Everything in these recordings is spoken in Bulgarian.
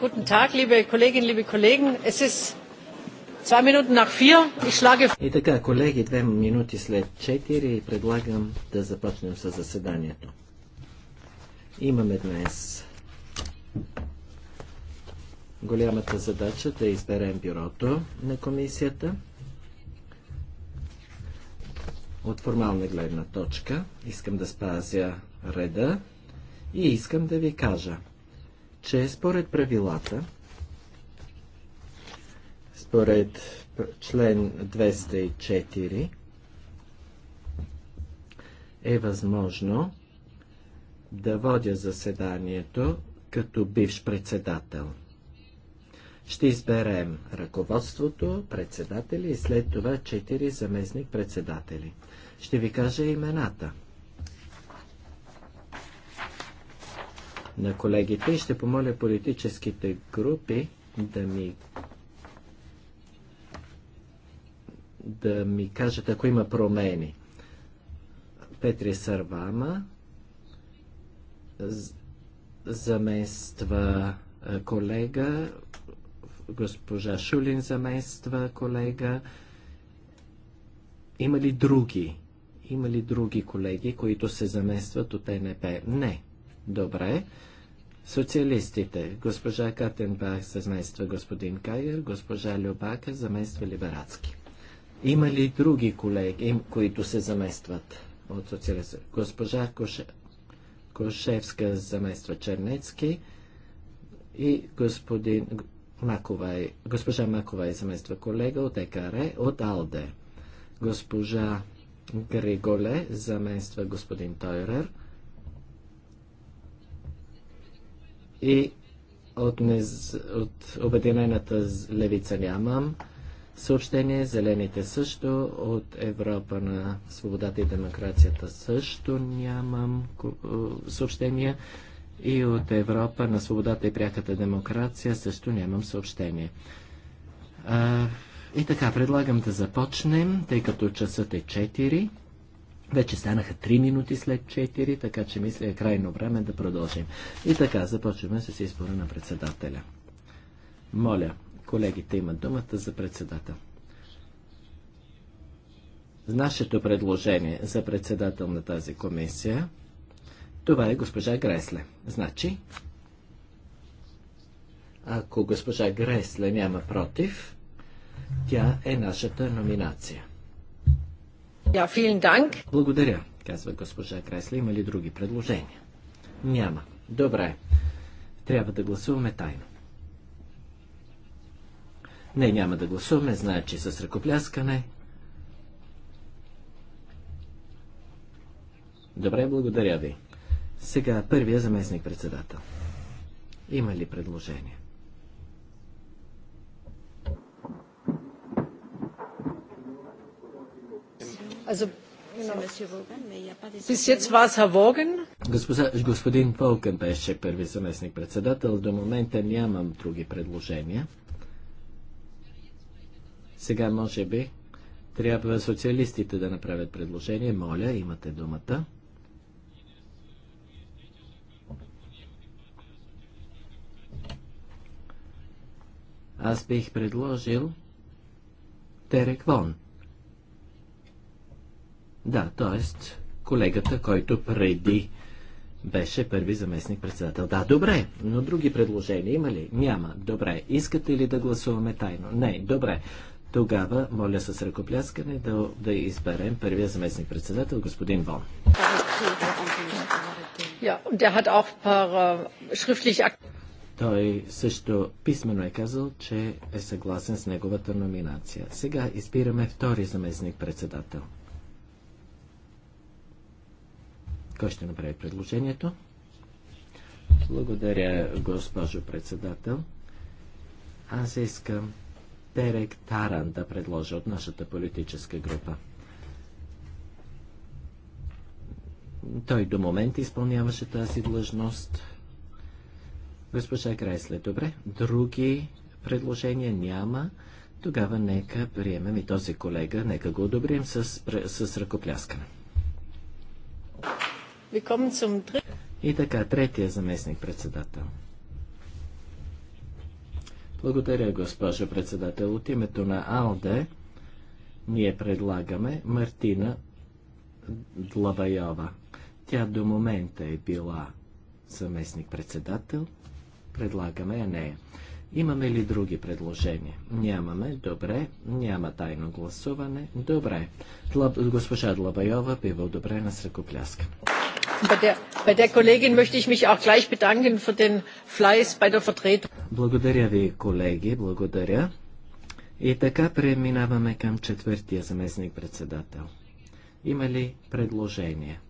guten Tag, liebe Kolleginnen, liebe Kollegen. Es ist zwei Minuten nach vier. Ich schlage... И така, колеги, две минути след четири, предлагам да започнем с заседанието. Имаме днес голямата задача да изберем бюрото на комисията – от формална гледна точка искам да спазя реда и искам да ви кажа, че според правилата, според член 204 е възможно да водя заседанието като бивш председател ще изберем ръководството, председатели и след това четири заместник председатели. Ще ви кажа имената на колегите и ще помоля политическите групи да ми да ми кажат, ако има промени. Петри Сарвама замества колега Госпожа Шулин замества колега. Има ли други? Има ли други колеги, които се заместват от НП? Не. Добре. Социалистите. Госпожа Катенбах замества господин Кайер, госпожа Любака замества Либерацки. Има ли други колеги, които се заместват от социалистите? Госпожа Коше... Кошевска замества Чернецки и господин Маковай, госпожа Макова е замества колега от ЕКАРЕ от АЛДЕ. Госпожа Григоле замества господин Тойрер. И от, нез... от Обединената левица нямам съобщение, зелените също, от Европа на свободата и демокрацията също нямам съобщения и от Европа на свободата и пряката демокрация също нямам съобщение. А, и така, предлагам да започнем, тъй като часът е 4. Вече станаха 3 минути след 4, така че мисля е крайно време да продължим. И така, започваме с избора на председателя. Моля, колегите имат думата за председател. Нашето предложение за председател на тази комисия това е госпожа Гресле. Значи, ако госпожа Гресле няма против, тя е нашата номинация. Ja, vielen Dank. Благодаря, казва госпожа Кресле. Има ли други предложения? Няма. Добре. Трябва да гласуваме тайно. Не, няма да гласуваме, значи с ръкопляскане. Добре, благодаря ви. Сега първия заместник председател. Има ли предложение? господин Волкен беше първи заместник председател. До момента нямам други предложения. Сега може би трябва социалистите да направят предложение. Моля, имате думата. Аз бих предложил Тереквон. Да, т.е. колегата, който преди беше първи заместник председател. Да, добре, но други предложения има ли? Няма. Добре. Искате ли да гласуваме тайно? Не, добре. Тогава, моля с ръкопляскане да, да изберем първия заместник председател, господин Вон. Ja, und der hat auch paar, äh, schriftlich той също писменно е казал, че е съгласен с неговата номинация. Сега избираме втори заместник председател. Кой ще направи предложението? Благодаря, госпожо председател. Аз искам Терек Таран да предложа от нашата политическа група. Той до момента изпълняваше тази длъжност Госпожа Грайсле, добре. Други предложения няма. Тогава нека приемем и този колега, нека го одобрим с, с ръкопляскане. И така, третия заместник председател. Благодаря, госпожо председател. От името на АЛДЕ ние предлагаме Мартина Длабайова. Тя до момента е била заместник председател предлагаме, а нея. Имаме ли други предложения? Нямаме. Добре. Няма тайно гласуване. Добре. Длаб, госпожа Длабайова бива одобрена с ръкопляска. Благодаря ви, колеги. Благодаря. И така преминаваме към четвъртия заместник председател. Има ли предложение?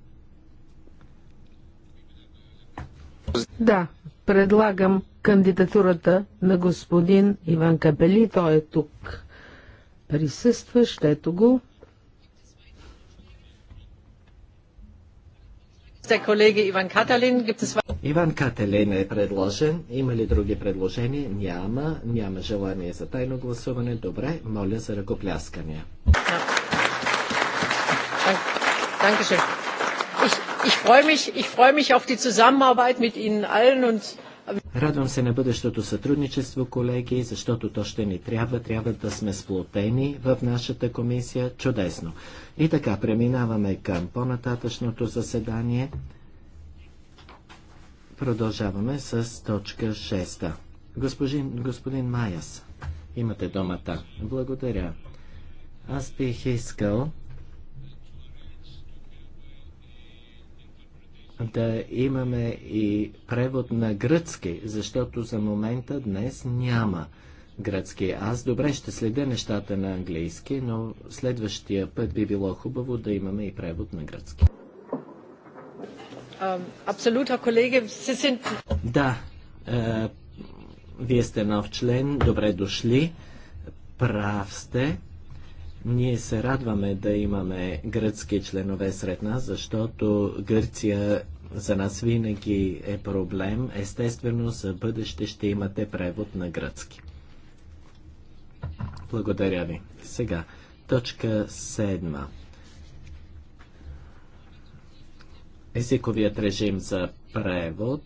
Да, предлагам кандидатурата на господин Иван Капели. Той е тук присъстващ. Ето го. Иван Кателин е предложен. Има ли други предложения? Няма. Няма желание за тайно гласуване. Добре, моля за ръкопляскания. Dankeschön. Е, Радвам се на бъдещото сътрудничество, колеги, защото то ще ни трябва. Трябва да сме сплотени в нашата комисия. Чудесно. И така, преминаваме към по-нататъчното заседание. Продължаваме с точка 6. Господин, господин Майас, имате думата. Благодаря. Аз бих искал да имаме и превод на гръцки, защото за момента днес няма гръцки. Аз добре ще следя нещата на английски, но следващия път би било хубаво да имаме и превод на гръцки. Абсолютно, колеги, се Да, е, вие сте нов член, добре дошли, прав сте. Ние се радваме да имаме гръцки членове сред нас, защото Гърция за нас винаги е проблем. Естествено, за бъдеще ще имате превод на гръцки. Благодаря ви. Сега, точка седма. Езиковият режим за превод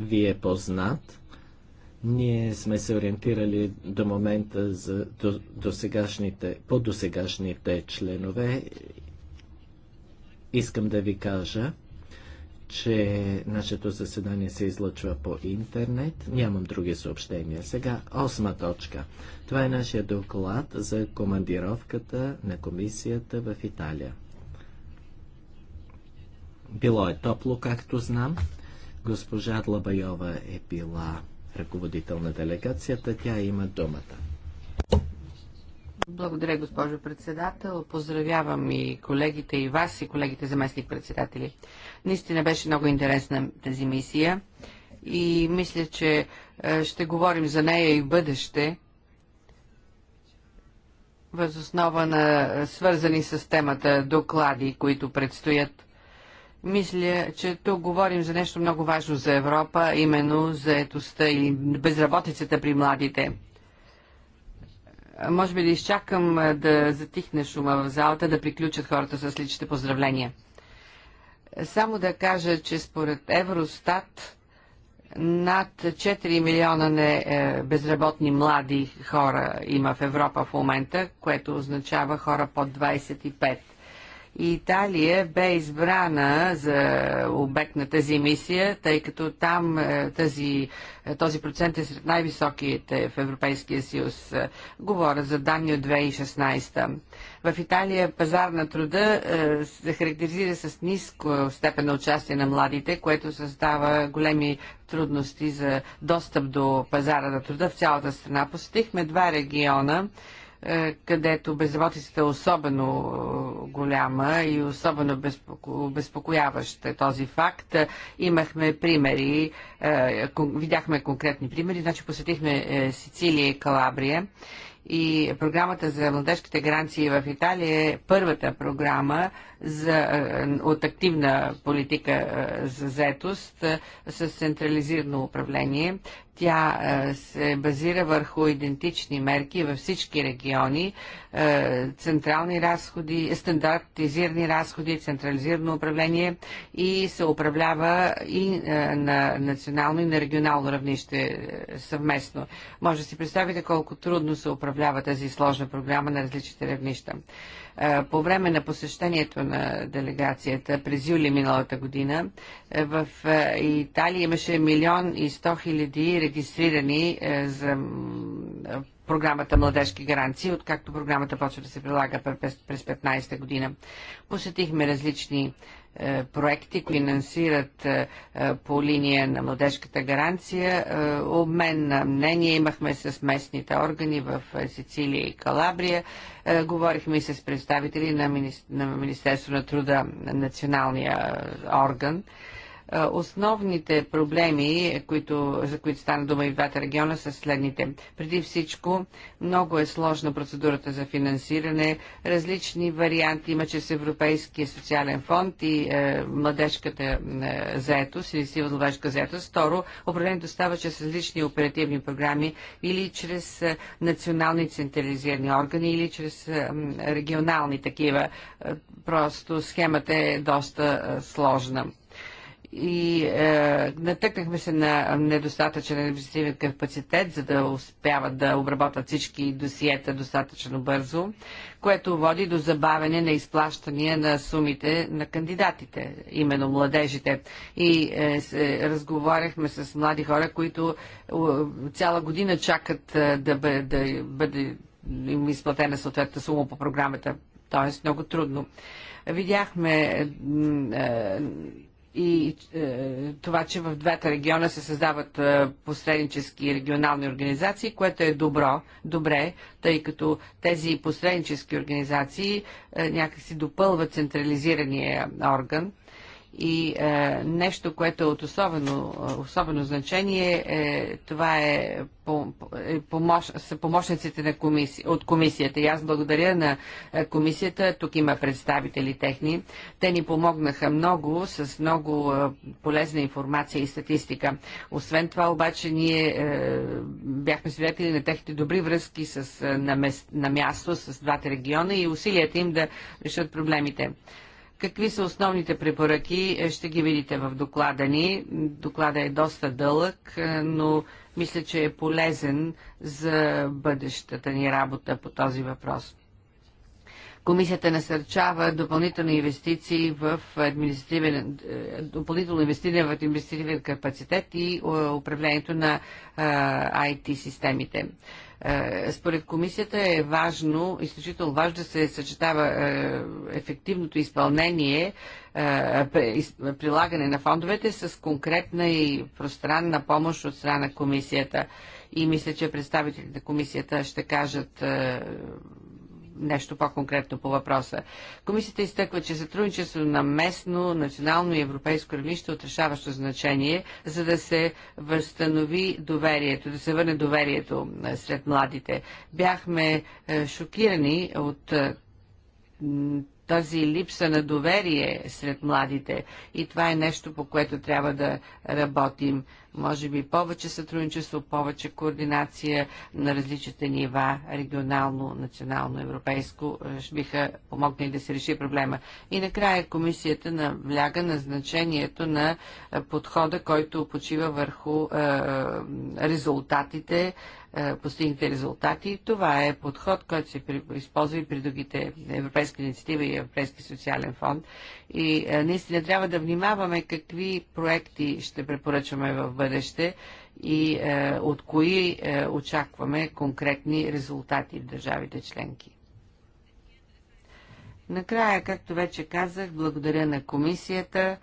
ви е познат. Ние сме се ориентирали до момента за, до, до сегашните, по досегашните членове. Искам да ви кажа, че нашето заседание се излъчва по интернет. Нямам други съобщения. Сега, осма точка. Това е нашия доклад за командировката на комисията в Италия. Било е топло, както знам. Госпожа Длабайова е била ръководител на делегацията. Тя има думата. Благодаря, госпожо председател. Поздравявам и колегите и вас, и колегите заместник председатели. Наистина беше много интересна тази мисия и мисля, че е, ще говорим за нея и в бъдеще, възоснова на е, свързани с темата доклади, които предстоят мисля, че тук говорим за нещо много важно за Европа, именно за етостта и безработицата при младите. Може би да изчакам да затихне шума в залата, да приключат хората с личните поздравления. Само да кажа, че според Евростат над 4 милиона не, е, безработни млади хора има в Европа в момента, което означава хора под 25 Италия бе избрана за обект на тази мисия, тъй като там е, тази, е, този процент е сред най-високите в Европейския съюз. Говоря за данни от 2016. В Италия пазар на труда е, се характеризира с ниско степен на участие на младите, което създава големи трудности за достъп до пазара на труда в цялата страна. Посетихме два региона е, където безработицата е особено е, голяма и особено безпоко... безпокояваща е този факт. Имахме примери, видяхме конкретни примери, значи посетихме Сицилия и Калабрия и програмата за младежките гаранции в Италия е първата програма за, от активна политика за заетост с централизирано управление. Тя е, се базира върху идентични мерки във всички региони, е, централни разходи, стандартизирани разходи, централизирано управление и се управлява и е, на национално и на регионално равнище съвместно. Може да си представите колко трудно се управлява тази сложна програма на различните равнища. Е, по време на посещението на делегацията през юли миналата година е, в е, Италия имаше милион и сто хиляди регистрирани за програмата Младежки гаранции, откакто програмата почва да се прилага през 15-та година. Посетихме различни е, проекти, финансират е, е, по линия на младежката гаранция. Обмен на мнение имахме с местните органи в Сицилия и Калабрия. Говорихме и с представители на Министерство на труда, националния орган. Основните проблеми, които, за които стана дума и в двата региона, са следните. Преди всичко, много е сложна процедурата за финансиране. Различни варианти има чрез Европейския социален фонд и е, младежката е, заетост или сива младежка заетост. Второ, управлението става чрез различни оперативни програми или чрез е, национални централизирани органи или чрез е, регионални такива. Е, просто схемата е доста е, сложна и е, натъкнахме се на недостатъчен административен капацитет, за да успяват да обработят всички досиета достатъчно бързо, което води до забавене на изплащания на сумите на кандидатите, именно младежите. И е, се, разговаряхме с млади хора, които е, цяла година чакат е, да бъде, да бъде им изплатена съответната сума по програмата. Тоест много трудно. Видяхме е, е, и е, това, че в двата региона се създават е, посреднически регионални организации, което е добро, добре, тъй като тези посреднически организации е, някакси допълват централизирания орган и е, нещо, което е от особено, особено значение, е, това е, по, е помощ, са помощниците на комиси, от комисията. И аз благодаря на е, комисията, тук има представители техни. Те ни помогнаха много, с много е, полезна информация и статистика. Освен това, обаче, ние е, бяхме свидетели на техните добри връзки с, е, на, мест, на място с двата региона и усилията им да решат проблемите. Какви са основните препоръки? Е, ще ги видите в доклада ни. Доклада е доста дълъг, е, но мисля, че е полезен за бъдещата ни работа по този въпрос. Комисията насърчава допълнителни инвестиции в административен, е, допълнително инвестиране в административен капацитет и управлението на IT системите. Е, според комисията е важно, изключително важно да се съчетава е, ефективното изпълнение, е, прилагане на фондовете с конкретна и пространна помощ от страна на комисията. И мисля, че представителите на комисията ще кажат нещо по-конкретно по въпроса. Комисията изтъква, че сътрудничество на местно, национално и европейско равнище е от решаващо значение, за да се възстанови доверието, да се върне доверието е, сред младите. Бяхме е, шокирани от е, тази липса на доверие сред младите. И това е нещо, по което трябва да работим. Може би повече сътрудничество, повече координация на различните нива, регионално, национално, европейско, е, биха помогнали да се реши проблема. И накрая комисията навляга на значението на подхода, който почива върху е, е резултатите, е, постигнете резултати. Това е подход, който се използва и при другите Европейска инициатива и Европейски социален фонд. И е, наистина трябва да внимаваме какви проекти ще препоръчваме в бъдеще и е, от кои очакваме конкретни резултати в държавите членки. Накрая, както вече казах, благодаря на комисията,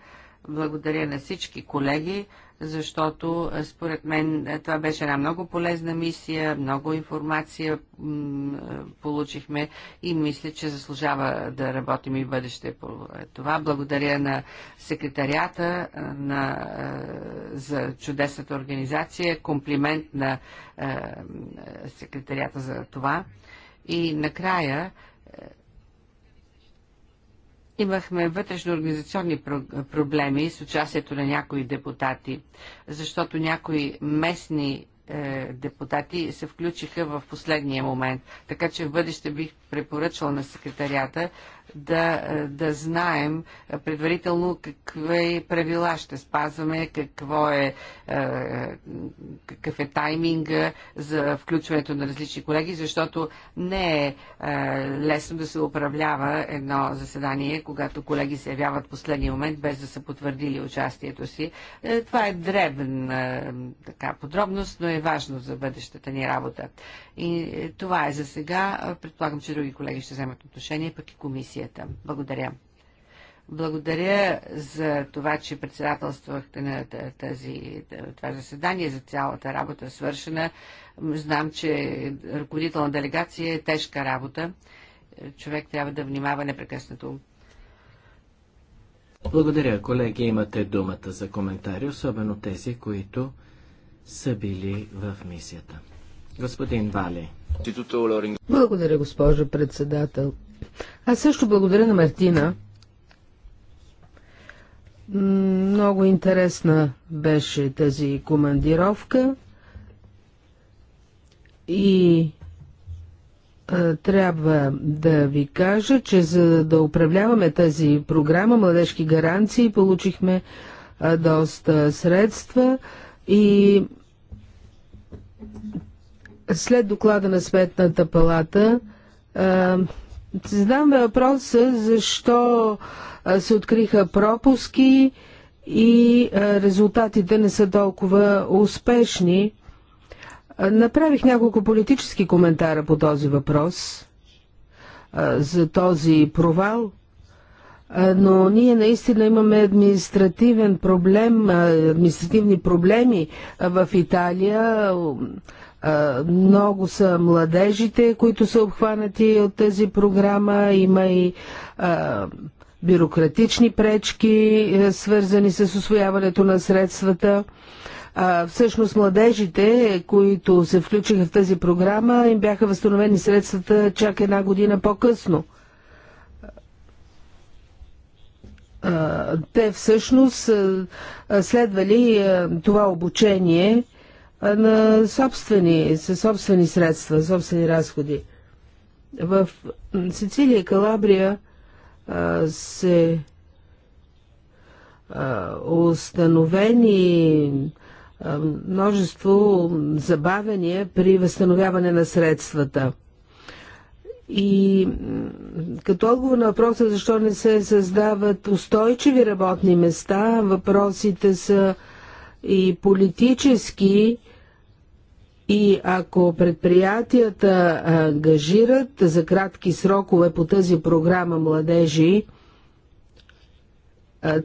благодаря на всички колеги защото е, според мен е, това беше една много полезна мисия, много информация е, получихме и мисля, че заслужава да работим и в бъдеще по това. Благодаря на секретарията на, за чудесната организация, комплимент на секретарията за това. И накрая Имахме вътрешно организационни проблеми с участието на някои депутати, защото някои местни е, депутати се включиха в последния момент. Така че в бъдеще бих препоръчал на секретарията да, е, да знаем е, предварително какви правила ще спазваме, какво е, е, какъв е тайминга за включването на различни колеги, защото не е лесно да се управлява едно заседание, когато колеги се явяват в последния момент, без да са потвърдили участието си. Това е дребен така, подробност, но е важно за бъдещата ни работа. И това е за сега. Предполагам, че други колеги ще вземат отношение, пък и комисия комисията. Благодаря. Благодаря за това, че председателствахте на тази, това заседание, за цялата работа свършена. Знам, че ръководител на делегация е тежка работа. Човек трябва да внимава непрекъснато. Благодаря, колеги. Имате думата за коментари, особено тези, които са били в мисията. Господин Вали. Благодаря, госпожо председател. Аз също благодаря на Мартина. Много интересна беше тази командировка и трябва да ви кажа, че за да управляваме тази програма Младежки гаранции получихме доста средства и след доклада на Светната палата Задам въпроса защо се откриха пропуски и резултатите не са толкова успешни. Направих няколко политически коментара по този въпрос, за този провал, но ние наистина имаме административен проблем, административни проблеми в Италия много са младежите, които са обхванати от тази програма. Има и бюрократични пречки, е, свързани с освояването на средствата. А, всъщност младежите, които се включиха в тази програма, им бяха възстановени средствата чак една година по-късно. те всъщност е, следвали е, това обучение на собствени, със собствени средства, собствени разходи. В Сицилия и Калабрия а, се а, установени а, множество забавения при възстановяване на средствата. И като отговор на въпроса защо не се създават устойчиви работни места, въпросите са и политически, и ако предприятията ангажират за кратки срокове по тази програма младежи,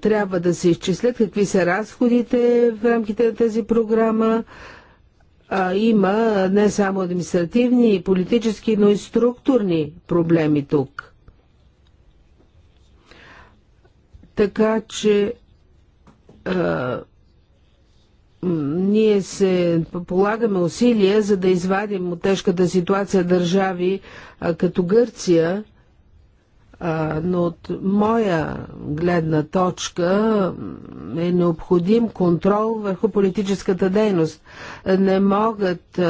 трябва да се изчислят какви са разходите в рамките на тази програма. Има не само административни и политически, но и структурни проблеми тук. Така че ние се полагаме усилия, за да извадим от тежката ситуация държави като Гърция, но от моя гледна точка е необходим контрол върху политическата дейност. Не могат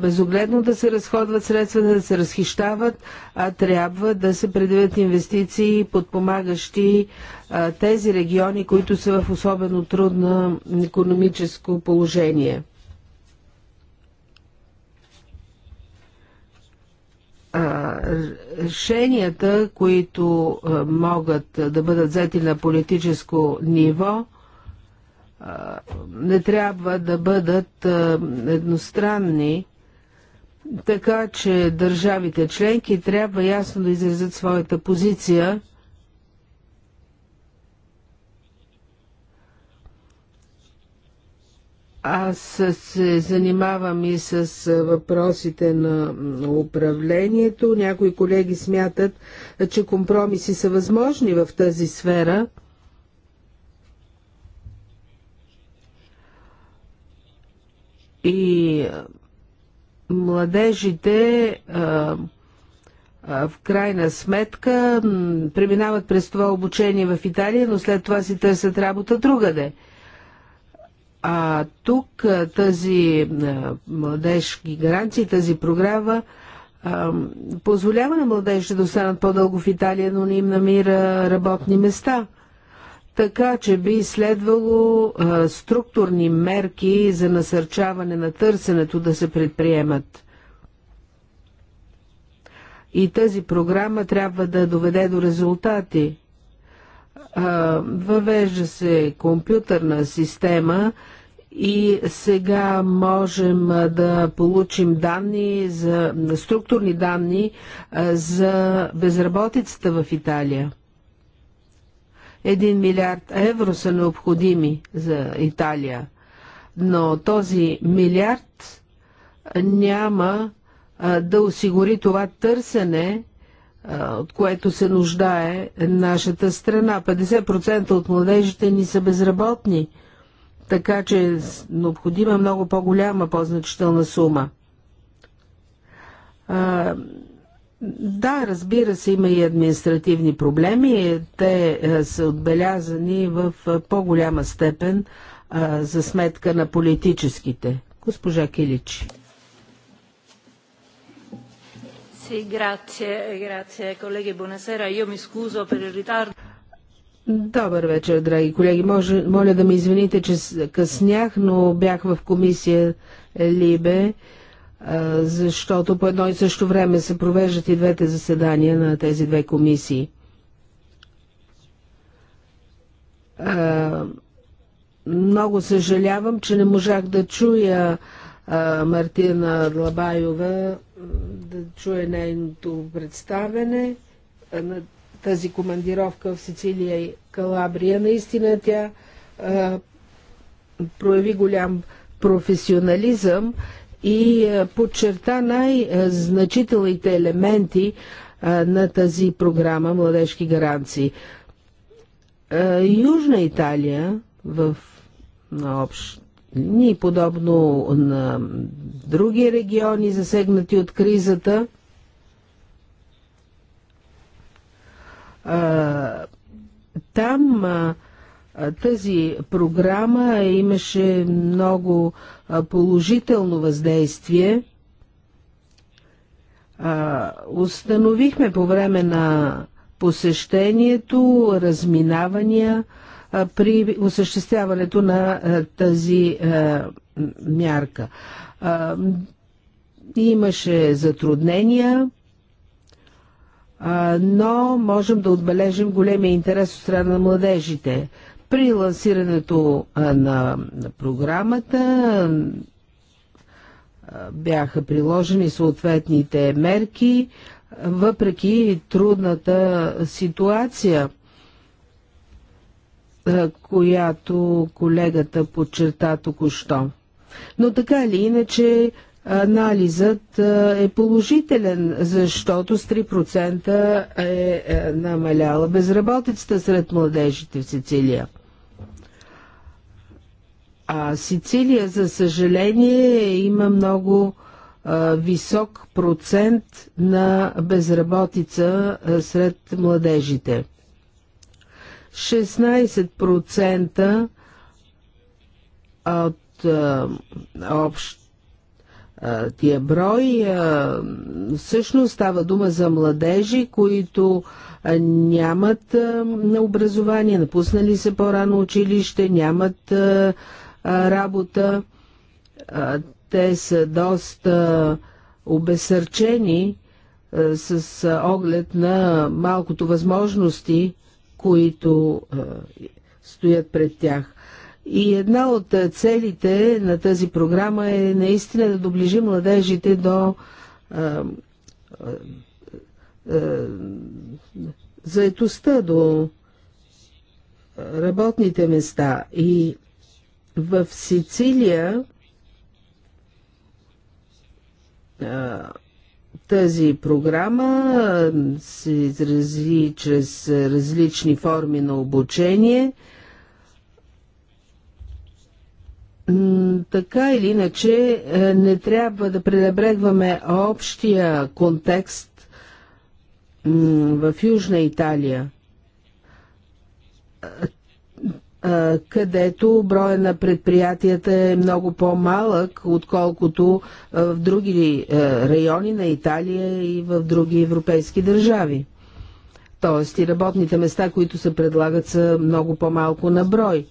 безогледно да се разходват средствата, да се разхищават, а трябва да се предвидят инвестиции, подпомагащи тези региони, които са в особено трудно економическо положение. решенията, които могат да бъдат взети на политическо ниво, не трябва да бъдат едностранни, така че държавите членки трябва ясно да изразят своята позиция Аз се занимавам и с въпросите на управлението. Някои колеги смятат, че компромиси са възможни в тази сфера. И младежите в крайна сметка преминават през това обучение в Италия, но след това си търсят работа другаде. А тук тази младежки гаранции, тази програма позволява на младежите да останат по-дълго в Италия, но не им намира работни места. Така че би следвало структурни мерки за насърчаване на търсенето да се предприемат. И тази програма трябва да доведе до резултати. въвежда се компютърна система, и сега можем да получим данни за структурни данни за безработицата в Италия. Един милиард евро са необходими за Италия, но този милиард няма да осигури това търсене, от което се нуждае нашата страна. 50% от младежите ни са безработни – така че е необходима много по-голяма по-значителна сума. А, да, разбира се, има и административни проблеми. Те са отбелязани в по-голяма степен а, за сметка на политическите. Госпожа Киличи. Sì, grazie, grazie colleghi, buonasera. Io mi scuso per il ritardo. Добър вечер, драги колеги. Може, моля да ме извините, че къснях, но бях в комисия е, Либе, защото по едно и също време се провеждат и двете заседания на тези две комисии. Много съжалявам, че не можах да чуя Мартина Длабаева, да чуя нейното представене тази командировка в Сицилия и Калабрия. Наистина тя а, прояви голям професионализъм и а, подчерта най-значителните елементи а, на тази програма Младежки гаранции. А, Южна Италия в на общ ни подобно на други региони, засегнати от кризата, Там тази програма имаше много положително въздействие. Установихме по време на посещението разминавания при осъществяването на тази мярка. Имаше затруднения но можем да отбележим големия интерес от страна на младежите. При лансирането на програмата бяха приложени съответните мерки, въпреки трудната ситуация, която колегата подчерта току-що. Но така или иначе Анализът е положителен, защото с 3% е, е намаляла безработицата сред младежите в Сицилия. А Сицилия, за съжаление, има много висок процент на безработица сред младежите. 16% от общ тия брой. Всъщност става дума за младежи, които нямат на образование, напуснали се по-рано училище, нямат работа. Те са доста обесърчени с оглед на малкото възможности, които стоят пред тях. И една от е, целите на тази програма е наистина да доближи младежите до а, е, а, е, заетостта, до работните места. И в Сицилия тази програма се изрази чрез различни форми на обучение – Така или иначе, е, не трябва да пренебрегваме общия контекст в Южна Италия, където броя на предприятията е много по-малък, отколкото е, в други е, райони на Италия и в други европейски държави. Тоест и работните места, които се предлагат, са много по-малко на брой.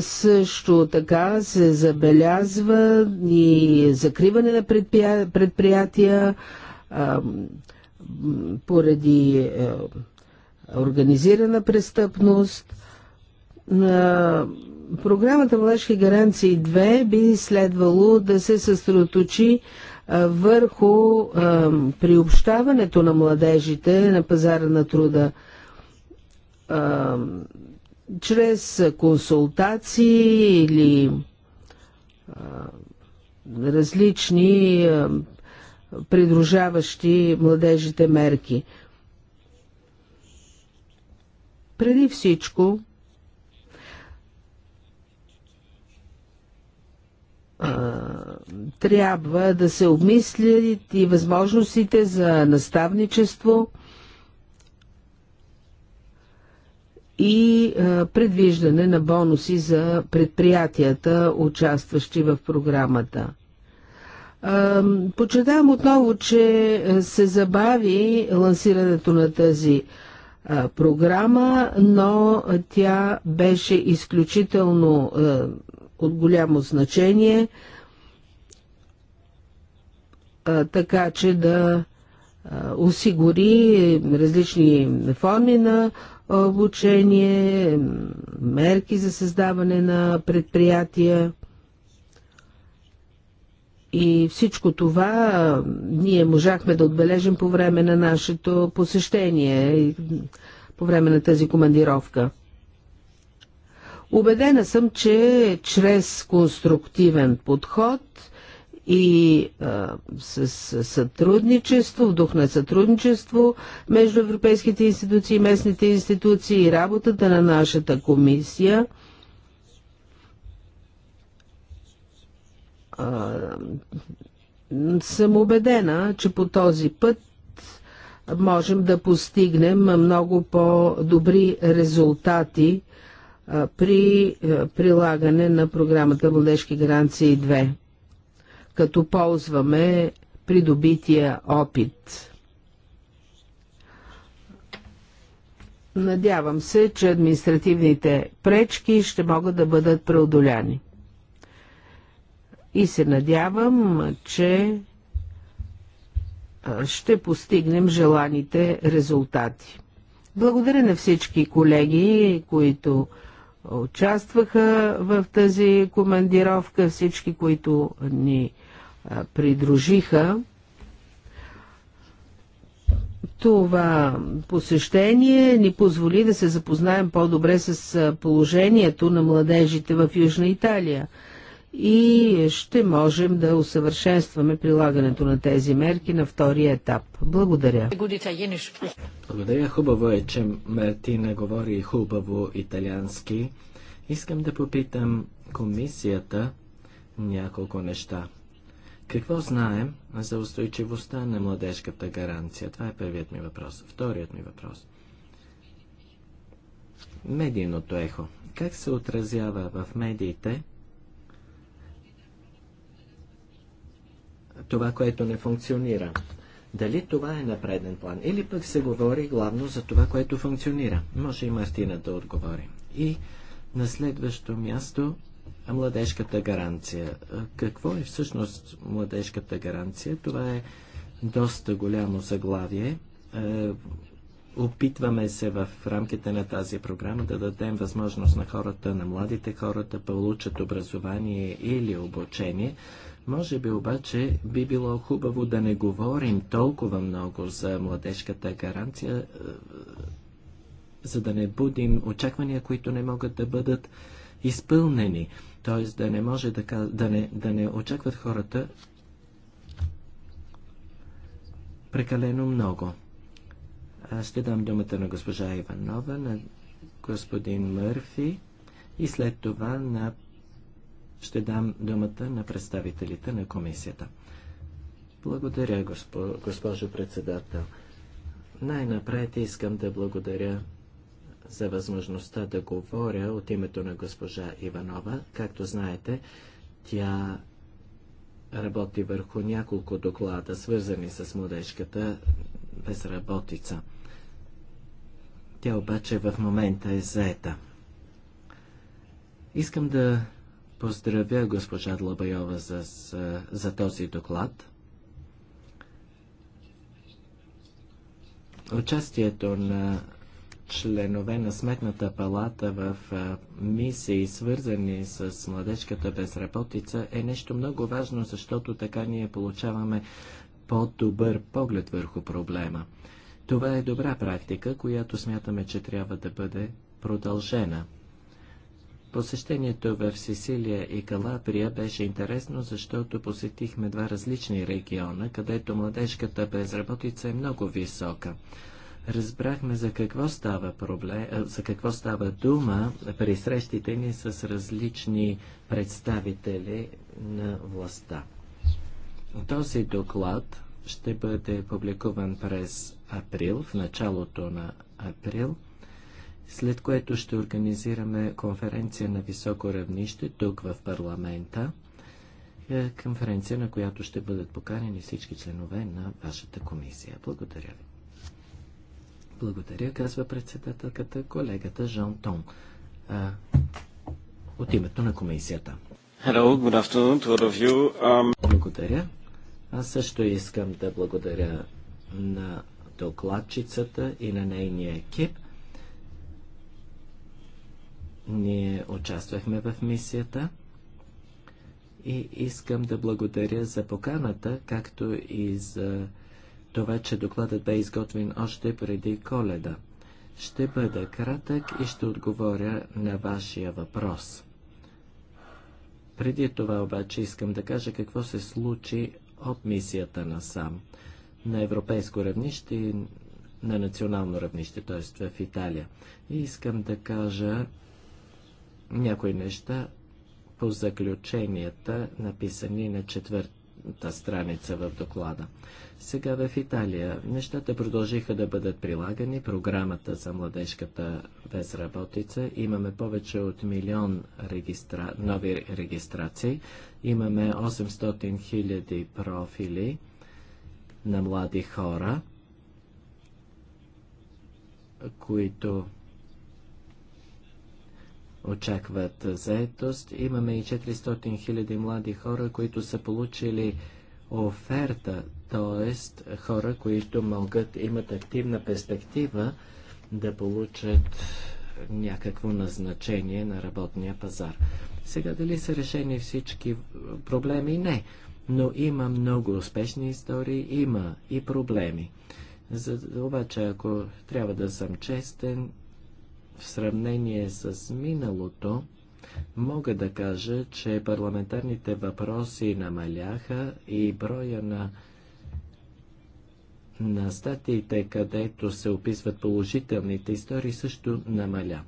Също така се забелязва и закриване на предприятия поради е, организирана престъпност. Програмата Младежки гаранции 2 би следвало да се съсредоточи върху приобщаването на младежите на пазара на труда чрез консултации или а, различни а, придружаващи младежите мерки. Преди всичко, трябва да се обмислят и възможностите за наставничество – и предвиждане на бонуси за предприятията, участващи в програмата. Почетавам отново, че се забави лансирането на тази програма, но тя беше изключително от голямо значение, така че да осигури различни форми на обучение, мерки за създаване на предприятия. И всичко това ние можахме да отбележим по време на нашето посещение, по време на тази командировка. Убедена съм, че чрез конструктивен подход – и а, с, с сътрудничество, в дух на сътрудничество между европейските институции, и местните институции и работата на нашата комисия. А, съм убедена, че по този път можем да постигнем много по-добри резултати а, при а, прилагане на програмата Младежки гаранции 2 като ползваме придобития опит. Надявам се, че административните пречки ще могат да бъдат преодоляни. И се надявам, че ще постигнем желаните резултати. Благодаря на всички колеги, които участваха в тази командировка, всички, които ни придружиха това посещение ни позволи да се запознаем по-добре с положението на младежите в Южна Италия и ще можем да усъвършенстваме прилагането на тези мерки на втория етап. Благодаря. Благодаря. Хубаво е, че Мартина говори хубаво италиански. Искам да попитам комисията няколко неща. Какво знаем за устойчивостта на младежката гаранция? Това е първият ми въпрос. Вторият ми въпрос. Медийното ехо. Как се отразява в медиите това, което не функционира? Дали това е на преден план? Или пък се говори главно за това, което функционира? Може и Мартина да отговори. И на следващо място а младежката гаранция. Какво е всъщност младежката гаранция? Това е доста голямо заглавие. Е, опитваме се в рамките на тази програма да дадем възможност на хората, на младите хора да получат образование или обучение. Може би обаче би било хубаво да не говорим толкова много за младежката гаранция, е, за да не будим очаквания, които не могат да бъдат изпълнени. Т.е. да не може да, да, не, да не очакват хората прекалено много. Аз ще дам думата на госпожа Иванова, на господин Мърфи и след това на... ще дам думата на представителите на комисията. Благодаря, госпо... госпожо председател. Най-напред искам да благодаря за възможността да говоря от името на госпожа Иванова. Както знаете, тя работи върху няколко доклада, свързани с младежката безработица. Тя обаче в момента е заета. Искам да поздравя госпожа Длабайова за, за, за този доклад. Участието на членове на Сметната палата в мисии, свързани с младежката безработица, е нещо много важно, защото така ние получаваме по-добър поглед върху проблема. Това е добра практика, която смятаме, че трябва да бъде продължена. Посещението в Сесилия и Калабрия беше интересно, защото посетихме два различни региона, където младежката безработица е много висока разбрахме за какво става, проблем, за какво става дума при срещите ни с различни представители на властта. Този доклад ще бъде публикуван през април, в началото на април, след което ще организираме конференция на високо равнище тук в парламента, е, конференция, на която ще бъдат поканени всички членове на вашата комисия. Благодаря ви. Благодаря, казва председателката колегата Жан Тон. А, от името на комисията. Hello, good afternoon to all of you. Um... Благодаря. Аз също искам да благодаря на докладчицата и на нейния екип. Ние участвахме в мисията и искам да благодаря за поканата, както и за това, че докладът бе изготвен още преди коледа. Ще бъда кратък и ще отговоря на вашия въпрос. Преди това обаче искам да кажа какво се случи от мисията на сам на европейско равнище и на национално равнище, т.е. в Италия. И искам да кажа някои неща по заключенията, написани на 4 последната страница в доклада. Сега в Италия нещата продължиха да бъдат прилагани. Програмата за младежката безработица. Имаме повече от милион регистра... нови регистрации. Имаме 800 хиляди профили на млади хора, които очакват заетост. Имаме и 400 000 млади хора, които са получили оферта, т.е. хора, които могат, имат активна перспектива да получат някакво назначение на работния пазар. Сега дали са решени всички проблеми? Не. Но има много успешни истории, има и проблеми. За, обаче, ако трябва да съм честен, в сравнение с миналото, мога да кажа, че парламентарните въпроси намаляха и броя на на статиите, където се описват положителните истории, също намаля.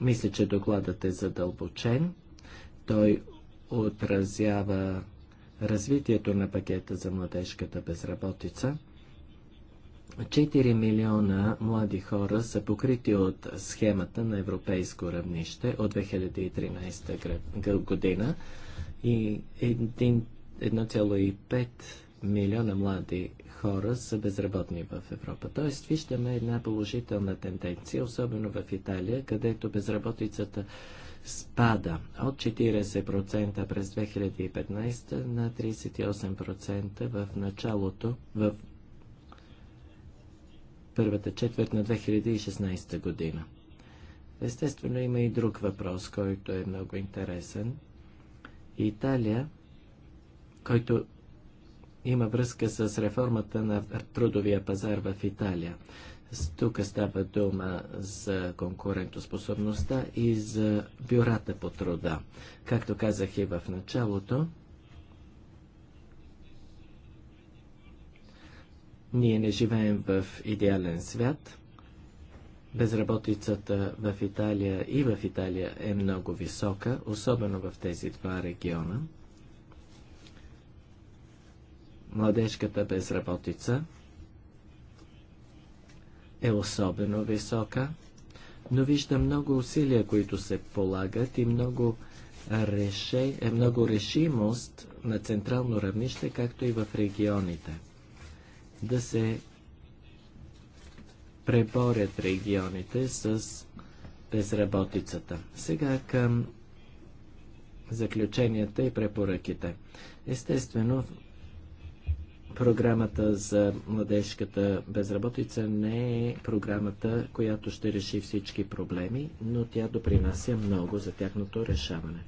Мисля, че докладът е задълбочен. Той отразява развитието на пакета за младежката безработица – 4 милиона млади хора са покрити от схемата на европейско равнище от 2013 година и 1,5 милиона млади хора са безработни в Европа. Тоест виждаме една положителна тенденция, особено в Италия, където безработицата спада от 40% през 2015 на 38% в началото, в първата четвърт на 2016 година. Естествено има и друг въпрос, който е много интересен. Италия, който има връзка с реформата на трудовия пазар в Италия. Тук става дума за конкурентоспособността и за бюрата по труда. Както казах и в началото, Ние не живеем в идеален свят. Безработицата в Италия и в Италия е много висока, особено в тези два региона. Младежката безработица е особено висока, но вижда много усилия, които се полагат и много, реше, е много решимост на централно равнище, както и в регионите да се преборят регионите с безработицата. Сега към заключенията и препоръките. Естествено, програмата за младежката безработица не е програмата, която ще реши всички проблеми, но тя допринася много за тяхното решаване.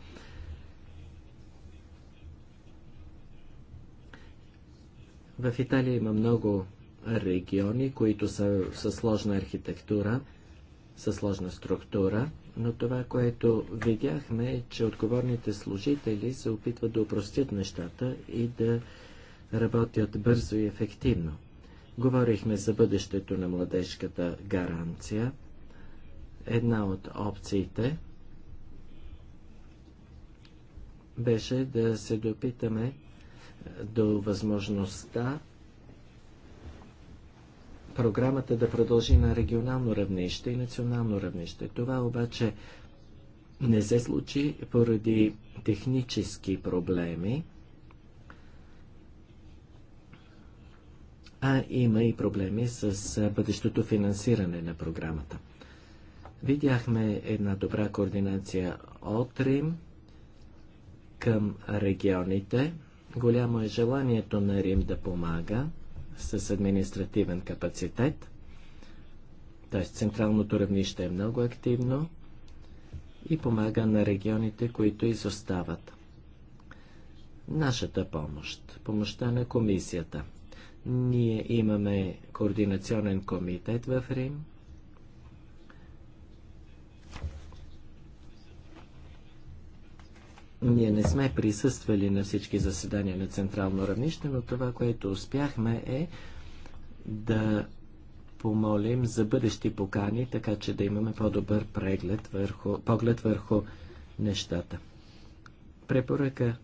В Италия има много региони, които са със сложна архитектура, със сложна структура, но това, което видяхме е, че отговорните служители се опитват да упростят нещата и да работят бързо и ефективно. Говорихме за бъдещето на младежката гаранция. Една от опциите беше да се допитаме до възможността програмата да продължи на регионално равнище и национално равнище. Това обаче не се случи поради технически проблеми, а има и проблеми с бъдещото финансиране на програмата. Видяхме една добра координация от Рим към регионите. Голямо е желанието на Рим да помага с административен капацитет, т.е. централното равнище е много активно и помага на регионите, които изостават. Нашата помощ, помощта на комисията. Ние имаме координационен комитет в Рим, Ние не сме присъствали на всички заседания на централно равнище, но това, което успяхме е да помолим за бъдещи покани, така че да имаме по-добър преглед върху, поглед върху нещата. Препоръка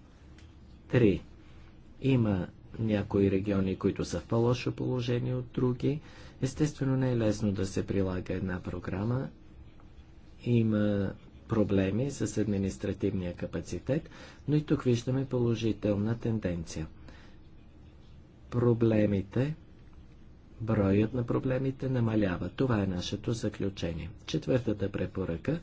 3. Има някои региони, които са в по-лошо положение от други. Естествено, не е лесно да се прилага една програма. Има проблеми с административния капацитет, но и тук виждаме положителна тенденция. Проблемите, броят на проблемите намалява. Това е нашето заключение. Четвъртата препоръка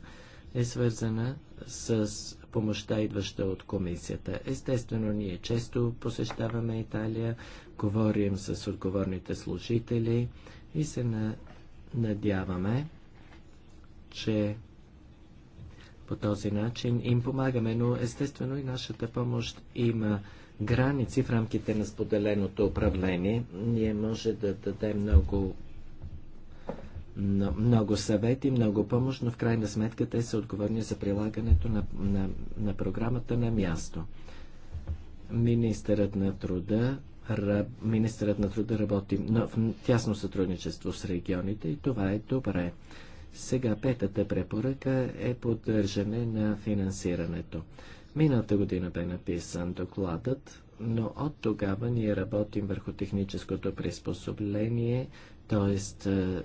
е свързана с помощта, идваща от комисията. Естествено, ние често посещаваме Италия, говорим с отговорните служители и се надяваме, че по този начин им помагаме, но естествено и нашата помощ има граници в рамките на споделеното управление. Ние може да дадем много много съвети, много помощ, но в крайна сметка те са отговорни за прилагането на, на, на програмата на място. Министърът на труда Министърът на труда работи в тясно сътрудничество с регионите и това е добре. Сега петата препоръка е поддържане на финансирането. Миналата година бе написан докладът, но от тогава ние работим върху техническото приспособление, т.е. Е,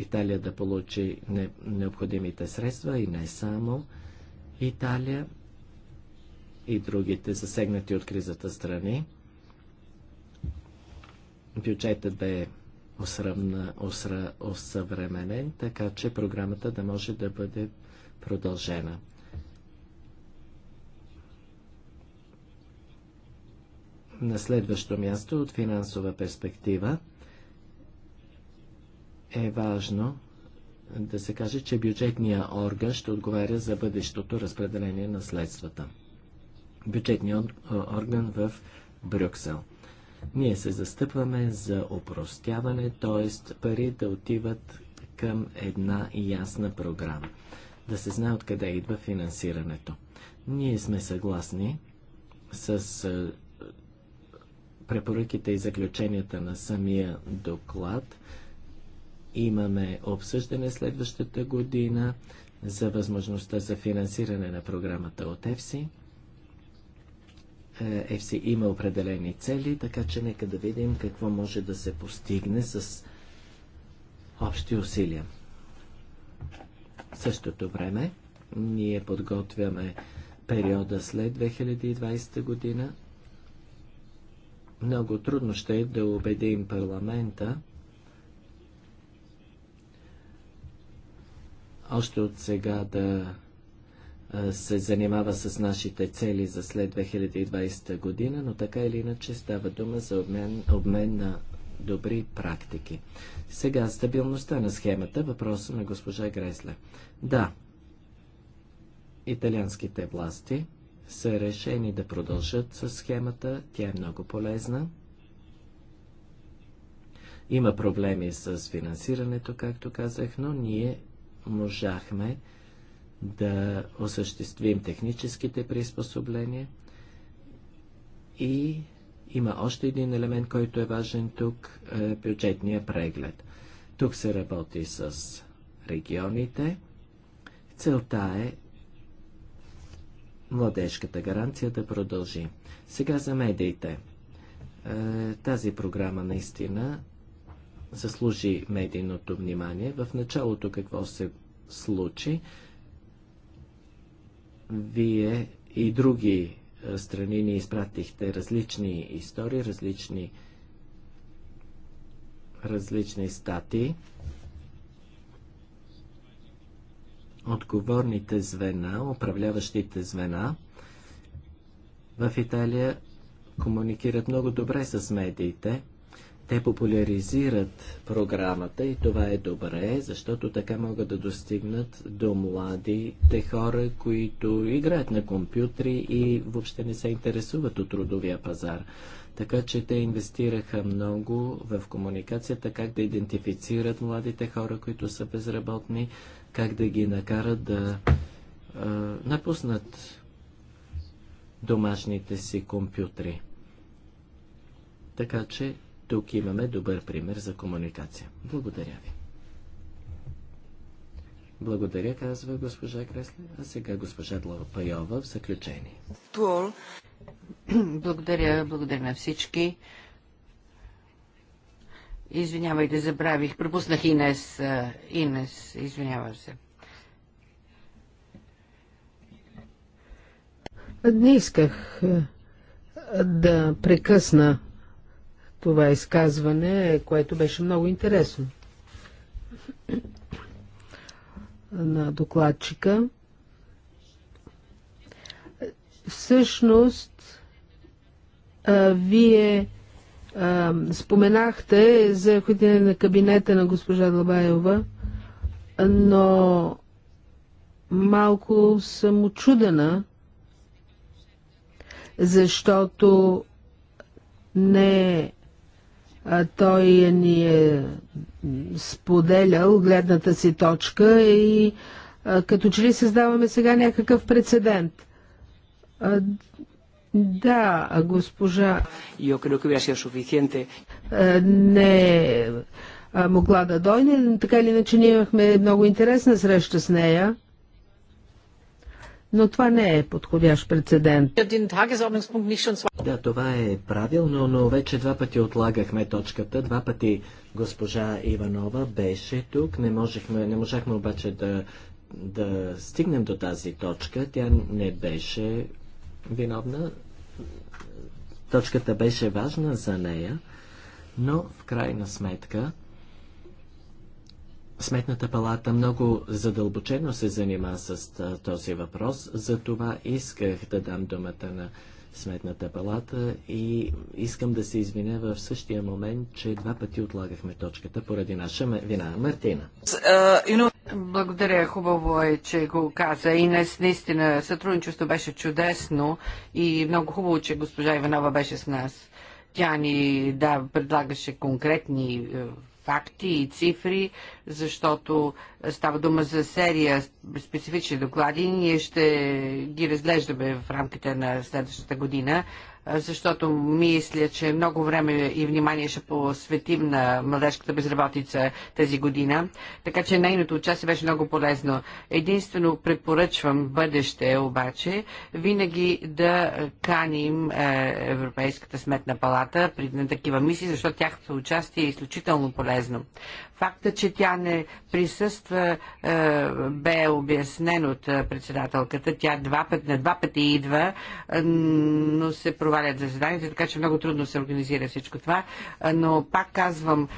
Италия да получи необходимите средства и не само Италия и другите засегнати от кризата страни. Бюджетът бе осръвна, осра, осъвременен, така че програмата да може да бъде продължена. На следващо място от финансова перспектива е важно да се каже, че бюджетния орган ще отговаря за бъдещото разпределение на следствата. Бюджетният орган в Брюксел. Ние се застъпваме за опростяване, т.е. пари да отиват към една ясна програма. Да се знае откъде идва финансирането. Ние сме съгласни с препоръките и заключенията на самия доклад. Имаме обсъждане следващата година за възможността за финансиране на програмата от ЕФСИ. FC е, има определени цели, така че нека да видим какво може да се постигне с общи усилия. В същото време ние подготвяме периода след 2020 година. Много трудно ще е да убедим парламента още от сега да се занимава с нашите цели за след 2020 година, но така или иначе става дума за обмен, обмен на добри практики. Сега стабилността на схемата, въпроса на госпожа Гресле. Да, италианските власти са решени да продължат с схемата, тя е много полезна. Има проблеми с финансирането, както казах, но ние можахме да осъществим техническите приспособления и има още един елемент, който е важен тук е бюджетния преглед. Тук се работи с регионите. Целта е младежката гаранция да продължи. Сега за медиите. Е, тази програма наистина заслужи медийното внимание. В началото какво се случи? Вие и други е, страни ни изпратихте различни истории, различни, различни стати. Отговорните звена, управляващите звена в Италия комуникират много добре с медиите. Те популяризират програмата и това е добре, защото така могат да достигнат до млади те хора, които играят на компютри и въобще не се интересуват от трудовия пазар. Така че те инвестираха много в комуникацията, как да идентифицират младите хора, които са безработни, как да ги накарат да а, напуснат домашните си компютри. Така че тук имаме добър пример за комуникация. Благодаря ви. Благодаря, казва госпожа Кресле. А сега госпожа Длапайова в заключение. Благодаря, благодаря на всички. Извинявайте, забравих. Пропуснах Инес. Инес, извинявам се. Не исках да прекъсна това изказване, което беше много интересно на докладчика. Всъщност, а, вие а, споменахте за ходене на кабинета на госпожа Длабаева, но малко съм очудена, защото не е. Той ни е споделял гледната си точка и като че ли създаваме сега някакъв прецедент. Да, госпожа. Yo creo que suficiente. Не могла да дойде, така или иначе ние имахме много интересна среща с нея но това не е подходящ прецедент. Е да, това е правилно, но вече два пъти отлагахме точката. Два пъти госпожа Иванова беше тук. Не, можехме, не можахме обаче да, да стигнем до тази точка. Тя не беше виновна. Точката беше важна за нея, но в крайна сметка Сметната палата много задълбочено се занима с този въпрос, За това исках да дам думата на Сметната палата и искам да се извиня в същия момент, че два пъти отлагахме точката поради наша вина. Мартина. Е, Благодаря, хубаво е, че го каза. И днес наистина сътрудничество беше чудесно и много хубаво, че госпожа Иванова беше с нас. Тя ни да, предлагаше конкретни е, факти и цифри, защото става дума за серия специфични доклади. Ние ще ги разглеждаме в рамките на следващата година защото мисля, че много време и внимание ще посветим на младежката безработица тази година. Така че нейното участие беше много полезно. Единствено препоръчвам бъдеще обаче винаги да каним е, Европейската сметна палата при на такива мисии, защото тяхното участие е изключително полезно. Факта, че тя не присъства, е, бе обяснен от е, председателката. Тя два път, на два пъти идва, е, но се провалят заседанията, така че много трудно се организира всичко това. Но пак казвам,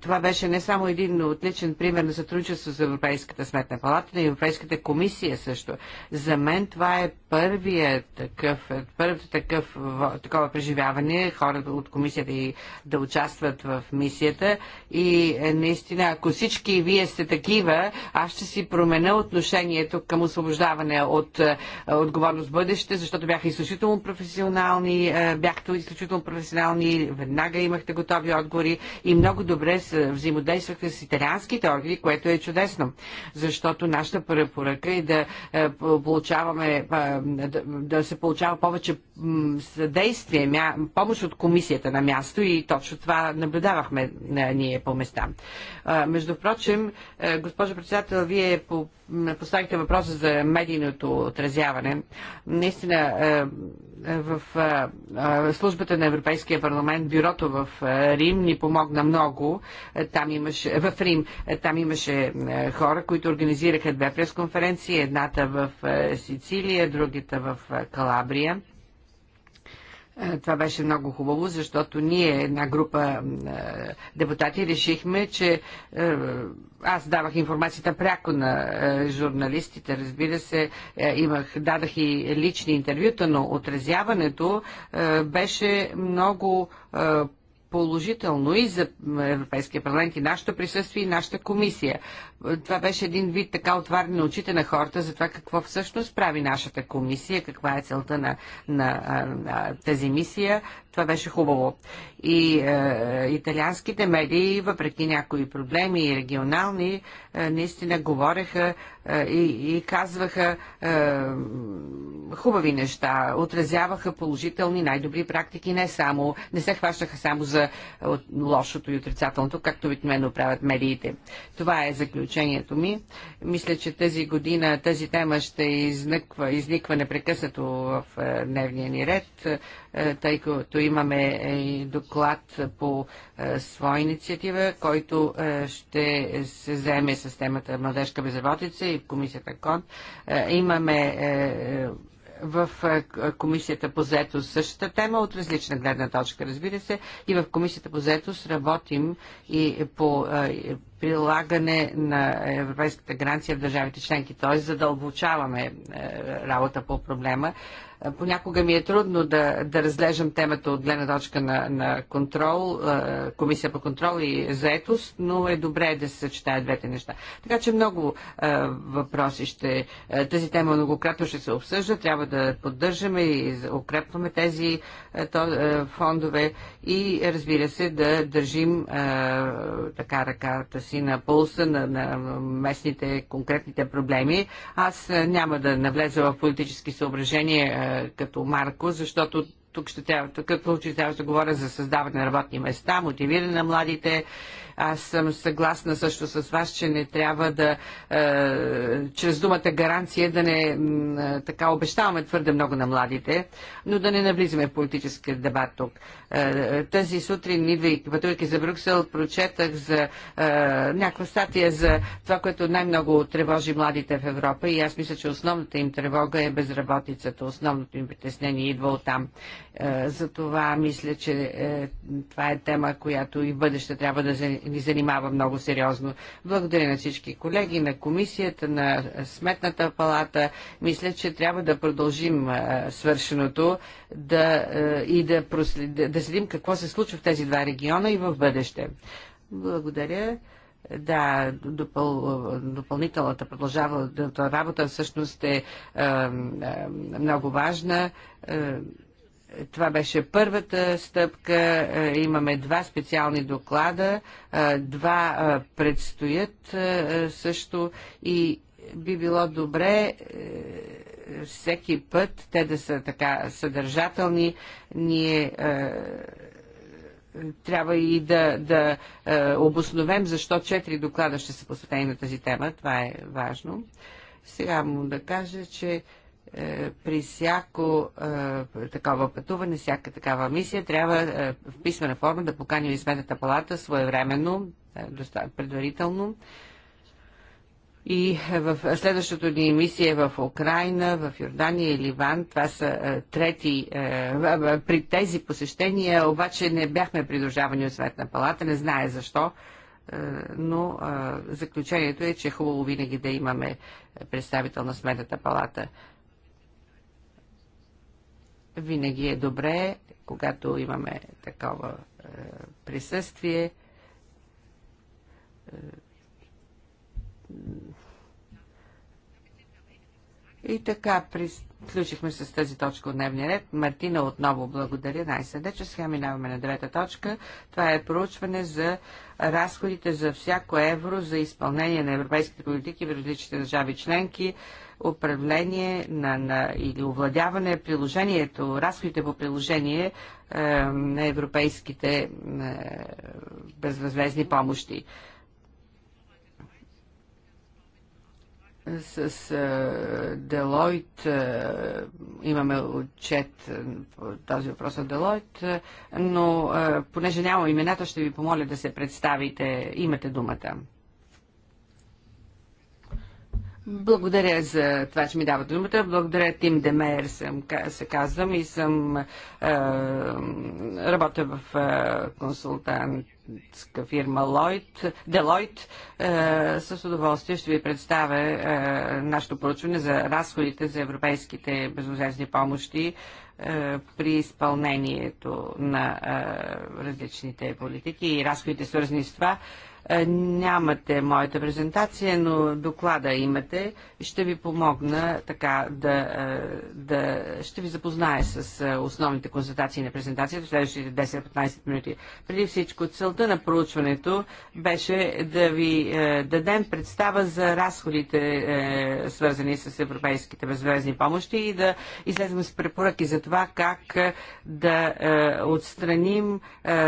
това беше не само един отличен пример на сътрудничество с Европейската сметна палата, но и Европейската комисия също. За мен това е първият такъв, първото такъв, такова преживяване, хората от комисията и да участват в мисията и не наистина, ако всички вие сте такива, аз ще си променя отношението към освобождаване от е, отговорност в бъдеще, защото бяха изключително професионални, е, бяхте изключително професионални, веднага имахте готови отговори и много добре взаимодействахте с италианските органи, което е чудесно, защото нашата препоръка е да е, получаваме, да, да се получава повече съдействие, помощ от комисията на място и точно това наблюдавахме ние по места. Между прочим, е, госпожо председател, вие по поставихте въпроса за медийното отразяване. Наистина е, е, в службата на Европейския парламент, бюрото в Рим ни помогна много. Там имаше, в Рим там имаше хора, които организираха две пресконференции, едната в Сицилия, другата в Калабрия. Е, това беше много хубаво, защото ние, една група е, депутати, решихме, че е, аз давах информацията пряко на журналистите, разбира се, имах, дадах и лични интервюта, но отразяването беше много положително и за Европейския парламент и нашето присъствие и нашата комисия това беше един вид така отваряне на очите на хората за това какво всъщност прави нашата комисия, каква е целта на, на, на, на тази мисия. Това беше хубаво. И е, италианските медии, въпреки някои проблеми и регионални, е, наистина говореха е, и, и казваха е, хубави неща, отразяваха положителни най-добри практики, не само, не се хващаха само за лошото и отрицателното, както обикновено правят медиите. Това е заключение обучението ми. Мисля, че тази година тази тема ще изниква, изниква непрекъснато в е, дневния ни ред, е, тъй като имаме е, и доклад по своя инициатива, който ще се заеме с темата младежка безработица и в комисията КОН. Имаме в Комисията по заетост същата тема от различна гледна точка, разбира се. И в Комисията по заетост работим и по прилагане на европейската гаранция в държавите членки. Т.е. задълбочаваме е, работа по проблема. Е, понякога ми е трудно да, да разлежам темата от гледна точка на, на контрол, е, комисия по контрол и заетост, но е добре да се съчетаят двете неща. Така че много въпроси ще... тази тема многократно ще се обсъжда, трябва да поддържаме и укрепваме тези фондове и разбира се да държим така ръката си си на пулса на, на местните конкретните проблеми. Аз е, няма да навлеза в политически съображения е, като Марко, защото тук ще трябва, такъв случай трябва да говоря за създаване на работни места, мотивиране на младите. Аз съм съгласна също с вас, че не трябва да е, чрез думата гаранция да не е, така обещаваме твърде много на младите, но да не навлизаме в политически дебат тук. Е, тази сутрин, идвайки, пътувайки за Брюксел, прочетах за е, някаква статия за това, което най-много тревожи младите в Европа и аз мисля, че основната им тревога е безработицата. Основното им притеснение идва от там. Е, Затова мисля, че е, това е тема, която и бъдеще трябва да ни занимава много сериозно. Благодаря на всички колеги, на комисията, на Сметната палата. Мисля, че трябва да продължим е, свършеното да, и да, проследим, да следим какво се случва в тези два региона и в бъдеще. Благодаря. Да, допъл, допълнителната продължава работа всъщност е, е, е много важна. Е, това беше първата стъпка. Е, имаме два специални доклада. Е, два е, предстоят също и би било добре всеки път те да са така съдържателни. Ние трябва и да, да обосновем защо четири доклада ще са посветени на тази тема. Това е важно. Сега му да кажа, че е, при всяко е, такова пътуване, всяка такава мисия, трябва е, в писмена форма да поканим Сметната палата своевременно, е, предварително. И в следващото ни мисия е в Украина, в Йордания и Ливан, това са е, трети, е, при тези посещения обаче не бяхме придружавани от Светна палата, не знае защо е, но е, заключението е, че е хубаво винаги да имаме представител на Сметната палата. Винаги е добре, когато имаме такова е, присъствие. Е, и така, приключихме с тази точка от дневния ред. Мартина отново благодаря най съдече Сега минаваме на девета точка. Това е проучване за разходите за всяко евро за изпълнение на европейските политики в различните държави членки управление на, на, или овладяване приложението, разходите по приложение е, на европейските е, безвъзмезни помощи. С е, Делойт е, имаме отчет по този въпрос от Делойт, е, но понеже няма имената, ще ви помоля да се представите. Имате думата. Благодаря за това, че ми дава думата. Благодаря Тим Демейер, съм, се казвам и съм е, работя в е, консултантска фирма Lloyd, Deloitte. Е, с удоволствие ще ви представя е, нашето проучване за разходите за европейските безвъзмездни помощи е, при изпълнението на е, различните политики и разходите свързани с това. Е, е, нямате моята презентация, но доклада имате. Ще ви помогна така да, е, да ще ви запозная с е, основните констатации на презентацията в следващите 10-15 минути. Преди всичко, целта на проучването беше да ви дадем представа за разходите, свързани с европейските безвезни помощи и да излезем с препоръки за това как да отстраним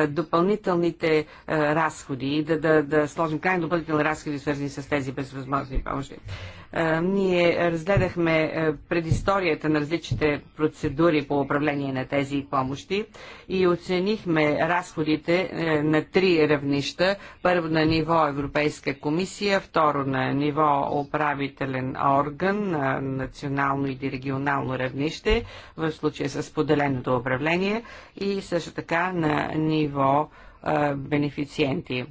допълнителните разходи и да, да да сложим край на допълнителни разходи, свързани с тези безвъзможни помощи. Ние разгледахме предисторията на различните процедури по управление на тези помощи и оценихме разходите на три равнища. Първо на ниво Европейска комисия, второ на ниво управителен орган на национално или регионално равнище, в случая с поделеното управление и също така на ниво бенефициенти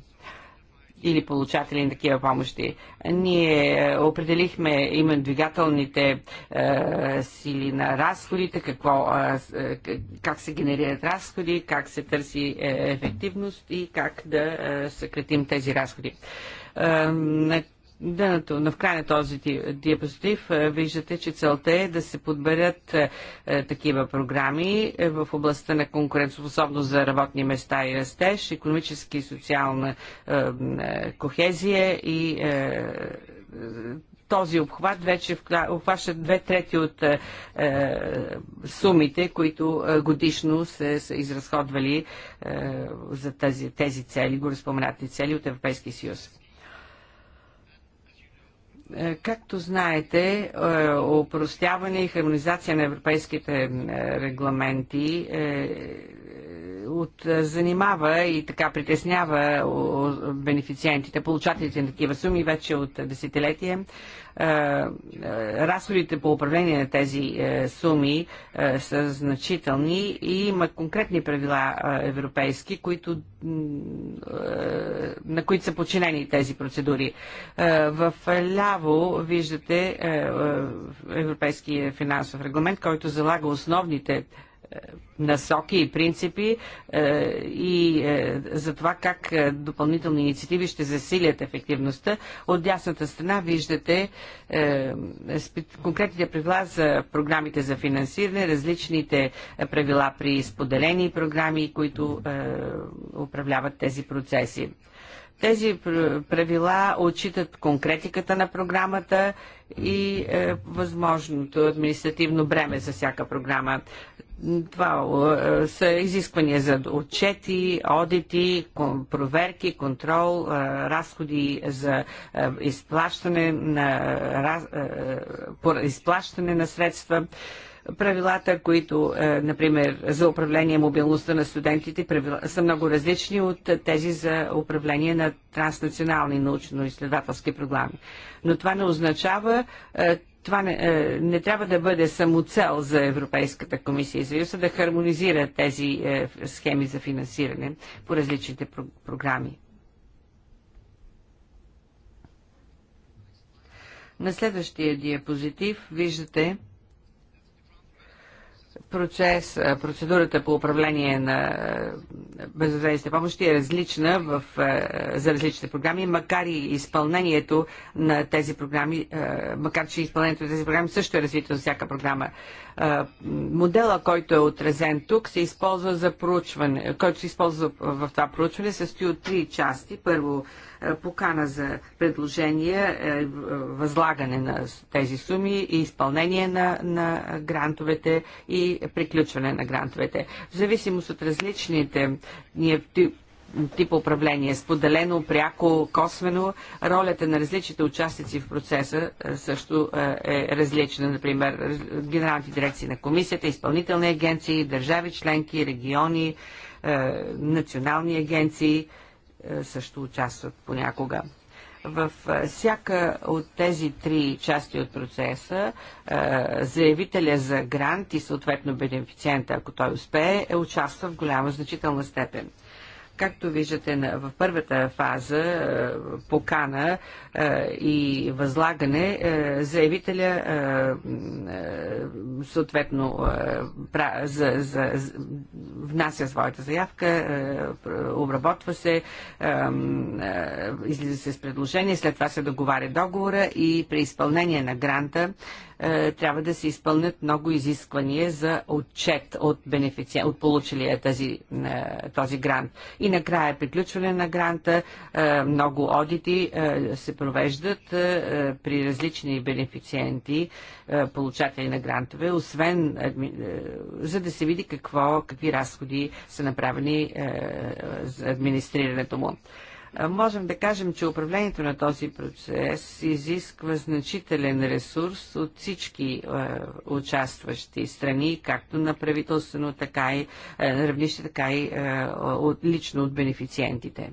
или получатели на такива помощи. Ние е, определихме именно двигателните е, сили на разходите, какво, е, е как се генерират разходи, как се търси е, ефективност и как да е, съкратим тези разходи. Е, дъното, на в на този диапозитив е, виждате, че целта е да се подберат е, е, такива програми в областта на конкурентоспособност за работни места и растеж, економически и социална кохезия и този обхват вече обхваща две трети от е, сумите, които годишно се са изразходвали е, за тези, тези цели, гореспоменатни цели от Европейския съюз. Е, както знаете, е, опростяване и хармонизация на европейските е, регламенти е от, е, занимава и така притеснява бенефициентите, получателите на такива суми вече от десетилетия. Е, е, разходите по управление на тези суми са значителни и има конкретни правила европейски, които, на които са подчинени тези процедури. В ляво виждате Европейския финансов регламент, който залага основните насоки и принципи е, и е, за това как е, допълнителни инициативи ще засилят ефективността. От дясната страна виждате конкретните правила за програмите за финансиране, различните правила при споделени програми, които управляват тези процеси. Тези правила отчитат конкретиката на програмата и е, възможното административно бреме за всяка програма. Това е, са изисквания за отчети, одити, проверки, контрол, е, разходи за е, изплащане на, изплащане на средства правилата, които, например, за управление мобилността на студентите са много различни от тези за управление на транснационални научно-изследователски програми. Но това не означава, това не, е, не трябва да бъде самоцел за Европейската комисия и Съюза да хармонизира тези е, схеми за финансиране по различните про- програми. На следващия диапозитив виждате процес, процедурата по управление на безвъзмездните помощи е различна в, за различните програми, макар и изпълнението на тези програми, макар че изпълнението на тези програми също е развито за всяка програма. Модела, който е отразен тук, се използва за проучване, който се използва в това проучване, състои от три части. Първо, покана за предложения, е, възлагане на тези суми и изпълнение на, на грантовете и приключване на грантовете. В зависимост от различните ние тип управление, споделено, пряко, косвено. Ролята на различните участници в процеса е, също е, е различна. Например, генералните дирекции на комисията, изпълнителни агенции, държави членки, региони, национални агенции – е, също участват понякога. В е, всяка от тези три части от процеса е, заявителя за грант и съответно бенефициента, ако той успее, е участва в голяма значителна степен. Както виждате в първата фаза, покана е, и възлагане, е, заявителя е, съответно за, за, внася своята заявка, обработва се, излиза се с предложение, след това се договаря договора и при изпълнение на гранта трябва да се изпълнят много изисквания за отчет от, бенефици... от получилия тази, този грант. И накрая приключване на гранта, много одити се провеждат е, е, при различни бенефициенти, е, получатели на грантове, освен за да се види какво, какви разходи са направени за администрирането му. Можем да кажем, че управлението на този процес изисква значителен ресурс от всички е, участващи страни, както на правителствено, така и е, равнище, така и е, от, лично от бенефициентите.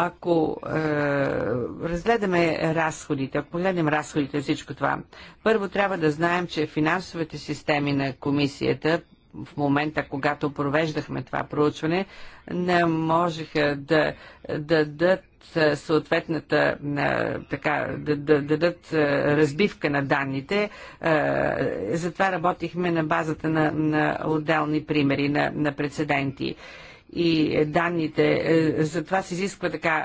Ако е, разгледаме разходите, ако погледнем разходите всичко това, първо трябва да знаем, че финансовите системи на комисията в момента, когато провеждахме това проучване, не можеха да, да дадат е, съответната е, така, да, да, дадат е, разбивка на данните. Затова работихме на базата на, на отделни примери, на, на прецеденти и е, данните. Е, Затова се изисква така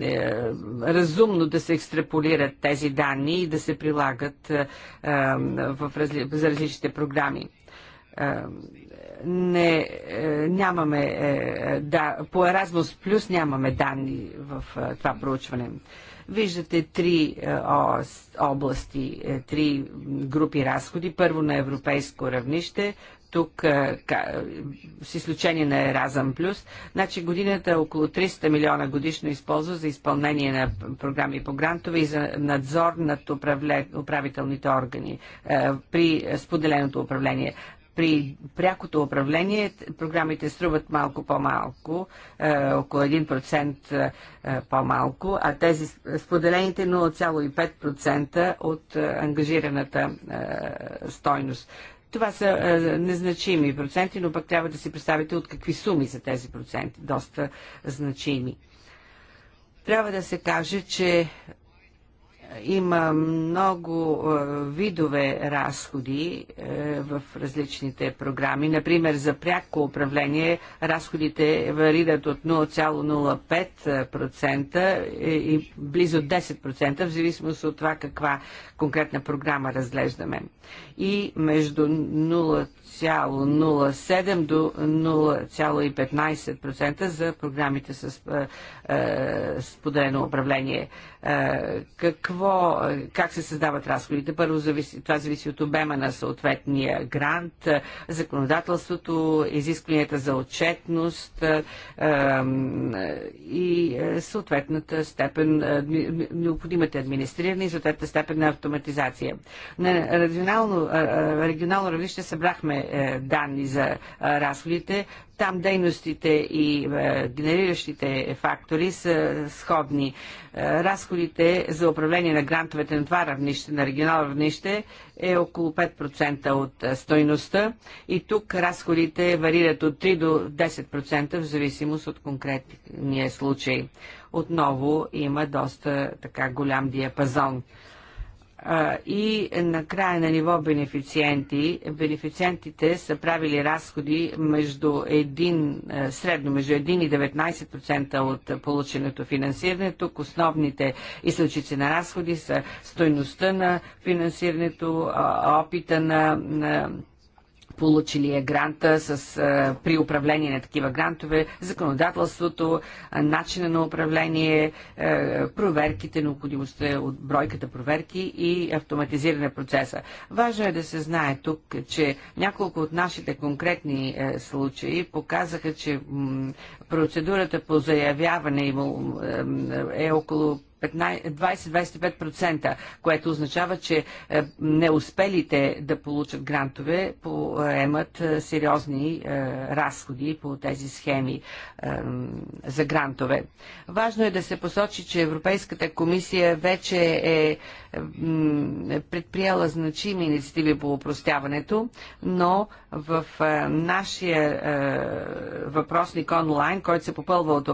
е, разумно да се екстраполират тези данни и да се прилагат в за различните програми не, нямаме, да, по Erasmus Plus нямаме данни в това проучване. Виждате три области, три групи разходи. Първо на европейско равнище, тук с изключение на Еразъм Плюс. Значи годината е около 300 милиона годишно използва за изпълнение на програми по грантове и за надзор над управле... управителните органи при споделеното управление при прякото управление програмите струват малко по-малко, около 1% по-малко, а тези споделените 0,5% от ангажираната стойност. Това са а, е, незначими проценти, но пък трябва да си представите от какви суми са тези проценти. Доста е, значими. Трябва да се каже, че има много е, видове разходи е, в различните програми. Например, за пряко управление разходите варират от 0,05% и близо 10%, в зависимост от това каква конкретна програма разглеждаме. И между 0,07 до 0,15% за програмите с е, споделено управление. Е, какво, е, как се създават разходите. Първо това зависи от обема на съответния грант, е, законодателството, изискванията за отчетност и съответната степен, необходимата администриране и съответната степен на автоматизация. На регионално, регионално равнище събрахме данни за разходите. Там дейностите и е, генериращите фактори са сходни. Е, разходите за управление на грантовете на това равнище, на регионално равнище, е около 5% от е, стойността и тук разходите варират от 3 до 10% в зависимост от конкретния случай. Отново има доста така голям диапазон и накрая на ниво бенефициенти, бенефициентите са правили разходи между 1, средно между 1 и 19% от полученото финансиране. Тук основните източници на разходи са стойността на финансирането, опита на, на получили е гранта с, а, при управление на такива грантове, законодателството, а, начина на управление, а, проверките, необходимостта от бройката проверки и автоматизиране процеса. Важно е да се знае тук, че няколко от нашите конкретни а, случаи показаха, че м, процедурата по заявяване е, е около 20-25%, което означава, че е, неуспелите да получат грантове поемат е, сериозни е, разходи по тези схеми за грантове. Важно е да се посочи, че Европейската комисия вече е предприела значими инициативи по упростяването, но в нашия въпросник онлайн, който се попълва от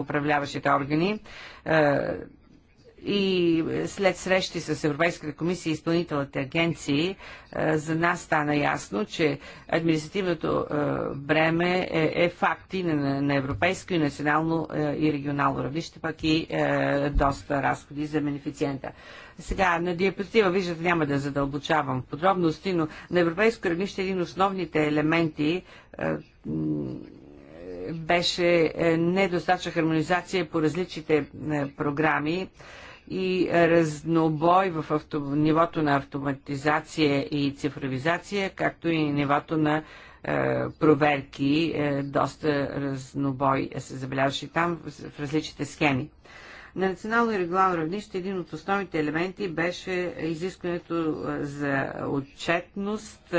управляващите органи, и след срещи с Европейската комисия и изпълнителните агенции е, за нас стана ясно, че административното е, бреме е, е факт и на европейско и национално и регионално равнище, пък и доста разходи за бенефициента. Сега на диапозитива, виждате, няма да задълбочавам подробности, но на европейско равнище един основните елементи беше недостатъчна хармонизация по различните програми и разнобой в авто... нивото на автоматизация и цифровизация, както и нивото на е, проверки, е, доста разнобой се забелязваше там в различните схеми. На национално и регулално равнище един от основните елементи беше изискването за отчетност,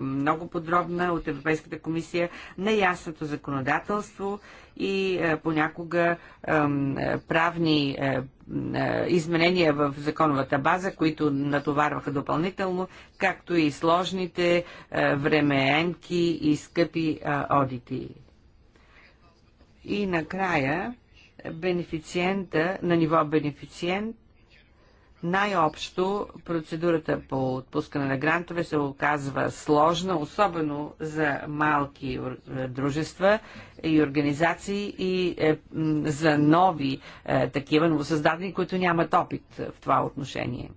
много подробна от Европейската комисия, неясното законодателство и понякога правни изменения в законовата база, които натоварваха допълнително, както и сложните, времеемки и скъпи одити. И накрая бенефициента, на ниво бенефициент, най-общо процедурата по отпускане на грантове се оказва сложна, особено за малки е, дружества и организации и е, за нови е, такива новосъздадени, които нямат опит в това отношение.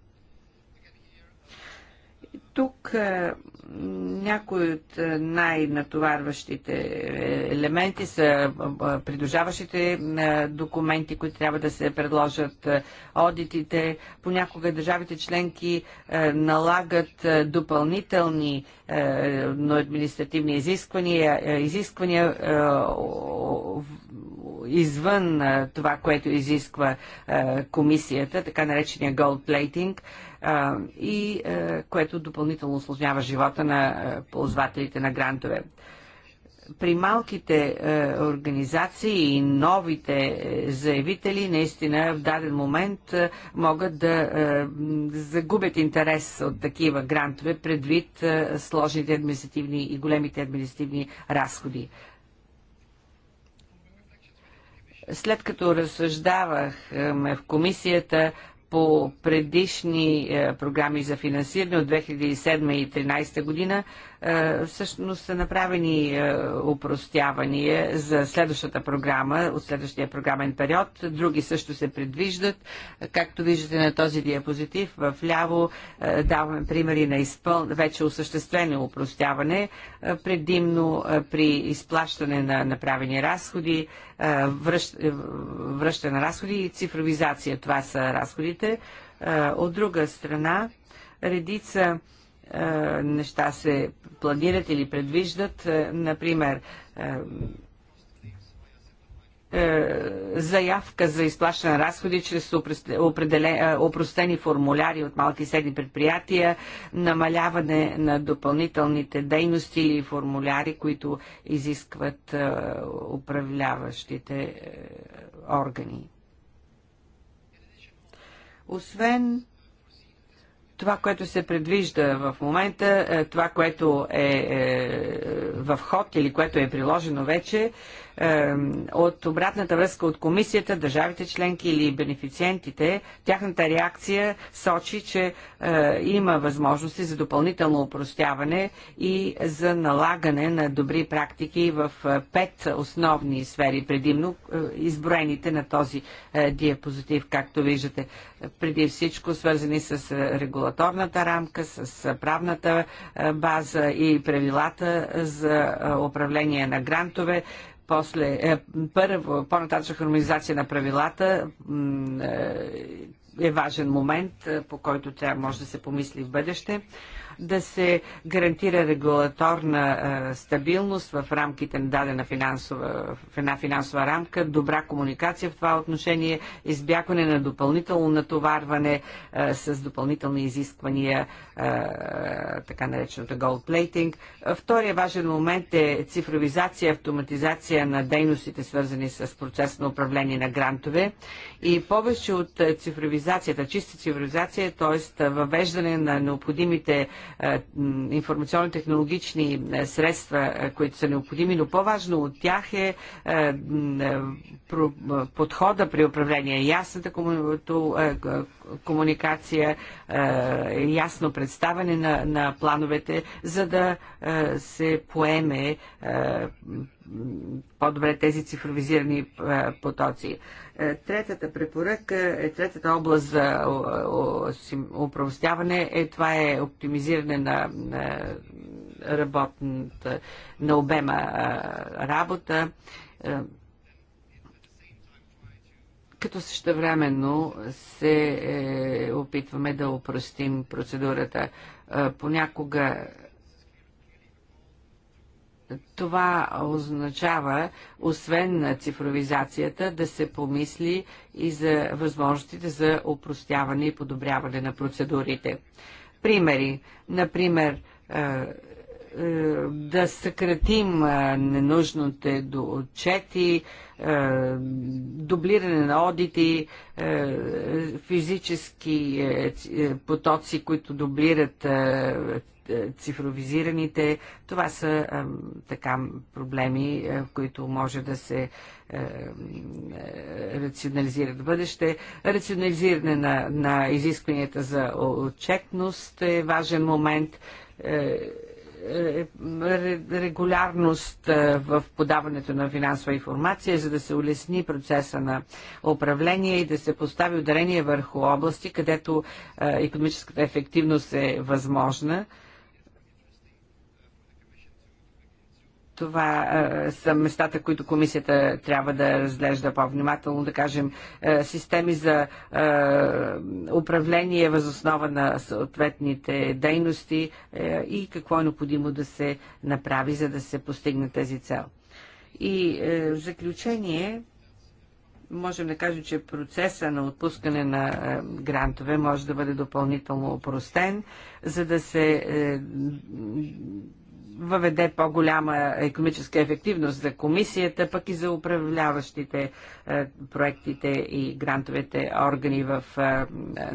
Тук е, някои от е, най-натоварващите е, елементи са придружаващите документи, които трябва да се предложат, одитите. Понякога държавите членки налагат допълнителни но административни изисквания, изисквания извън това, което изисква комисията, така наречения gold plating – и е, което допълнително осложнява живота на е, ползвателите на грантове при малките е, организации и новите е, заявители наистина в даден момент е, могат да е, загубят интерес от такива грантове предвид е, сложните административни и големите административни разходи. След като разсъждавахме в комисията, по предишни е, програми за финансиране от 2007 и 2013 година е, всъщност са направени е, упростявания за следващата програма, от следващия програмен период. Други също се предвиждат. Както виждате на този диапозитив, в ляво е, даваме примери на изпъл... вече осъществено упростяване, предимно при изплащане на направени разходи, връщ... връщане на разходи и цифровизация. Това са разходите. От друга страна, редица е, неща се планират или предвиждат. Е, например, е, заявка за изплащане на разходи чрез опростени формуляри от малки и средни предприятия, намаляване на допълнителните дейности или формуляри, които изискват управляващите органи. Освен това, което се предвижда в момента, е, това, което е, е в ход или което е приложено вече, от обратната връзка от комисията, държавите членки или бенефициентите, тяхната реакция сочи, че е, има възможности за допълнително упростяване и за налагане на добри практики в е, пет основни сфери, предимно е, изброените на този диапозитив, както виждате. Преди всичко свързани с регулаторната рамка, с правната база и правилата за управление на грантове, после, е, първо, по-нататъчна хармонизация на правилата е, е важен момент, е, по който тя може да се помисли в бъдеще да се гарантира регулаторна стабилност в рамките на дадена финансова, в една финансова рамка, добра комуникация в това отношение, избягване на допълнително натоварване с допълнителни изисквания, така нареченото gold Втория важен момент е цифровизация, автоматизация на дейностите, свързани с процес на управление на грантове и повече от цифровизацията, чиста цифровизация, т.е. въвеждане на необходимите е, информационно-технологични е, средства, е, които са необходими, но по-важно от тях е подхода при управление, ясната комуникация, ясно представяне на, на плановете, за да се поеме по-добре тези цифровизирани потоци. Е, третата препоръка, е, третата област за упростяване е това е оптимизиране на, на работната, на обема работа, е, като същевременно се опитваме да упростим процедурата. Понякога това означава, освен на цифровизацията, да се помисли и за възможностите за упростяване и подобряване на процедурите. Примери. Например, е, е, да съкратим е, ненужните до отчети, е, дублиране на одити, физически потоци, които дублират цифровизираните. Това са така проблеми, които може да се рационализират в бъдеще. Рационализиране на, на изискванията за отчетност е важен момент е, е, е, регулярност в подаването на финансова информация, за да се улесни процеса на управление и да се постави ударение върху области, където економическата ефективност е възможна Това е, са местата, които комисията трябва да разглежда по-внимателно, да кажем, е, системи за е, управление възоснова на съответните дейности е, и какво е необходимо да се направи, за да се постигне тази цел. И е, в заключение, можем да кажем, че процеса на отпускане на грантове може да бъде допълнително опростен, за да се е, въведе по-голяма економическа ефективност за комисията, пък и за управляващите е, проектите и грантовете органи в, е,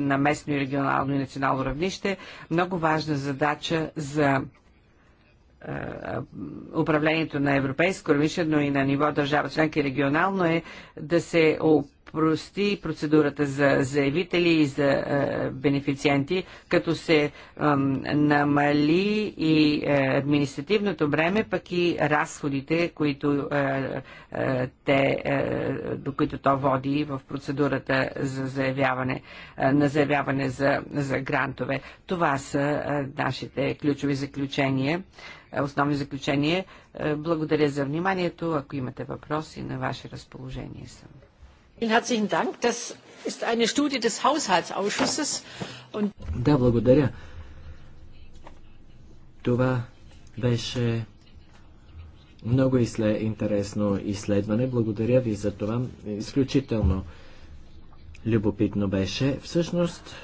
на местно и регионално и национално равнище. Много важна задача за е, управлението на европейско равнище, но и на ниво държава членка и регионално е да се Прости процедурата за заявители и за а, е, бенефициенти, като се а, намали и а, е, административното бреме, пък и разходите, които, е, те, до които то води в процедурата за заявяване, на заявяване за, за грантове. Това са нашите ключови заключения основни заключения. Благодаря за вниманието. Ако имате въпроси, на ваше разположение съм. Да, благодаря. Това беше много интересно изследване. Благодаря ви за това. Изключително любопитно беше. Всъщност,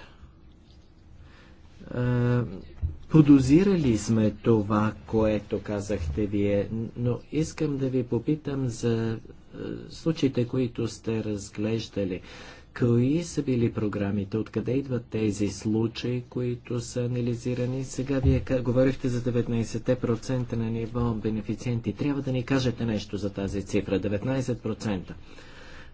подозирали сме това, което казахте вие, но искам да ви попитам за случаите, които сте разглеждали, кои са били програмите, откъде идват тези случаи, които са анализирани? Сега вие говорихте за 19% на ниво бенефициенти. Трябва да ни кажете нещо за тази цифра. 19%.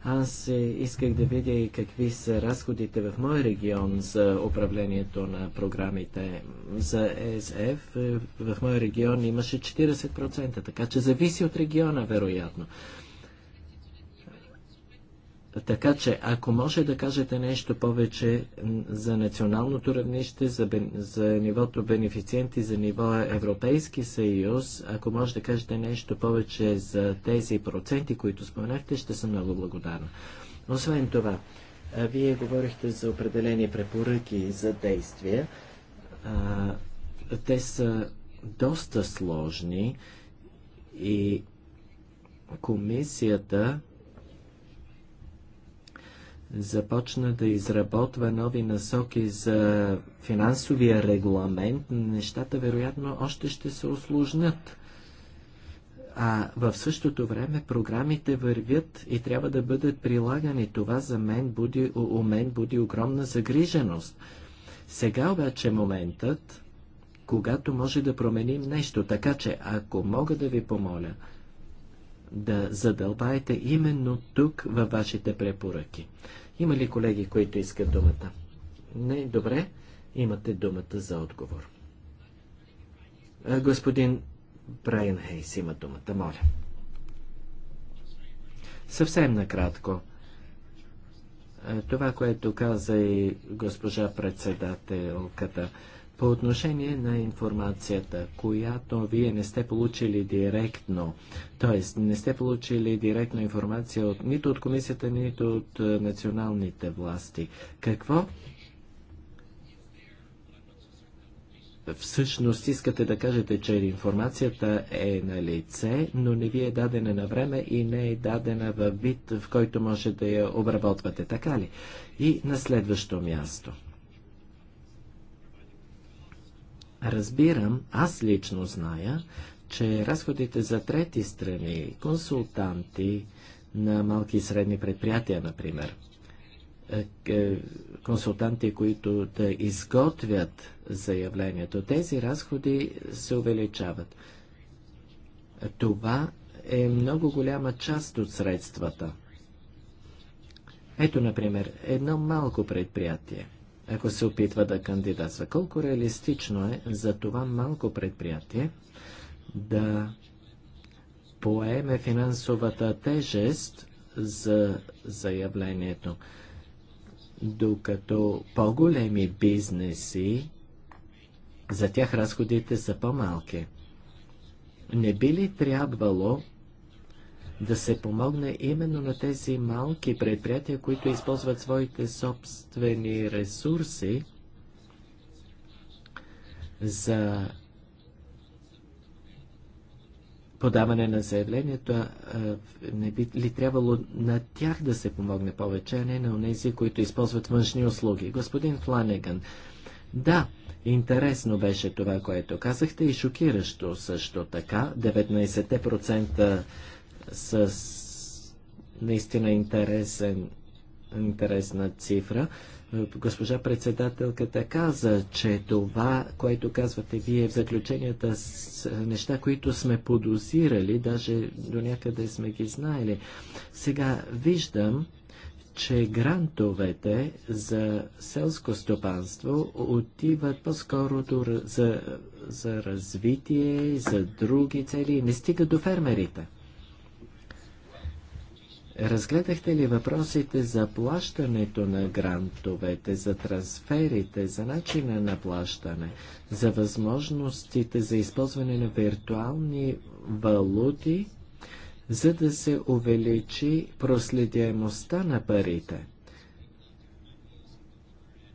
Аз е, исках да видя и какви са разходите в мой регион за управлението на програмите за ЕСФ. Е, в мой регион имаше 40%, така че зависи от региона, вероятно. Така че, ако може да кажете нещо повече за националното равнище, за, бен, за нивото бенефициенти, за ниво Европейски съюз, ако може да кажете нещо повече за тези проценти, които споменахте, ще съм много благодарна. Освен това, вие говорихте за определени препоръки за действия. А, те са доста сложни и комисията започна да изработва нови насоки за финансовия регламент, нещата вероятно още ще се осложнят. А в същото време програмите вървят и трябва да бъдат прилагани. Това за мен буди, у мен буди огромна загриженост. Сега обаче е моментът, когато може да променим нещо. Така че, ако мога да ви помоля, да задълбаете именно тук във вашите препоръки. Има ли колеги, които искат думата? Не, добре. Имате думата за отговор. Господин Брайан Хейс има думата, моля. Съвсем накратко. Това, което каза и госпожа председателката, по отношение на информацията, която вие не сте получили директно, т.е. не сте получили директно информация от, нито от комисията, нито от е, националните власти, какво всъщност искате да кажете, че информацията е на лице, но не ви е дадена на време и не е дадена във вид, в който може да я обработвате, така ли? И на следващо място – Разбирам, аз лично зная, че разходите за трети страни, консултанти на малки и средни предприятия, например, е, е, консултанти, които да изготвят заявлението, тези разходи се увеличават. Това е много голяма част от средствата. Ето, например, едно малко предприятие – ако се опитва да кандидатства. Колко реалистично е за това малко предприятие да поеме финансовата тежест за заявлението, докато по-големи бизнеси, за тях разходите са по-малки. Не би ли трябвало да се помогне именно на тези малки предприятия, които използват своите собствени ресурси за подаване на заявлението, не би ли трябвало на тях да се помогне повече, а не на тези, които използват външни услуги? Господин Фланеган, да, интересно беше това, което казахте и шокиращо също така. 19% с наистина интересен, интересна цифра. Госпожа председателката каза, че това, което казвате вие в заключенията, с неща, които сме подозирали, даже до някъде сме ги знаели. Сега виждам, че грантовете за селско стопанство отиват по-скоро за, за развитие, за други цели не стига до фермерите. Разгледахте ли въпросите за плащането на грантовете, за трансферите, за начина на плащане, за възможностите за използване на виртуални валути, за да се увеличи проследяемостта на парите?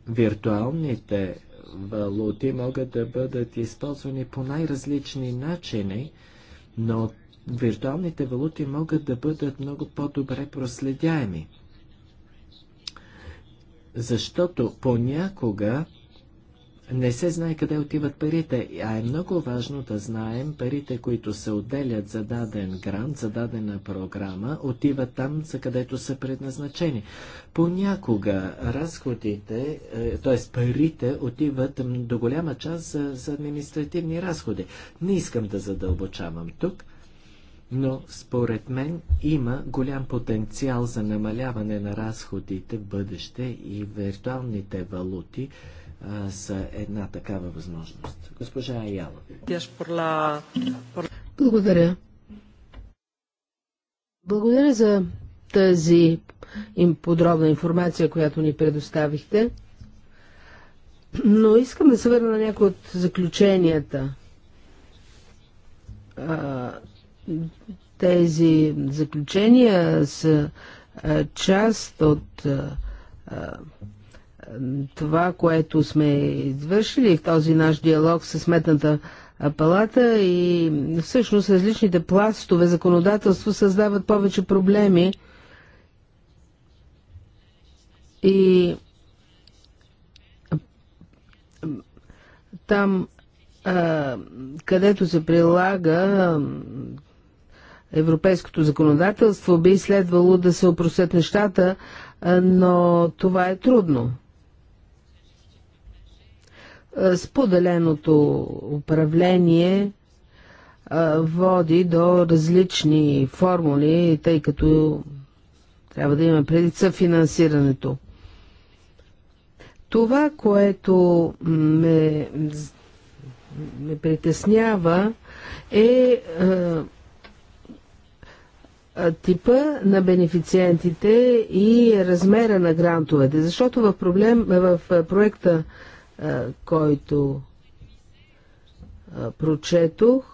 Виртуалните валути могат да бъдат използвани по най-различни начини, но виртуалните валути могат да бъдат много по-добре проследяеми. Защото понякога не се знае къде отиват парите, а е много важно да знаем парите, които се отделят за даден грант, за дадена програма, отиват там, за където са предназначени. Понякога разходите, е, т.е. парите отиват до голяма част за, за административни разходи. Не искам да задълбочавам тук но според мен има голям потенциал за намаляване на разходите в бъдеще и виртуалните валути а, са една такава възможност. Госпожа Аяла. Благодаря. Благодаря за тази им подробна информация, която ни предоставихте. Но искам да се върна на някои от заключенията тези заключения са част от това, което сме извършили в този наш диалог с Сметната палата и всъщност различните пластове законодателство създават повече проблеми и там, където се прилага европейското законодателство би следвало да се опросят нещата, но това е трудно. Споделеното управление води до различни формули, тъй като трябва да има преди съфинансирането. Това, което ме, ме притеснява е, е типа на бенефициентите и размера на грантовете, защото в, проблем, в проекта, който прочетох,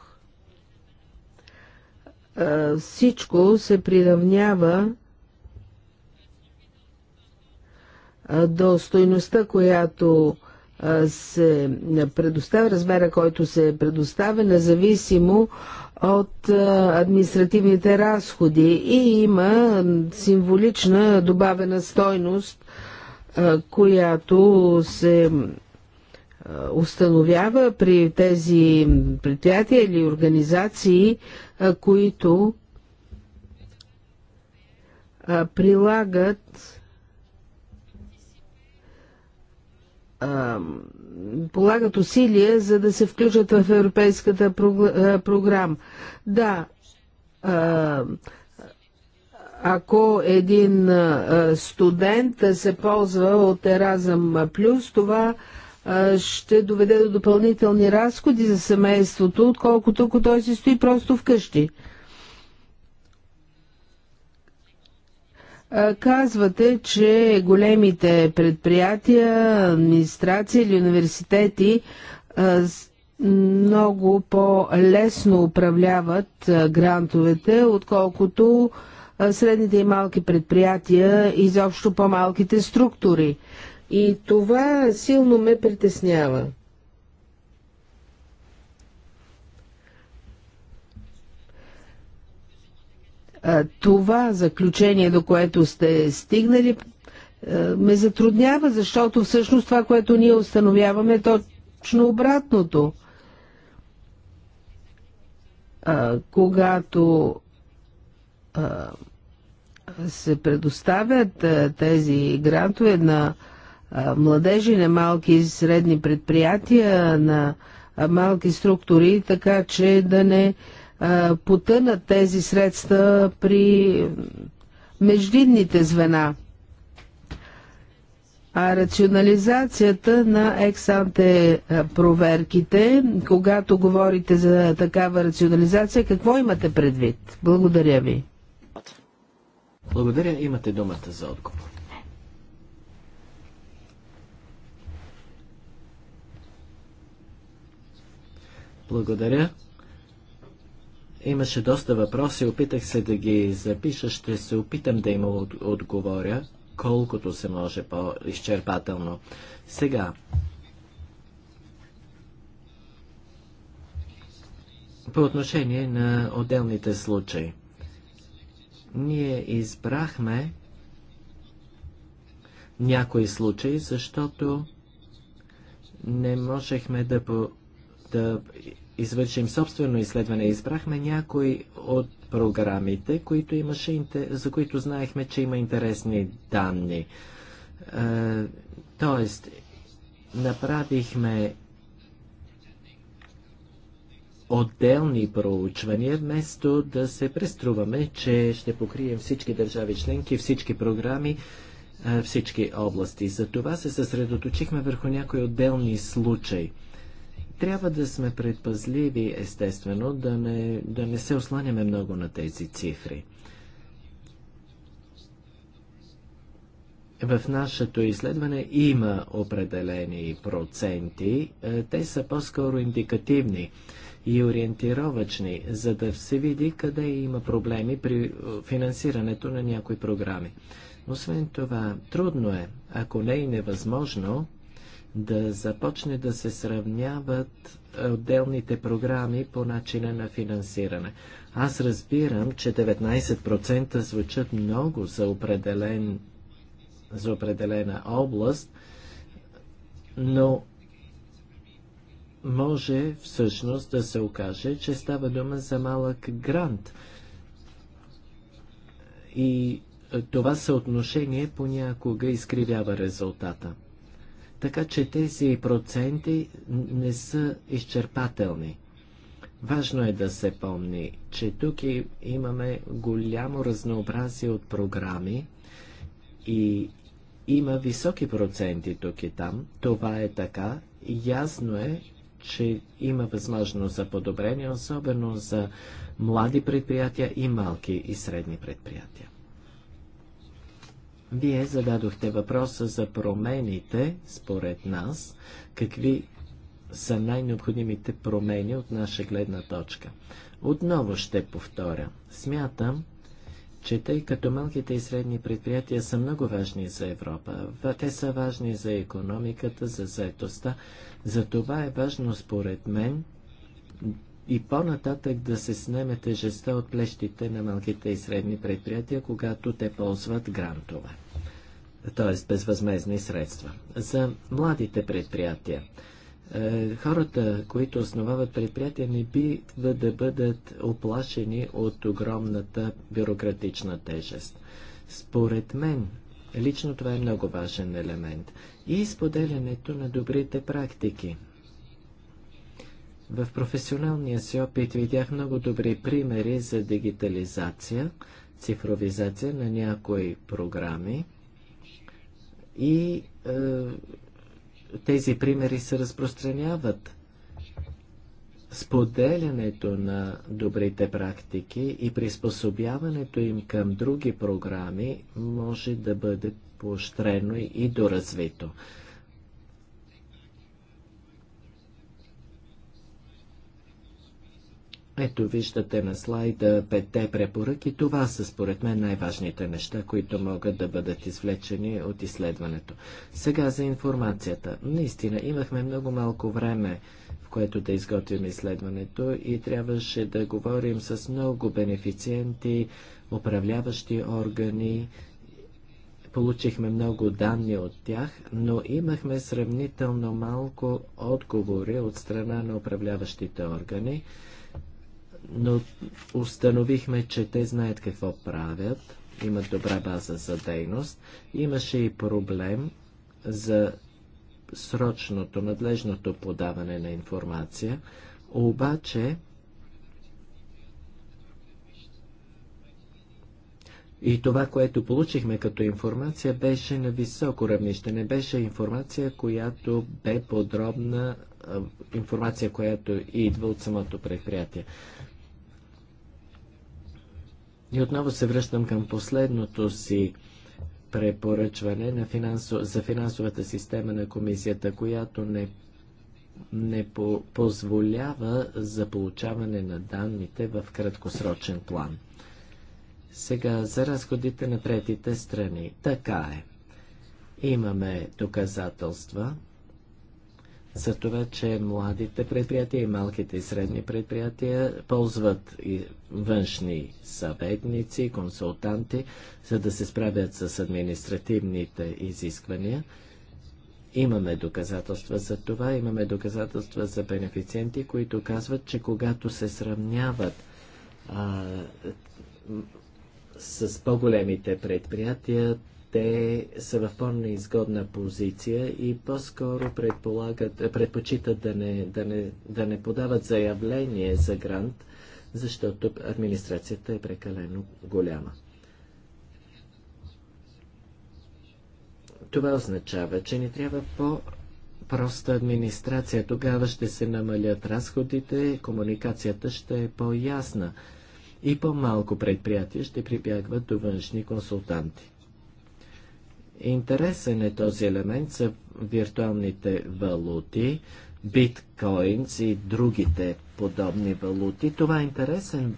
всичко се приравнява до стойността, която се предоставя, размера, който се предоставя, независимо от административните разходи и има символична добавена стойност, която се установява при тези предприятия или организации, които прилагат полагат усилия, за да се включат в европейската програма. Да, ако един студент се ползва от Еразъм Плюс, това ще доведе до допълнителни разходи за семейството, отколкото ако той си стои просто вкъщи. Казвате, че големите предприятия, администрации или университети много по-лесно управляват грантовете, отколкото средните и малки предприятия, изобщо по-малките структури. И това силно ме притеснява. Това заключение, до което сте стигнали, ме затруднява, защото всъщност това, което ние установяваме, е точно обратното. Когато се предоставят тези грантове на младежи, на малки и средни предприятия, на малки структури, така че да не е, потънат тези средства при междинните звена. А рационализацията на ексанте е, проверките, когато говорите за такава рационализация, какво имате предвид? Благодаря ви. Благодаря, имате думата за отговор. Благодаря. Имаше доста въпроси, опитах се да ги запиша, ще се опитам да им отговоря колкото се може по-изчерпателно. Сега, по отношение на отделните случаи. Ние избрахме някои случаи, защото не можехме да, да извършим собствено изследване. Избрахме някои от програмите, които имаше, за които знаехме, че има интересни данни. Е, тоест, направихме отделни проучвания, вместо да се преструваме, че ще покрием всички държави членки, всички програми, е, всички области. За това се съсредоточихме върху някои отделни случаи. Трябва да сме предпазливи, естествено, да не, да не се осланяме много на тези цифри. В нашето изследване има определени проценти. Е, те са по-скоро индикативни и ориентировачни, за да се види къде има проблеми при е, финансирането на някои програми. Освен това, трудно е, ако не и невъзможно, да започне да се сравняват отделните програми по начина на финансиране. Аз разбирам, че 19% звучат много за, определен, за определена област, но може всъщност да се окаже, че става дума за малък грант. И това съотношение понякога изкривява резултата. Така че тези проценти не са изчерпателни. Важно е да се помни, че тук имаме голямо разнообразие от програми и има високи проценти тук и там. Това е така. Ясно е, че има възможност за подобрение, особено за млади предприятия и малки и средни предприятия. Вие зададохте въпроса за промените, според нас, какви са най-необходимите промени от наша гледна точка. Отново ще повторя. Смятам, че тъй като малките и средни предприятия са много важни за Европа, те са важни за економиката, за заетостта, за това е важно според мен и по-нататък да се снеме тежестта от плещите на малките и средни предприятия, когато те ползват грантове т.е. безвъзмезни средства. За младите предприятия. Е, хората, които основават предприятия, не бива да бъдат оплашени от огромната бюрократична тежест. Според мен, лично това е много важен елемент. И споделянето на добрите практики. В професионалния си опит видях много добри примери за дигитализация, цифровизация на някои програми – и е, тези примери се разпространяват. Споделянето на добрите практики и приспособяването им към други програми може да бъде поощрено и доразвито. Ето виждате на слайда петте препоръки. Това са според мен най-важните неща, които могат да бъдат извлечени от изследването. Сега за информацията. Наистина имахме много малко време, в което да изготвим изследването и трябваше да говорим с много бенефициенти, управляващи органи. Получихме много данни от тях, но имахме сравнително малко отговори от страна на управляващите органи но установихме, че те знаят какво правят, имат добра база за дейност. Имаше и проблем за срочното, надлежното подаване на информация, обаче И това, което получихме като информация, беше на високо равнище. Не беше информация, която бе подробна, информация, която идва от самото предприятие. И отново се връщам към последното си препоръчване на финансо... за финансовата система на комисията, която не, не по... позволява за получаване на данните в краткосрочен план. Сега за разходите на третите страни. Така е. Имаме доказателства, за това, че младите предприятия и малките и средни предприятия ползват и външни съветници, консултанти, за да се справят с административните изисквания. Имаме доказателства за това, имаме доказателства за бенефициенти, които казват, че когато се сравняват а, с по-големите предприятия, те са в по-неизгодна позиция и по-скоро предпочитат да не, да, не, да не подават заявление за грант, защото администрацията е прекалено голяма. Това означава, че ни трябва по-проста администрация. Тогава ще се намалят разходите, комуникацията ще е по-ясна и по-малко предприятия ще прибягват до външни консултанти. Интересен е този елемент за виртуалните валути, биткоинс и другите подобни валути. Това е интересен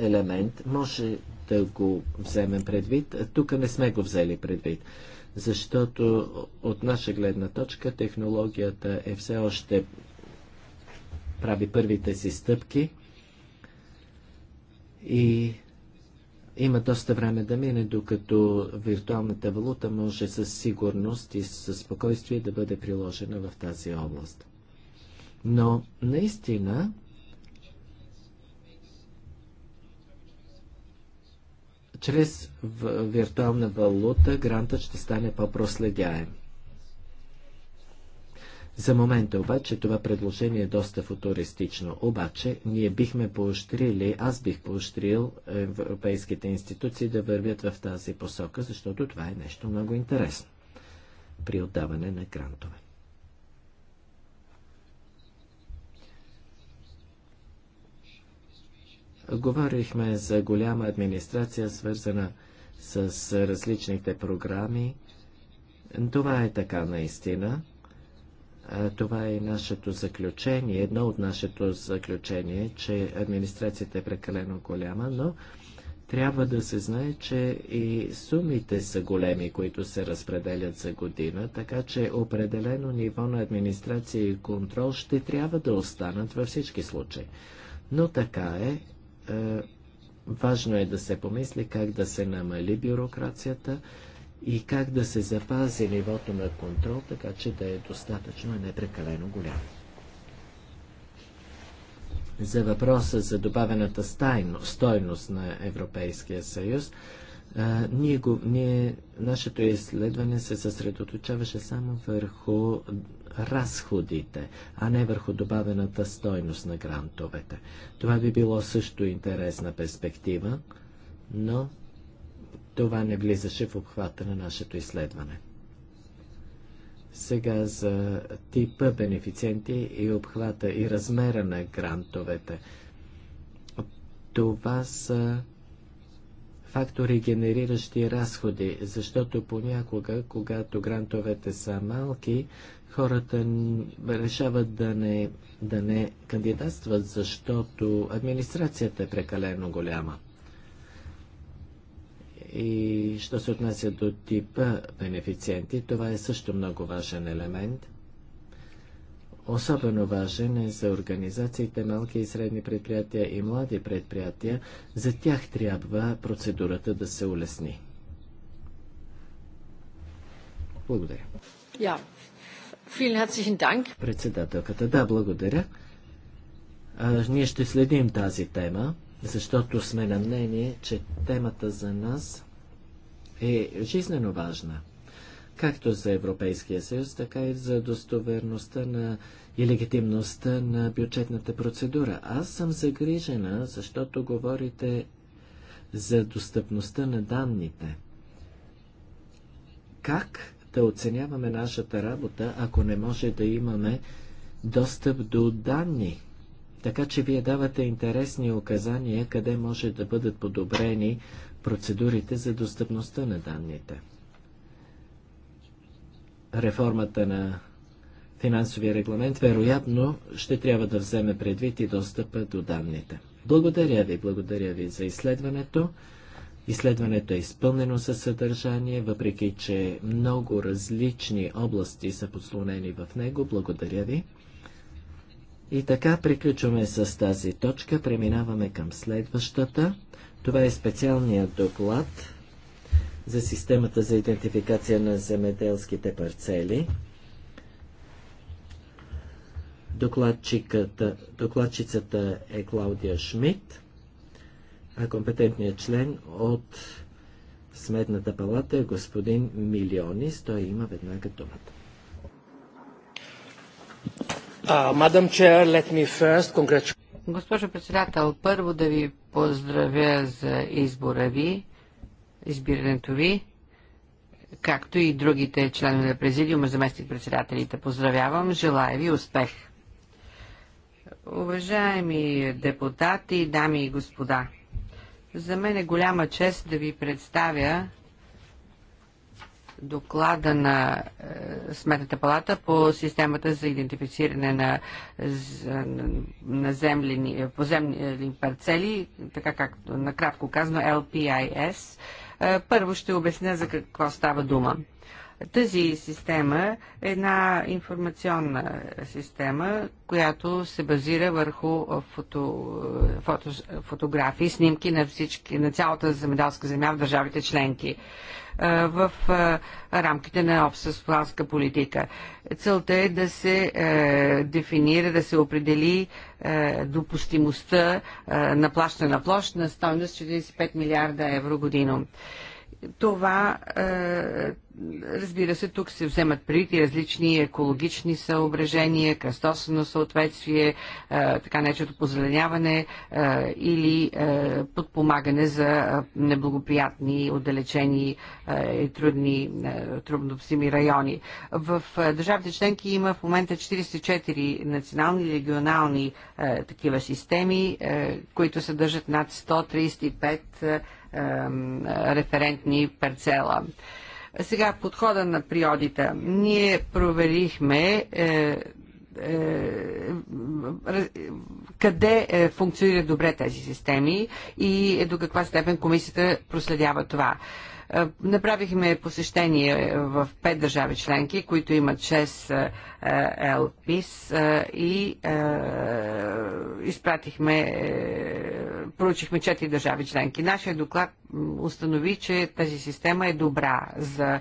елемент. Може да го вземем предвид. Тук не сме го взели предвид, защото от наша гледна точка технологията е все още прави първите си стъпки и има доста време да мине, докато виртуалната валута може със сигурност и със спокойствие да бъде приложена в тази област. Но наистина чрез виртуална валута грантът ще стане по-проследяем. За момента обаче това предложение е доста футуристично. Обаче ние бихме поощрили, аз бих поощрил европейските институции да вървят в тази посока, защото това е нещо много интересно при отдаване на грантове. Говорихме за голяма администрация, свързана с различните програми. Това е така наистина. Това е нашето заключение. Едно от нашето заключение, че администрацията е прекалено голяма, но трябва да се знае, че и сумите са големи, които се разпределят за година, така че определено ниво на администрация и контрол ще трябва да останат във всички случаи. Но така е, е важно е да се помисли как да се намали бюрокрацията, и как да се запази нивото на контрол, така че да е достатъчно и не прекалено голямо. За въпроса за добавената стайно, стойност на Европейския съюз, а, ние го, ние, нашето изследване се съсредоточаваше само върху разходите, а не върху добавената стойност на грантовете. Това би било също интересна перспектива, но това не влизаше в обхвата на нашето изследване. Сега за типа бенефициенти и обхвата и размера на грантовете. Това са фактори, генериращи разходи, защото понякога, когато грантовете са малки, хората решават да не, да не кандидатстват, защото администрацията е прекалено голяма. И що се отнася до типа бенефициенти, това е също много важен елемент. Особено важен е за организациите, малки и средни предприятия и млади предприятия. За тях трябва процедурата да се улесни. Благодаря. Ja, vielen herzlichen Dank. Председателката, да, благодаря. А, ние ще следим тази тема, защото сме на мнение, че темата за нас е жизнено важна, както за Европейския съюз, така и за достоверността на и легитимността на бюджетната процедура. Аз съм загрижена, защото говорите за достъпността на данните. Как да оценяваме нашата работа, ако не може да имаме достъп до данни? Така че вие давате интересни указания, къде може да бъдат подобрени процедурите за достъпността на данните. Реформата на финансовия регламент вероятно ще трябва да вземе предвид и достъпа до данните. Благодаря ви, благодаря ви за изследването. Изследването е изпълнено със съдържание, въпреки че много различни области са подслонени в него. Благодаря ви. И така приключваме с тази точка, преминаваме към следващата. Това е специалният доклад за системата за идентификация на земеделските парцели. Докладчицата е Клаудия Шмидт, а компетентният член от Сметната палата е господин Милионис. Той има веднага думата. Мадам uh, Чер, let me first congratulate Госпожо председател, първо да ви поздравя за избора ви, избирането ви, както и другите членове на президиума, заместник председателите. Поздравявам, желая ви успех. Уважаеми депутати, дами и господа, за мен е голяма чест да ви представя доклада на е, Сметната палата по системата за идентифициране на, на землени, е, поземни парцели, така както накратко казано LPIS. Е, първо ще обясня за какво става дума. Тази система е една информационна система, която се базира върху фото, фото, фотографии, снимки на, всички, на цялата земеделска земя в държавите членки в рамките на обществопланска политика. Целта е да се е, дефинира, да се определи е, допустимостта е, на плащане на площ на стойност 45 милиарда евро годино. Това, е, разбира се, тук се вземат преди различни екологични съображения, кръстосано съответствие, е, така нечето позеленяване е, или подпомагане за неблагоприятни, отдалечени и трудни, труднопсими райони. В държавите членки има в момента 44 национални и регионални такива системи, които съдържат над 135 референтни парцела. Сега подхода на приодите. Ние проверихме е, е, къде е, функционират добре тези системи и до каква степен комисията проследява това. Е, направихме посещение в пет държави членки, които имат 6 ЛПИС е, е, и изпратихме, проучихме 4 държави членки. Нашия доклад установи, че тази система е добра за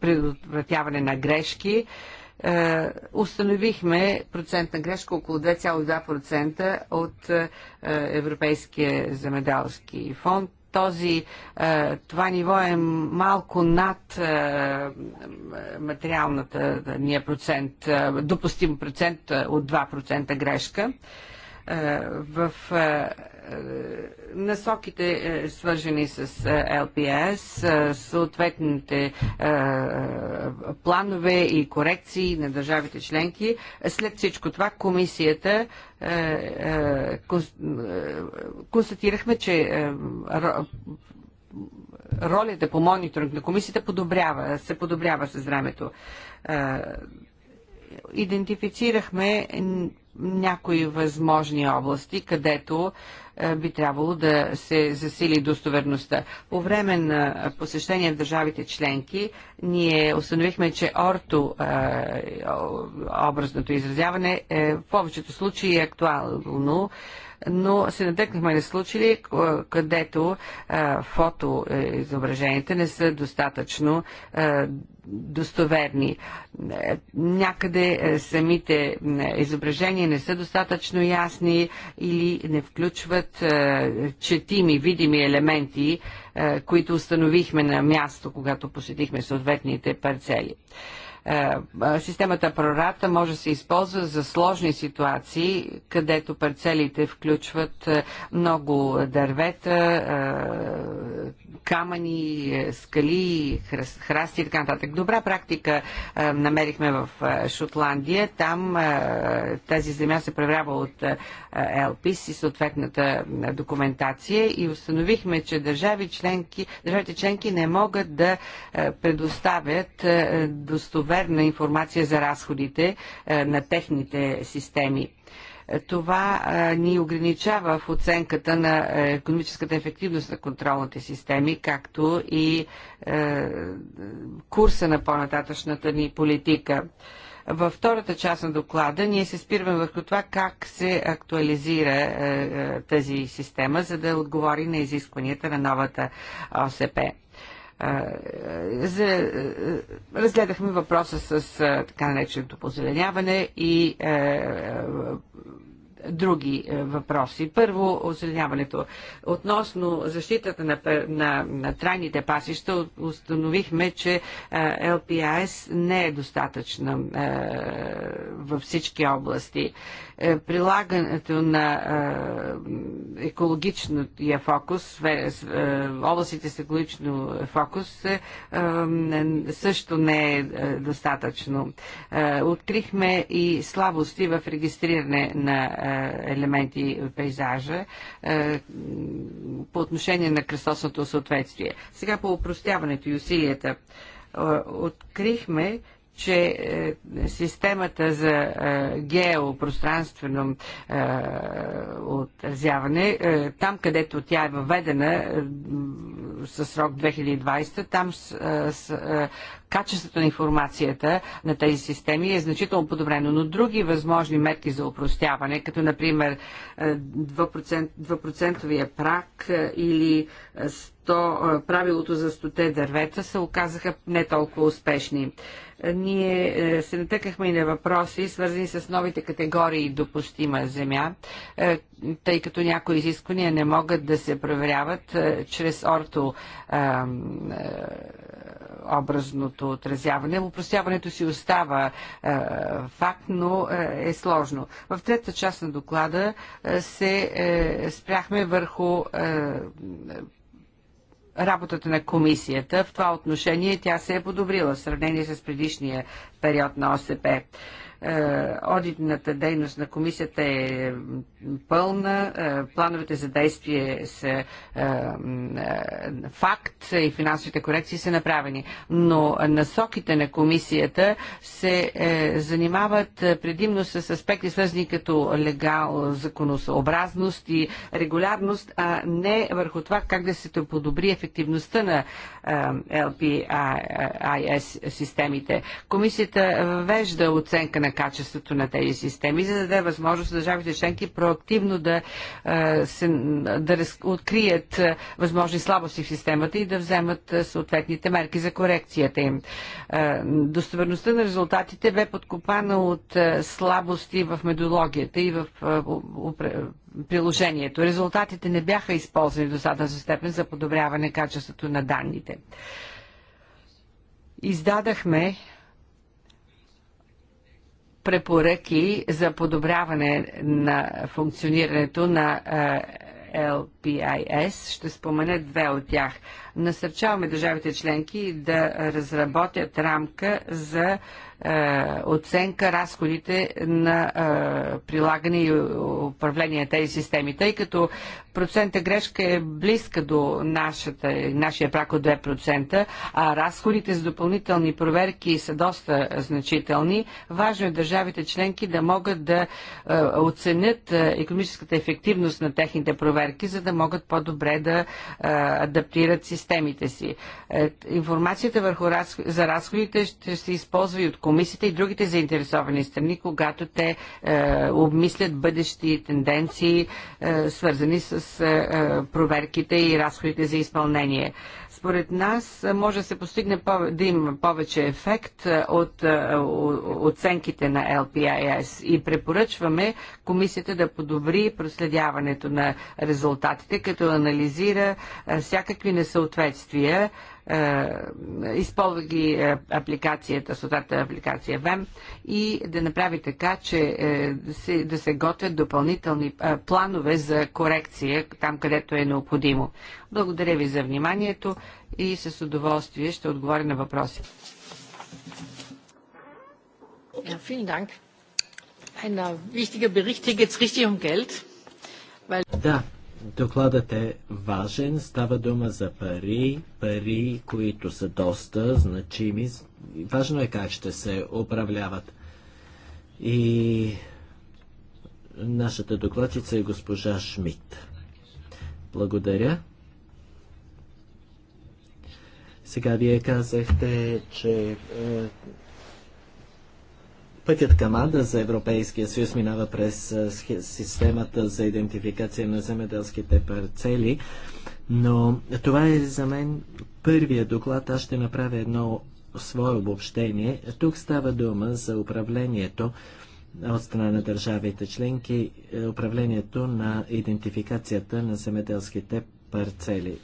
предотвратяване на грешки установихме процент на грешка около 2,2% от Европейския земеделски фонд този, е, това ниво е малко над е, материалната е, ния процент, допустим процент от 2% грешка. В насоките, е, свържени с е, ЛПС, е, съответните планове и корекции на държавите членки. След всичко това комисията констатирахме, че ролята по мониторинг на комисията подобрява, се подобрява с времето. Идентифицирахме някои възможни области, където е, би трябвало да се засили достоверността. По време на посещение в държавите членки ние установихме, че орто е, образното изразяване е в повечето случаи е актуално но се натъкнахме на случаи, е, където фотоизображенията не са достатъчно достоверни. Някъде е, самите е, изображения не са достатъчно ясни или не включват е, четими, видими елементи, които установихме на място, когато посетихме съответните парцели системата прората може да се използва за сложни ситуации, където парцелите включват много дървета, камъни, е, скали, храсти и така нататък. Добра практика е, намерихме в е, Шотландия. Там тази земя се преврява от ЕЛПИС и съответната документация и установихме, че държави членки, държавите членки не могат да предоставят достоверна информация за разходите на техните системи. Това ни ограничава в оценката на е, економическата ефективност на контролните системи, както и е, курса на по-нататъчната ни политика. Във втората част на доклада ние се спираме върху това как се актуализира е, тази система, за да отговори на изискванията на новата ОСП за, разгледахме въпроса с така нареченото позеленяване и други е, въпроси. Първо, озеленяването. Относно защитата на, на, на трайните пасища, установихме, че е, LPIS не е достатъчна е, във всички области. Прилагането на екологичния фокус, областите с екологично фокус също не е достатъчно. Открихме и слабости в регистриране на е, елементи в пейзажа е, по отношение на кръстосното съответствие. Сега по упростяването и усилията е, открихме, че е, системата за е, геопространствено е, отразяване, там където тя е въведена със срок 2020, там с, с, качеството на информацията на тези системи е значително подобрено, но други възможни мерки за упростяване, като например 2%, 2% прак или 100, правилото за 100 дървета, се оказаха не толкова успешни ние е, се натъкахме и на въпроси, свързани с новите категории допустима земя, е, тъй като някои изисквания не могат да се проверяват е, чрез орто образното отразяване. Упростяването си остава факт, но е сложно. В трета част на доклада се спряхме върху работата на комисията. В това отношение тя се е подобрила в сравнение с предишния период на ОСП. Е, Одитната дейност на комисията е пълна, е, плановете за действие са е, факт и финансовите корекции са направени. Но насоките на комисията се занимават предимно с аспекти свързани като легал, законосъобразност и регулярност, а не върху това как да се подобри ефективността на LPIS системите. Комисията въвежда оценка на на качеството на тези системи, за да даде възможност за държавите членки проактивно да, се, да открият възможни слабости в системата и да вземат съответните мерки за корекцията им. Достоверността на резултатите бе подкопана от слабости в методологията и в приложението. Резултатите не бяха използвани в достатъчна степен за подобряване качеството на данните. Издадахме препоръки за подобряване на функционирането на LPIS. Е, Ще спомена две от тях. Насърчаваме държавите членки да разработят рамка за е, оценка разходите на е, прилагане и управление на тези системи, тъй като процента грешка е близка до нашата, нашия прак от 2%, а разходите за допълнителни проверки са доста значителни. Важно е държавите членки да могат да е, оценят економическата ефективност на техните проверки, за да могат по-добре да адаптират системите системите си. Е, информацията върху разх... за разходите ще се използва и от комисията и другите заинтересовани страни, когато те е, обмислят бъдещи тенденции, е, свързани с е, е проверките и разходите за изпълнение. Според нас може да се постигне да има повече ефект от оценките на LPIS и препоръчваме комисията да подобри проследяването на резултатите, като анализира всякакви несъответствия е, използва ги е, апликацията, съответната апликация ВЕМ и да направи така, че е, да се да готвят допълнителни планове за корекция там, където е необходимо. Благодаря ви за вниманието и с удоволствие ще отговоря на въпроси. Äh, um да, Докладът е важен, става дума за пари, пари, които са доста значими. Важно е как ще се управляват. И нашата докладчица е госпожа Шмидт. Благодаря. Сега вие казахте, че е, Пътят към Ада за Европейския съюз минава през системата за идентификация на земеделските парцели, но това е за мен първия доклад. Аз ще направя едно свое обобщение. Тук става дума за управлението от страна на държавите членки, е, управлението на идентификацията на земеделските парцели.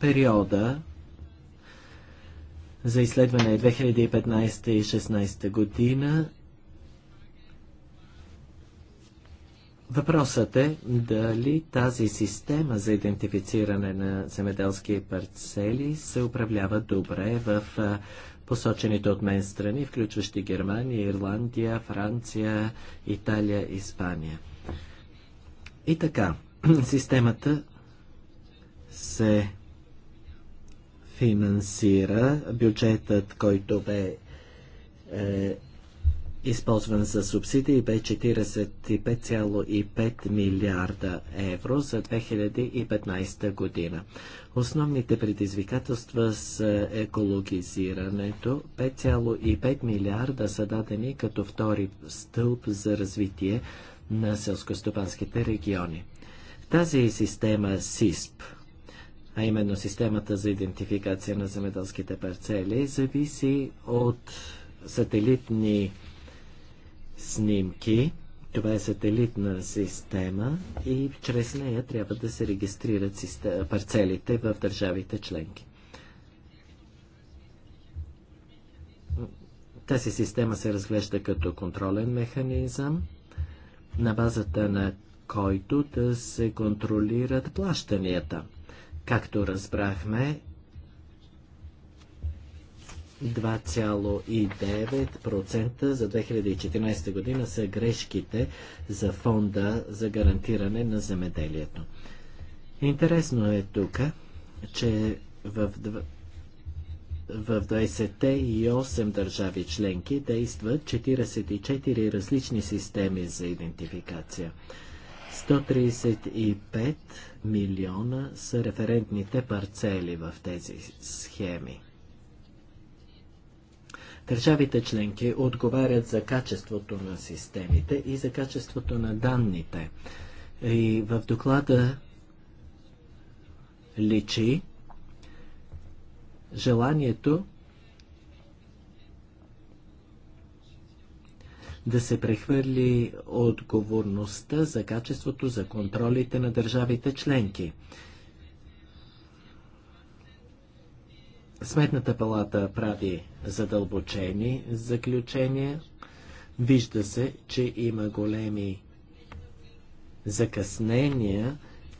Периода за изследване 2015 е и 2016 година. Въпросът е дали тази система за идентифициране на земеделски парцели се управлява добре в посочените от мен страни, включващи Германия, Ирландия, Франция, Италия, Испания. И така, системата се финансира бюджетът, който бе е, използван за субсидии, бе 45,5 милиарда евро за 2015 година. Основните предизвикателства с екологизирането. 5,5 милиарда са дадени като втори стълб за развитие на селскостопанските региони. Тази система СИСП – а именно системата за идентификация на земеделските парцели, зависи от сателитни снимки. Това е сателитна система и чрез нея трябва да се регистрират парцелите в държавите членки. Тази система се разглежда като контролен механизъм, на базата на който да се контролират плащанията – Както разбрахме, 2,9% за 2014 година са грешките за фонда за гарантиране на земеделието. Интересно е тук, че в, в 28 държави членки действат 44 различни системи за идентификация. 135 милиона са референтните парцели в тези схеми. Държавите членки отговарят за качеството на системите и за качеството на данните. И в доклада личи желанието да се прехвърли отговорността за качеството, за контролите на държавите членки. Сметната палата прави задълбочени заключения. Вижда се, че има големи закъснения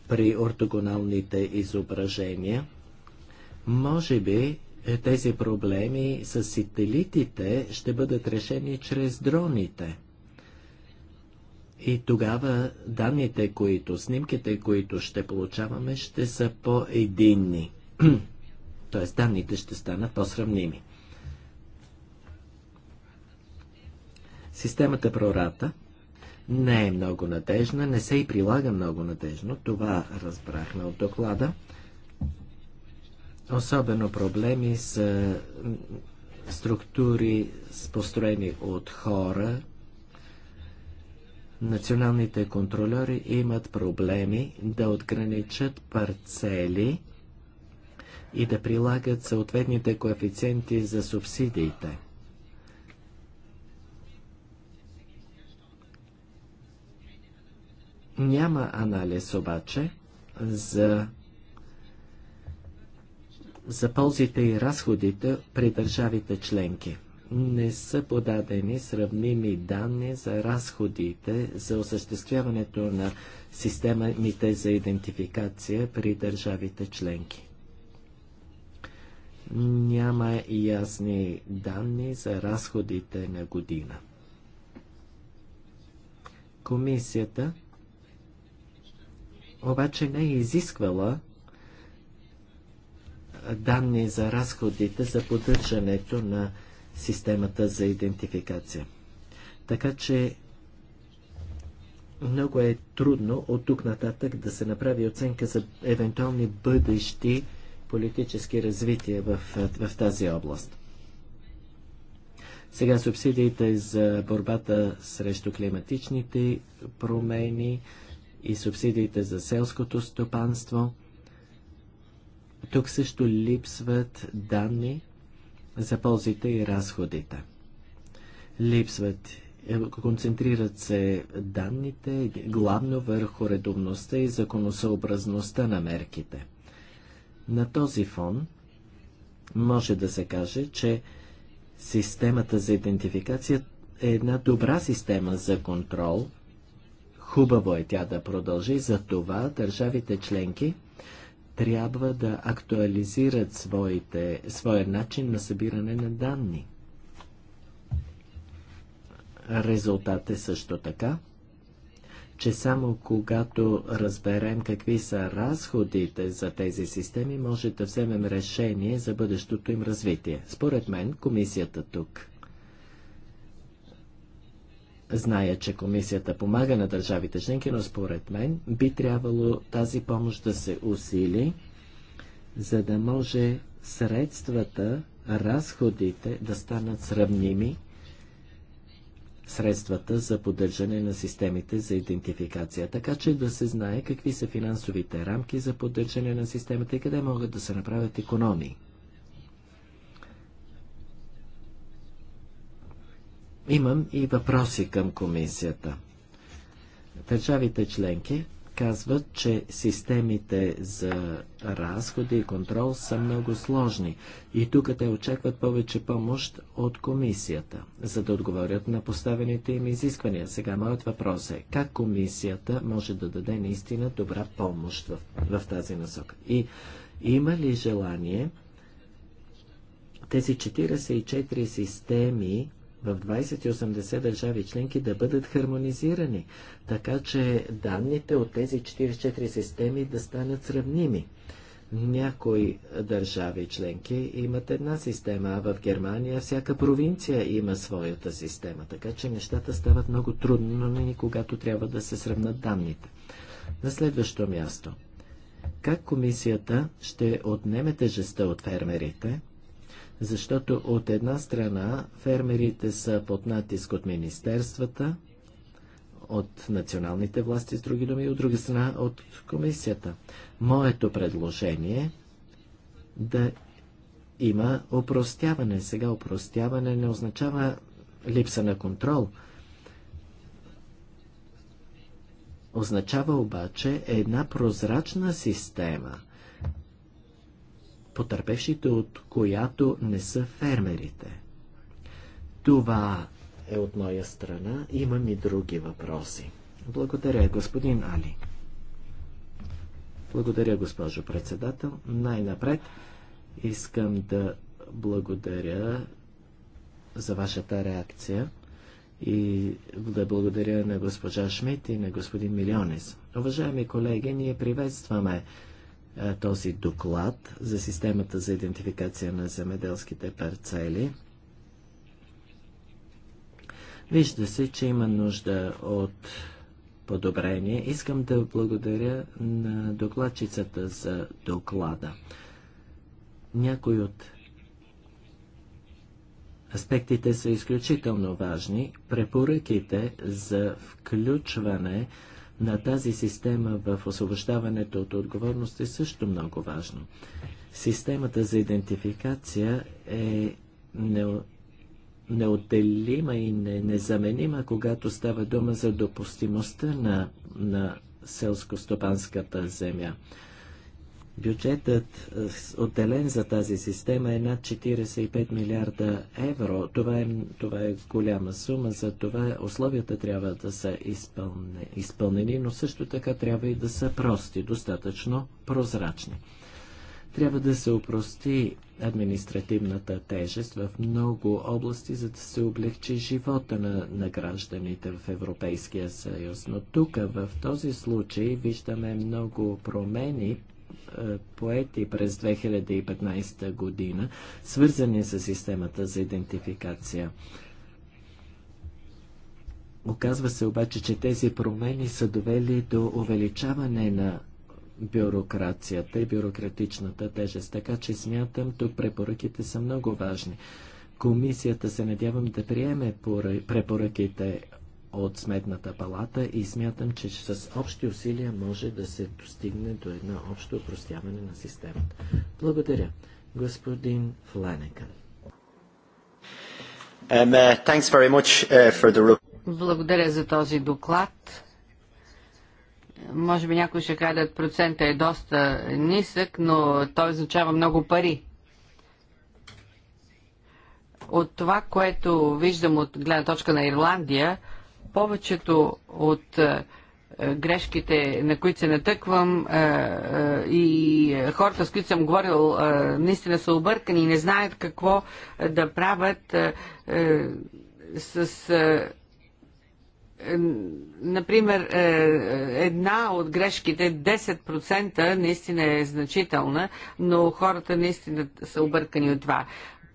при ортогоналните изображения. Може би е, тези проблеми с сателитите ще бъдат решени чрез дроните. И тогава данните, които, снимките, които ще получаваме, ще са по-единни. т.е. данните ще станат по-сравними. Системата Прората не е много надежна, не се и прилага много надежно. Това разбрахме от доклада. Особено проблеми с структури, построени от хора. Националните контролери имат проблеми да отграничат парцели и да прилагат съответните коефициенти за субсидиите. Няма анализ обаче за за ползите и разходите при държавите членки. Не са подадени сравними данни за разходите за осъществяването на системите за идентификация при държавите членки. Няма ясни данни за разходите на година. Комисията обаче не е изисквала данни за разходите за поддържането на системата за идентификация. Така че много е трудно от тук нататък да се направи оценка за евентуални бъдещи политически развития в, в тази област. Сега субсидиите за борбата срещу климатичните промени и субсидиите за селското стопанство. Тук също липсват данни за ползите и разходите. Липсват, е, концентрират се данните главно върху редовността и законосъобразността на мерките. На този фон може да се каже, че системата за идентификация е една добра система за контрол. Хубаво е тя да продължи, за това държавите членки – трябва да актуализират своите, своя начин на събиране на данни. Резултат е също така, че само когато разберем какви са разходите за тези системи, може да вземем решение за бъдещото им развитие. Според мен, комисията тук Зная, че комисията помага на държавите членки, но според мен би трябвало тази помощ да се усили, за да може средствата, разходите да станат сравними средствата за поддържане на системите за идентификация, така че да се знае какви са финансовите рамки за поддържане на системата и къде могат да се направят економии. Имам и въпроси към комисията. Държавите членки казват, че системите за разходи и контрол са много сложни и тук те очакват повече помощ от комисията, за да отговорят на поставените им изисквания. Сега моят въпрос е, как комисията може да даде наистина добра помощ в, в тази насока? И има ли желание тези 44 системи в 20-80 държави членки да бъдат хармонизирани, така че данните от тези 44 системи да станат сравними. Някои държави членки имат една система, а в Германия всяка провинция има своята система, така че нещата стават много трудно, когато трябва да се сравнат данните. На следващо място. Как комисията ще отнеме тежестта от фермерите – защото от една страна фермерите са под натиск от министерствата, от националните власти, с други думи, и от друга страна от комисията. Моето предложение е да има упростяване. Сега упростяване не означава липса на контрол. Означава обаче една прозрачна система – потърпевшите от която не са фермерите. Това е от моя страна. Имам и други въпроси. Благодаря, господин Али. Благодаря, госпожо председател. Най-напред искам да благодаря за вашата реакция и да благодаря на госпожа Шмидт и на господин Милионис. Уважаеми колеги, ние приветстваме е, този доклад за системата за идентификация на земеделските парцели. Вижда се, че има нужда от подобрение. Искам да благодаря на докладчицата за доклада. Някои от аспектите са изключително важни. Препоръките за включване на тази система в освобождаването от отговорност е също много важно. Системата за идентификация е не, неотделима и не, незаменима, когато става дума за допустимостта на, на селско-стопанската земя. Бюджетът е, отделен за тази система е над 45 милиарда евро. Това е, това е голяма сума, за това условията трябва да са изпълнени, но също така трябва и да са прости, достатъчно прозрачни. Трябва да се упрости административната тежест в много области, за да се облегчи живота на, на гражданите в Европейския съюз. Но тук, в този случай, виждаме много промени е, поети през 2015 година, свързани с системата за идентификация. Оказва се обаче, че тези промени са довели до увеличаване на бюрокрацията и бюрократичната тежест. Така че смятам, тук препоръките са много важни. Комисията се надявам да приеме препоръките от Сметната палата и смятам, че с общи усилия може да се достигне до едно общо упростяване на системата. Благодаря. Господин Фланекън. Uh, uh, Благодаря за този доклад. Може би някой ще кажат, процента е доста нисък, но той означава много пари. От това, което виждам от гледна точка на Ирландия, повечето от е, е, грешките, на които се натъквам е, и хората, с които съм говорил, наистина са объркани и не знаят какво да правят с например, една от грешките, 10% наистина е значителна, но хората наистина са объркани от това.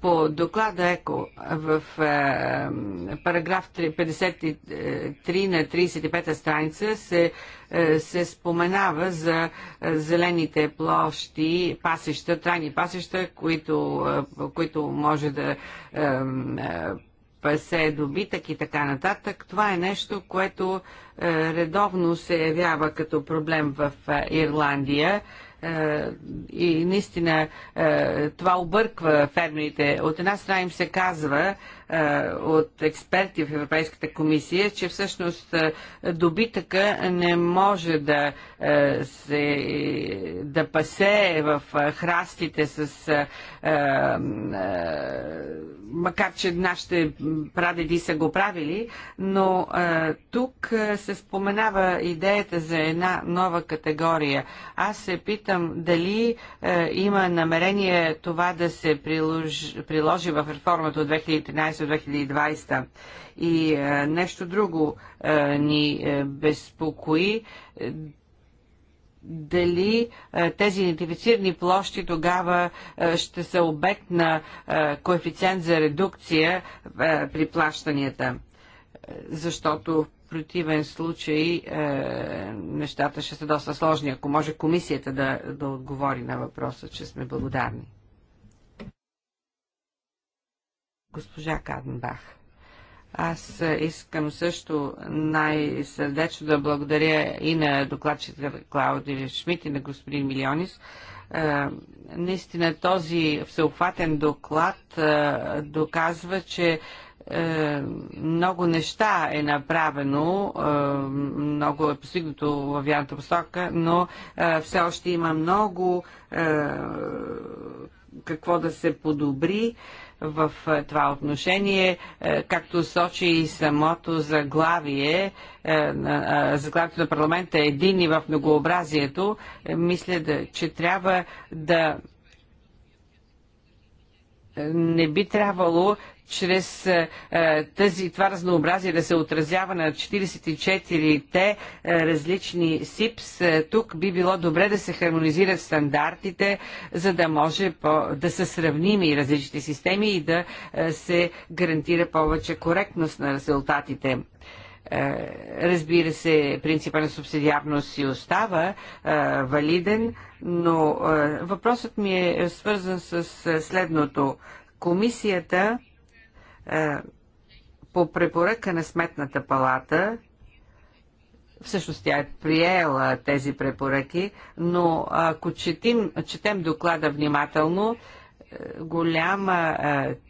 По доклада ЕКО в е, параграф 53 на 35-та страница се, е, се споменава за е, зелените площи, пасеща, трайни пасеща, които, е, които може да е, е, пасе добитък и така нататък. Това е нещо, което е, редовно се явява като проблем в е, Ирландия. Е, е, и наистина е, това обърква фермерите. От една страна им се казва, е, от експерти в Европейската комисия, че всъщност е, добитъка не може да, е, се, да пасе в храстите с макар че нашите прадеди са го правили, но тук се споменава идеята за една нова категория. Аз се питам дали има намерение това да се приложи, приложи в реформата от 2013 2014-2020. И е, нещо друго е, ни е, безпокои. Е, дали е, тези идентифицирани площи тогава е, ще са обект на коефициент за редукция при плащанията. Защото в противен случай нещата ще са доста сложни, ако може комисията да, да отговори на въпроса, че сме благодарни. Госпожа Каденбах. Аз искам също най-сърдечно да благодаря и на докладчика Клаудия Шмидт и на господин Милионис. Е, наистина този всеобхватен доклад е, доказва, че е, много неща е направено, много е постигнато в вярната посока, но все още има много какво да се подобри в е, това отношение, е, както сочи и самото заглавие, е, заглавието на парламента е един и в многообразието, мисля, че трябва да не би трябвало чрез е, е, тази, това разнообразие да се отразява на 44-те е, различни СИПС. тук би било добре да се хармонизират стандартите, за да може по, да са сравними различните системи и да се гарантира повече коректност на резултатите. Е, разбира се, принципа на субсидиарност си остава е, валиден, но е, въпросът ми е свързан с следното. Комисията по препоръка на Сметната палата Всъщност тя е приела тези препоръки, но ако четим, четем доклада внимателно, голяма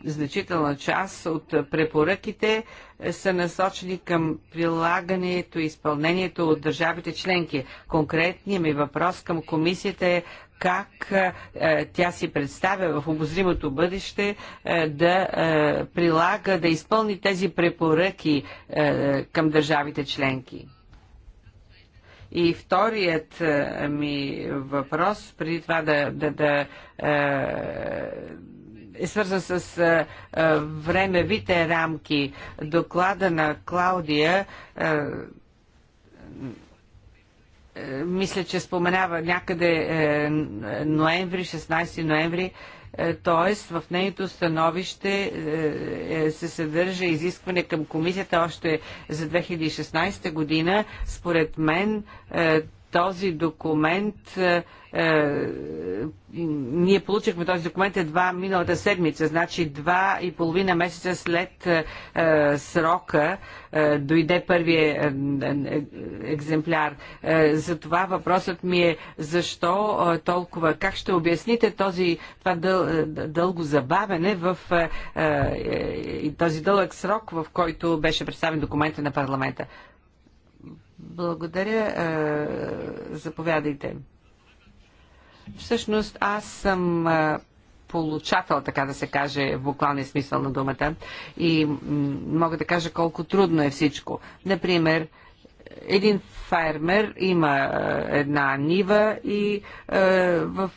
значителна част от препоръките е, са насочени към прилагането и изпълнението от държавите членки. Конкретният ми въпрос към комисията е как тя си представя в обозримото бъдеще да прилага, да изпълни тези препоръки към държавите членки. И вторият е, ми въпрос, преди това да, да, да е, е свързан с е, е, времевите рамки. Доклада на Клаудия е, е, мисля, че споменава някъде ноември, 16 ноември т.е. в нейното становище е, е, се съдържа изискване към комисията още за 2016 година. Според мен е, този документ, е, е, ние получихме този документ едва миналата седмица, значи два и половина месеца след е, е срока е, дойде първият е, екземпляр. Затова въпросът ми е защо толкова, как ще обясните този, това дъл, дълго забавене в този дълъг срок, в който беше представен документа на парламента. Благодаря. Е, заповядайте. Всъщност аз съм е, получател, така да се каже, в буквалния смисъл на думата. И мога да кажа колко трудно е всичко. Например, един фермер има е, една нива и е, в,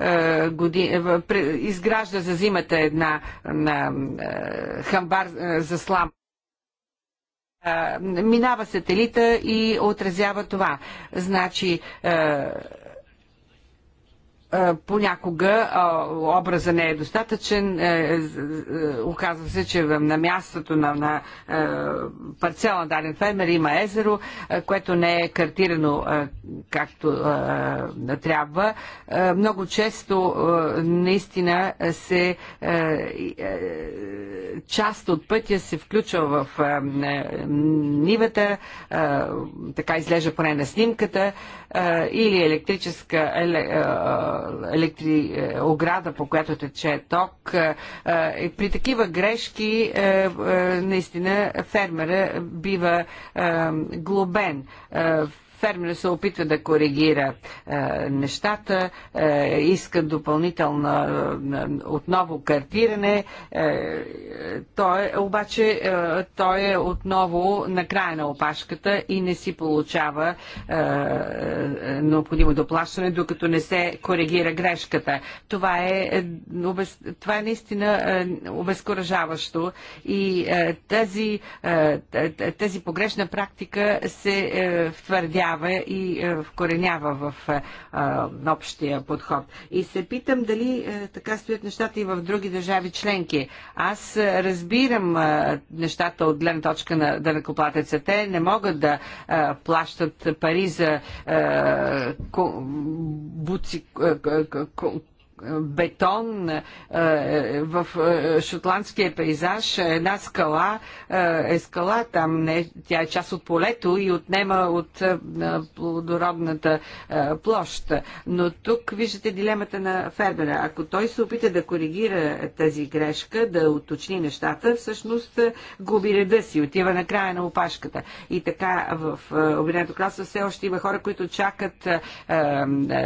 е, годи, в, изгражда за зимата една на, е, хамбар е, за слама минава сателита и отразява това. Значи, понякога образа не е достатъчен. Е, е, е, оказва се, че на мястото на, на парцел на даден фермер има езеро, което не е картирано както трябва. Много често наистина се част от пътя се включва в нивата, така излежа поне на снимката, или електрическа електри... Е, ограда, по която тече ток. Е, е, при такива грешки наистина фермера бива глобен. Фермера се опитва да коригира е, нещата, е, иска допълнително е, отново картиране. Е, той, обаче е, той е отново на края на опашката и не си получава е, е, необходимо доплащане, докато не се коригира грешката. Това е, е, обез, това е наистина е, обезкуражаващо и е, тази, е, тази погрешна практика се е, твърдя вкорява и е, вкоренява в е, е, общия подход. И се питам дали така стоят нещата и в други държави членки. Аз разбирам нещата от гледна точка на дънакоплатеца. Те не могат да плащат пари за буци, е, бетон е, е, в шотландския пейзаж, една скала, е скала там, не, тя е част от полето и отнема от плодородната площ. Но тук виждате дилемата на Фербера. Ако той се опита да коригира тази грешка, да уточни нещата, всъщност губи реда си, отива на края на опашката. И така в Обединеното кралство все още има хора, които чакат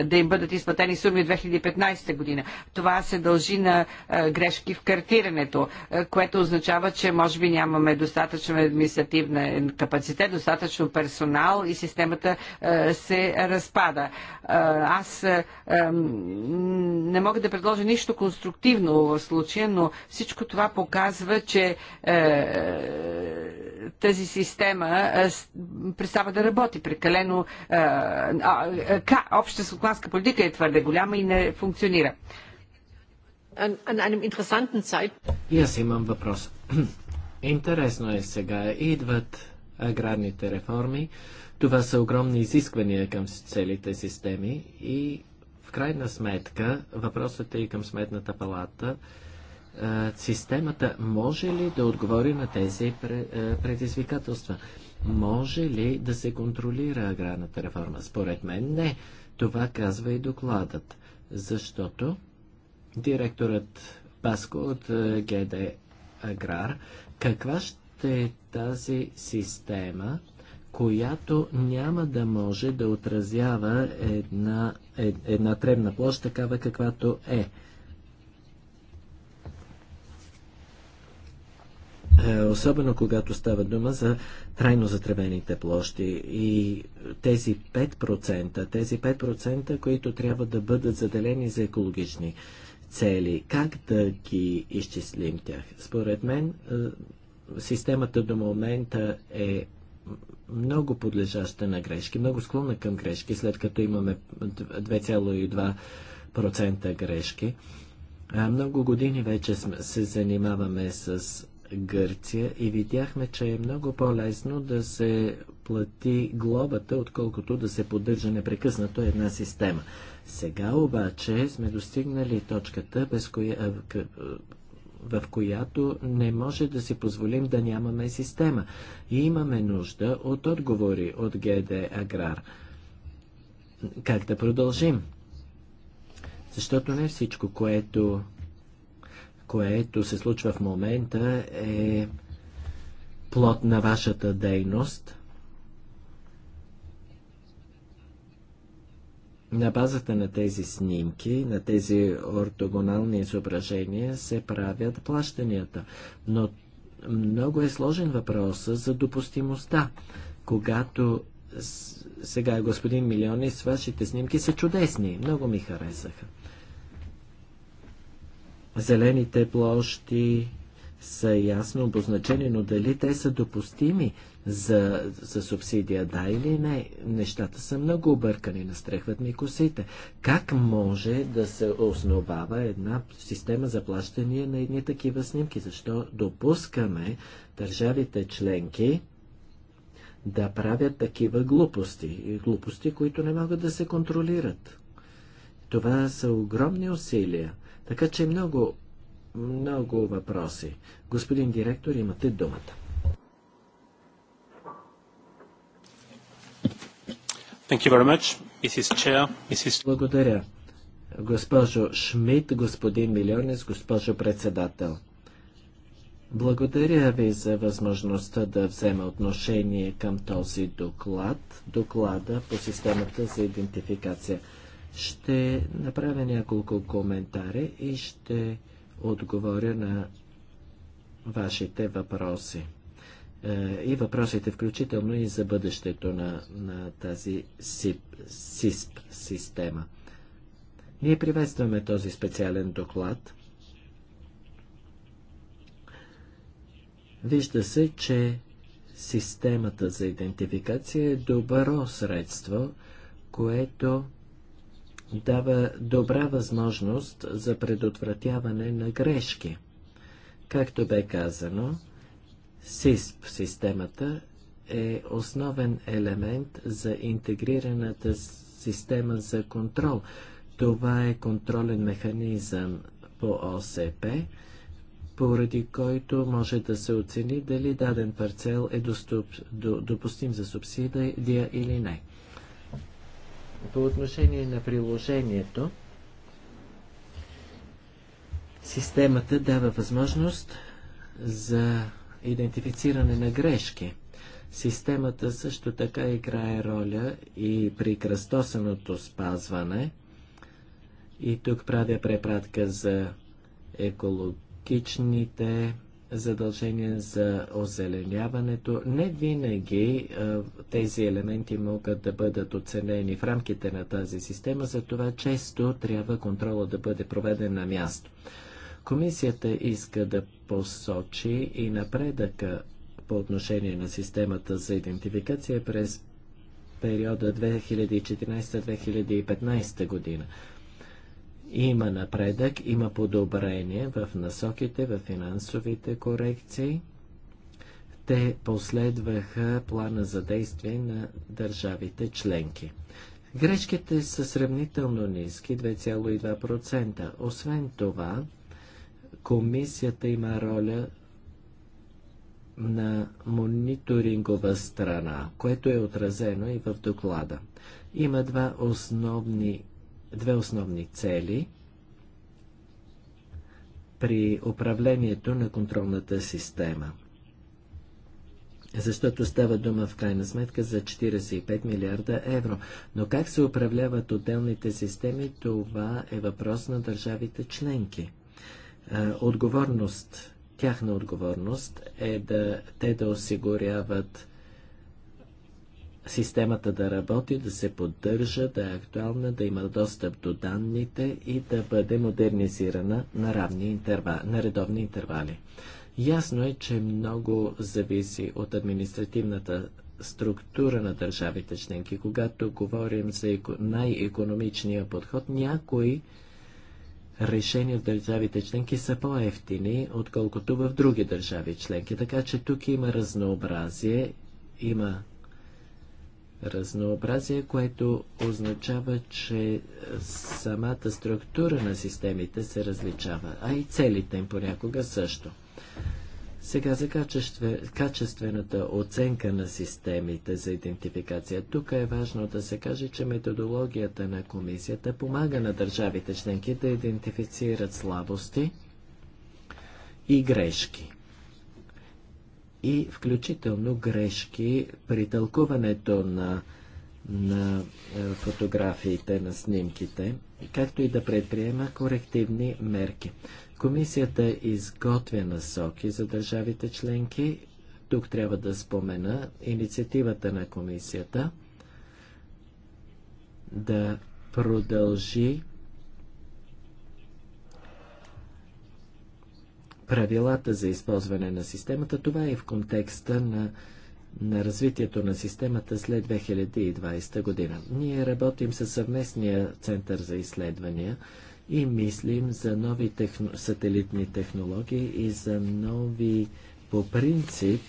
да им бъдат изплатени суми от 2015 година година. Това се дължи на е, грешки в картирането, е, което означава, че може би нямаме достатъчно административна е, капацитет, достатъчно персонал и системата се разпада. Аз не мога да предложа нищо конструктивно в случая, но всичко това показва, че тази система представа да работи прекалено. общата сукланска политика е твърде голяма и не функционира. Благодаря. И аз имам въпрос. Интересно е сега. Идват аграрните реформи. Това са огромни изисквания към целите системи и в крайна сметка въпросът е и към сметната палата. Системата може ли да отговори на тези предизвикателства? Може ли да се контролира аграрната реформа? Според мен не. Това казва и докладът защото директорът Паско от е, ГД Аграр, каква ще е тази система, която няма да може да отразява една, е, една тревна площ, такава каквато е. Е, особено когато става дума за трайно затревените площи и тези 5%, тези 5%, които трябва да бъдат заделени за екологични цели. Как да ги изчислим тях? Според мен, е, системата до момента е много подлежаща на грешки, много склонна към грешки, след като имаме 2,2% грешки. Е, много години вече се занимаваме с Гърция и видяхме, че е много по-лесно да се плати глобата, отколкото да се поддържа непрекъснато една система. Сега обаче сме достигнали точката, без коя, в която не може да си позволим да нямаме система. И имаме нужда от отговори от ГД Аграр. Как да продължим? Защото не всичко, което което се случва в момента е плод на вашата дейност. На базата на тези снимки, на тези ортогонални изображения се правят плащанията. Но много е сложен въпрос за допустимостта. Когато сега господин Милиони с вашите снимки са чудесни, много ми харесаха. Зелените площи са ясно обозначени, но дали те са допустими за, за субсидия, да или не, нещата са много объркани, настрехват ми косите. Как може да се основава една система за плащане на едни такива снимки? Защо допускаме държавите членки да правят такива глупости? Глупости, които не могат да се контролират. Това са огромни усилия. Така че много, много въпроси. Господин директор, имате думата. Thank you very much, Mrs. Chair, Mrs. Благодаря. Госпожо Шмидт, господин Милионес, госпожо председател. Благодаря ви за възможността да взема отношение към този доклад, доклада по системата за идентификация. Ще направя няколко коментари и ще отговоря на вашите въпроси. Е, и въпросите включително и за бъдещето на, на тази СИП, СИСП система. Ние приветстваме този специален доклад. Вижда се, че системата за идентификация е добро средство, което дава добра възможност за предотвратяване на грешки. Както бе казано, СИСП системата е основен елемент за интегрираната система за контрол. Това е контролен механизъм по ОСП, поради който може да се оцени дали даден парцел е доступ, допустим за субсидия или не. По отношение на приложението, системата дава възможност за идентифициране на грешки. Системата също така играе роля и при кръстосаното спазване. И тук правя препратка за екологичните задължение за озеленяването. Не винаги а, тези елементи могат да бъдат оценени в рамките на тази система, затова често трябва контрола да бъде проведен на място. Комисията иска да посочи и напредъка по отношение на системата за идентификация през периода 2014-2015 година. Има напредък, има подобрение в насоките, в финансовите корекции. Те последваха плана за действие на държавите членки. Грешките са сравнително ниски 2,2%. Освен това, комисията има роля на мониторингова страна, което е отразено и в доклада. Има два основни две основни цели при управлението на контролната система. Защото става дума в крайна сметка за 45 милиарда евро. Но как се управляват отделните системи, това е въпрос на държавите членки. Отговорност, тяхна отговорност е да те да осигуряват системата да работи, да се поддържа, да е актуална, да има достъп до данните и да бъде модернизирана на, равни интервали, на редовни интервали. Ясно е, че много зависи от административната структура на държавите членки. Когато говорим за най-економичния подход, някои решения в държавите членки са по-ефтини, отколкото в други държави членки. Така че тук има разнообразие, има разнообразие, което означава, че е, самата структура на системите се различава, а и целите им понякога също. Сега за качестве, качествената оценка на системите за идентификация. Тук е важно да се каже, че методологията на комисията помага на държавите членки да идентифицират слабости и грешки и включително грешки при тълкуването на, на е, фотографиите, на снимките, както и да предприема корективни мерки. Комисията изготвя насоки за държавите членки. Тук трябва да спомена инициативата на комисията да продължи правилата за използване на системата. Това е в контекста на, на развитието на системата след 2020 година. Ние работим със съвместния център за изследвания и мислим за нови техно... сателитни технологии и за нови по принцип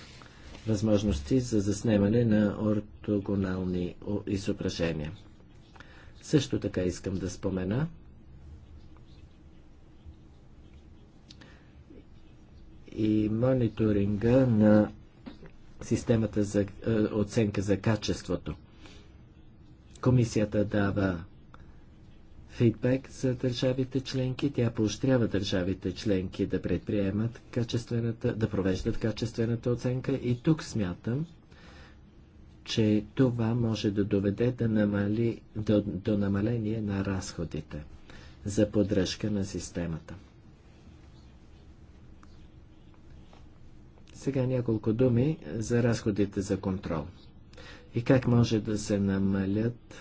възможности за заснемане на ортогонални изображения. Също така искам да спомена, и мониторинга на системата за е, оценка за качеството. Комисията дава фидбек за държавите членки. Тя поощрява държавите членки да предприемат качествената, да провеждат качествената оценка и тук смятам, че това може да доведе да намали, до, до намаление на разходите за поддръжка на системата. Сега няколко думи за разходите за контрол. И как може да се намалят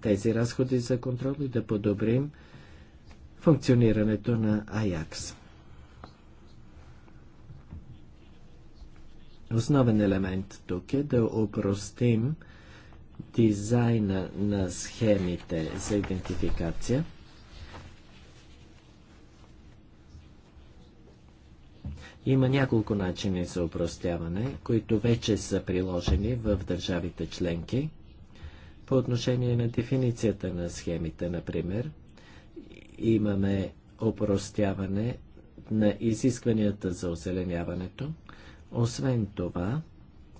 тези разходи за контрол и да подобрим функционирането на Аякс. Основен елемент тук е да опростим дизайна на схемите за идентификация. Има няколко начини за упростяване, които вече са приложени в държавите членки. По отношение на дефиницията на схемите, например, имаме упростяване на изискванията за озеленяването. Освен това,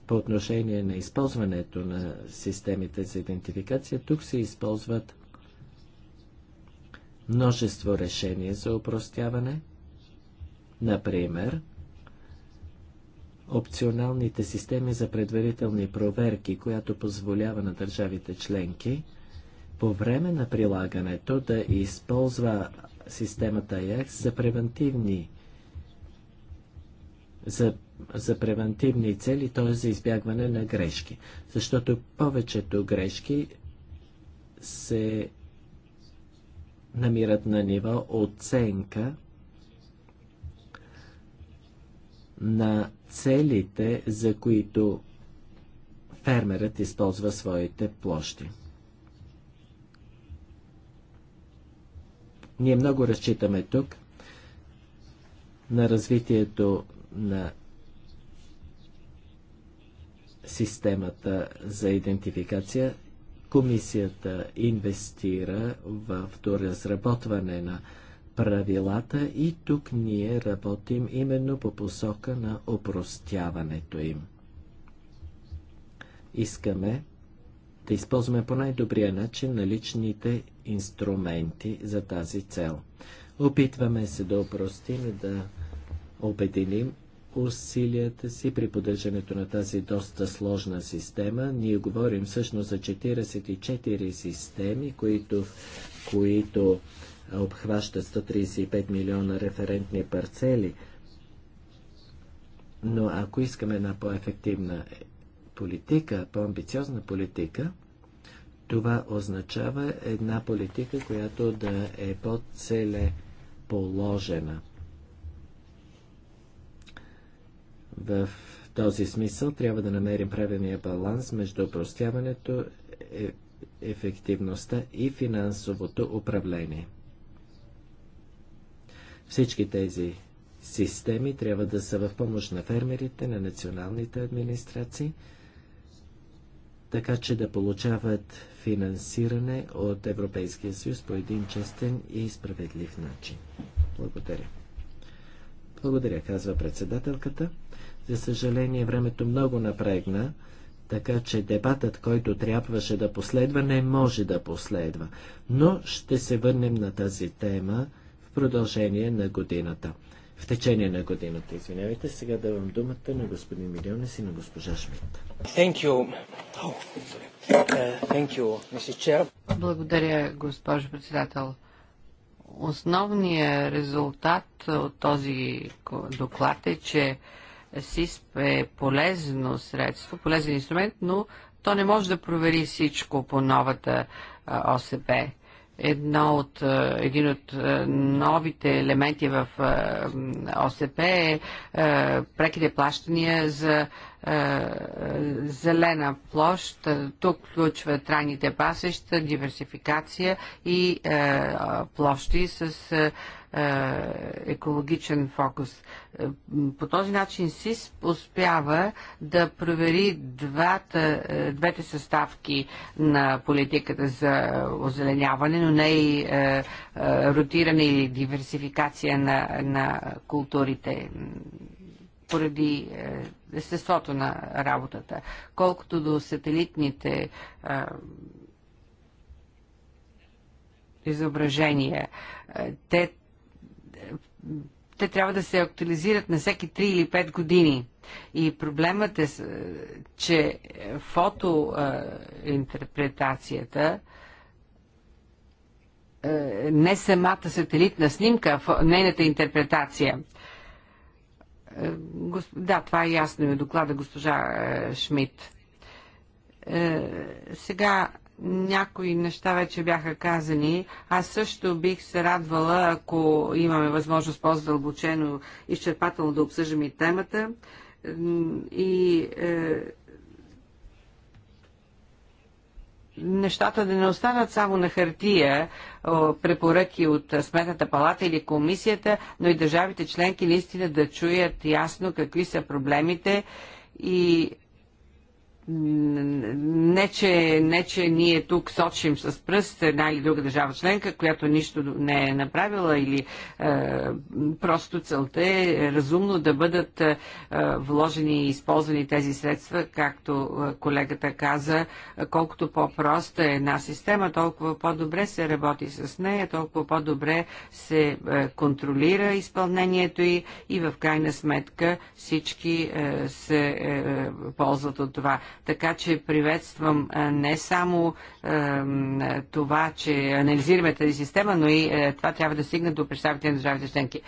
по отношение на използването на системите за идентификация, тук се използват множество решения за упростяване. Например, опционалните системи за предварителни проверки, която позволява на държавите членки по време на прилагането да използва системата ЯКС за превентивни за, за превентивни цели, т.е. за избягване на грешки. Защото повечето грешки се намират на ниво оценка на целите, за които фермерът използва своите площи. Ние много разчитаме тук на развитието на системата за идентификация. Комисията инвестира в доразработване на правилата и тук ние работим именно по посока на опростяването им. Искаме да използваме по най-добрия начин наличните инструменти за тази цел. Опитваме се да опростим и да обединим усилията си при поддържането на тази доста сложна система. Ние говорим всъщност за 44 системи, които, които обхващат 135 милиона референтни парцели. Но ако искаме една по-ефективна политика, по-амбициозна политика, това означава една политика, която да е по-целеположена. В този смисъл трябва да намерим правилния баланс между простяването, е, ефективността и финансовото управление. Всички тези системи трябва да са в помощ на фермерите, на националните администрации, така че да получават финансиране от Европейския съюз по един честен и справедлив начин. Благодаря. Благодаря, казва председателката. За съжаление, времето много напрегна, така че дебатът, който трябваше да последва, не може да последва. Но ще се върнем на тази тема продължение на годината. В течение на годината, извинявайте, сега давам думата на господин Милионес и на госпожа Шмидт. Oh, uh, Благодаря, госпожо председател. Основният резултат от този доклад е, че СИСП е полезно средство, полезен инструмент, но то не може да провери всичко по новата ОСП една от, е, един от е, новите елементи в е, ОСП е преките плащания за зелена площ. Тук включва трайните пасеща, диверсификация и площи с е, екологичен фокус. Е, по този начин СИС успява да провери двата, е, двете съставки на политиката за озеленяване, но не и ротиране или диверсификация на, на културите поради естеството на работата. Колкото до сателитните изображения. Те те трябва да се актуализират на всеки 3 или 5 години. И проблемът е, е че фотоинтерпретацията е, е, не самата сателитна снимка, а нейната интерпретация. Да, това е ясно и доклада госпожа Шмидт. Сега някои неща вече бяха казани. Аз също бих се радвала, ако имаме възможност по-задълбочено и изчерпателно да обсъждам и темата. И е, нещата да не останат само на хартия, препоръки от Сметната палата или комисията, но и държавите членки наистина да чуят ясно какви са проблемите и не че, не, че ние тук сочим с пръст една или друга държава членка, която нищо не е направила или е, просто целта е разумно да бъдат е, вложени и използвани тези средства, както е, колегата каза, колкото по-проста е една система, толкова по-добре се работи с нея, толкова по-добре се е, контролира изпълнението й и в крайна сметка всички е, се е, ползват от това. Така че приветствам не само това, че анализираме тази система, но и е, това трябва да стигне до представителите на държавите членки.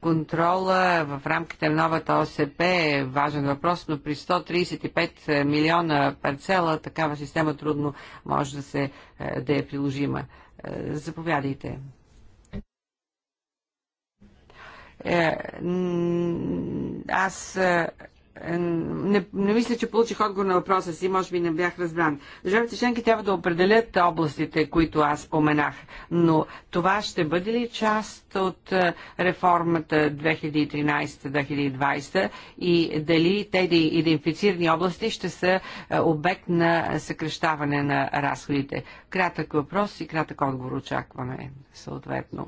Контрола в рамките на новата ОСП е важен въпрос, но при 135 е, милиона парцела такава система трудно може да, се, е, да е приложима. Заповядайте. Аз е, не, не мисля, че получих отговор на въпроса си, може би не бях разбран. Държавите членки трябва да определят областите, които аз споменах, но това ще бъде ли част от е, реформата 2013-2020 и дали тези идентифицирани области ще са е, обект на съкрещаване на разходите? Кратък въпрос и кратък отговор очакваме съответно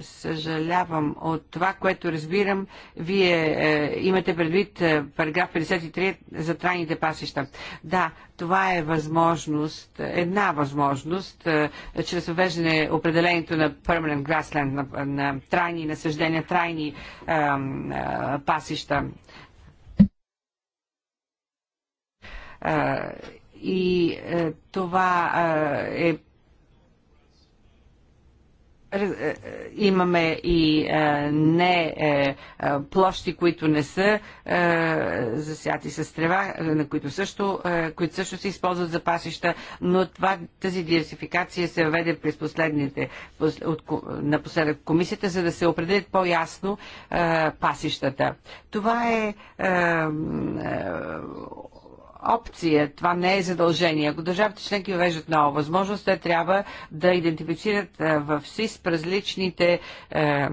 съжалявам от това, което разбирам. Вие е, имате предвид е, параграф 53 за трайните пасища. Да, това е възможност, една възможност, е, чрез въвеждане определението на permanent grassland, на, на трайни насъждения, трайни е, е, пасища. Е, и е, това е, е е, е, имаме и а, е, не а, площи, които не са а, засяти с трева, на които също, а, които също се използват за пасища, но това, тази диверсификация се въведе през последните, от, напоследък комисията, за да се определят по-ясно пасищата. Това е а, опция, това не е задължение. Ако държавите членки въвеждат нова възможност, те трябва да идентифицират е, в СИС различните е, е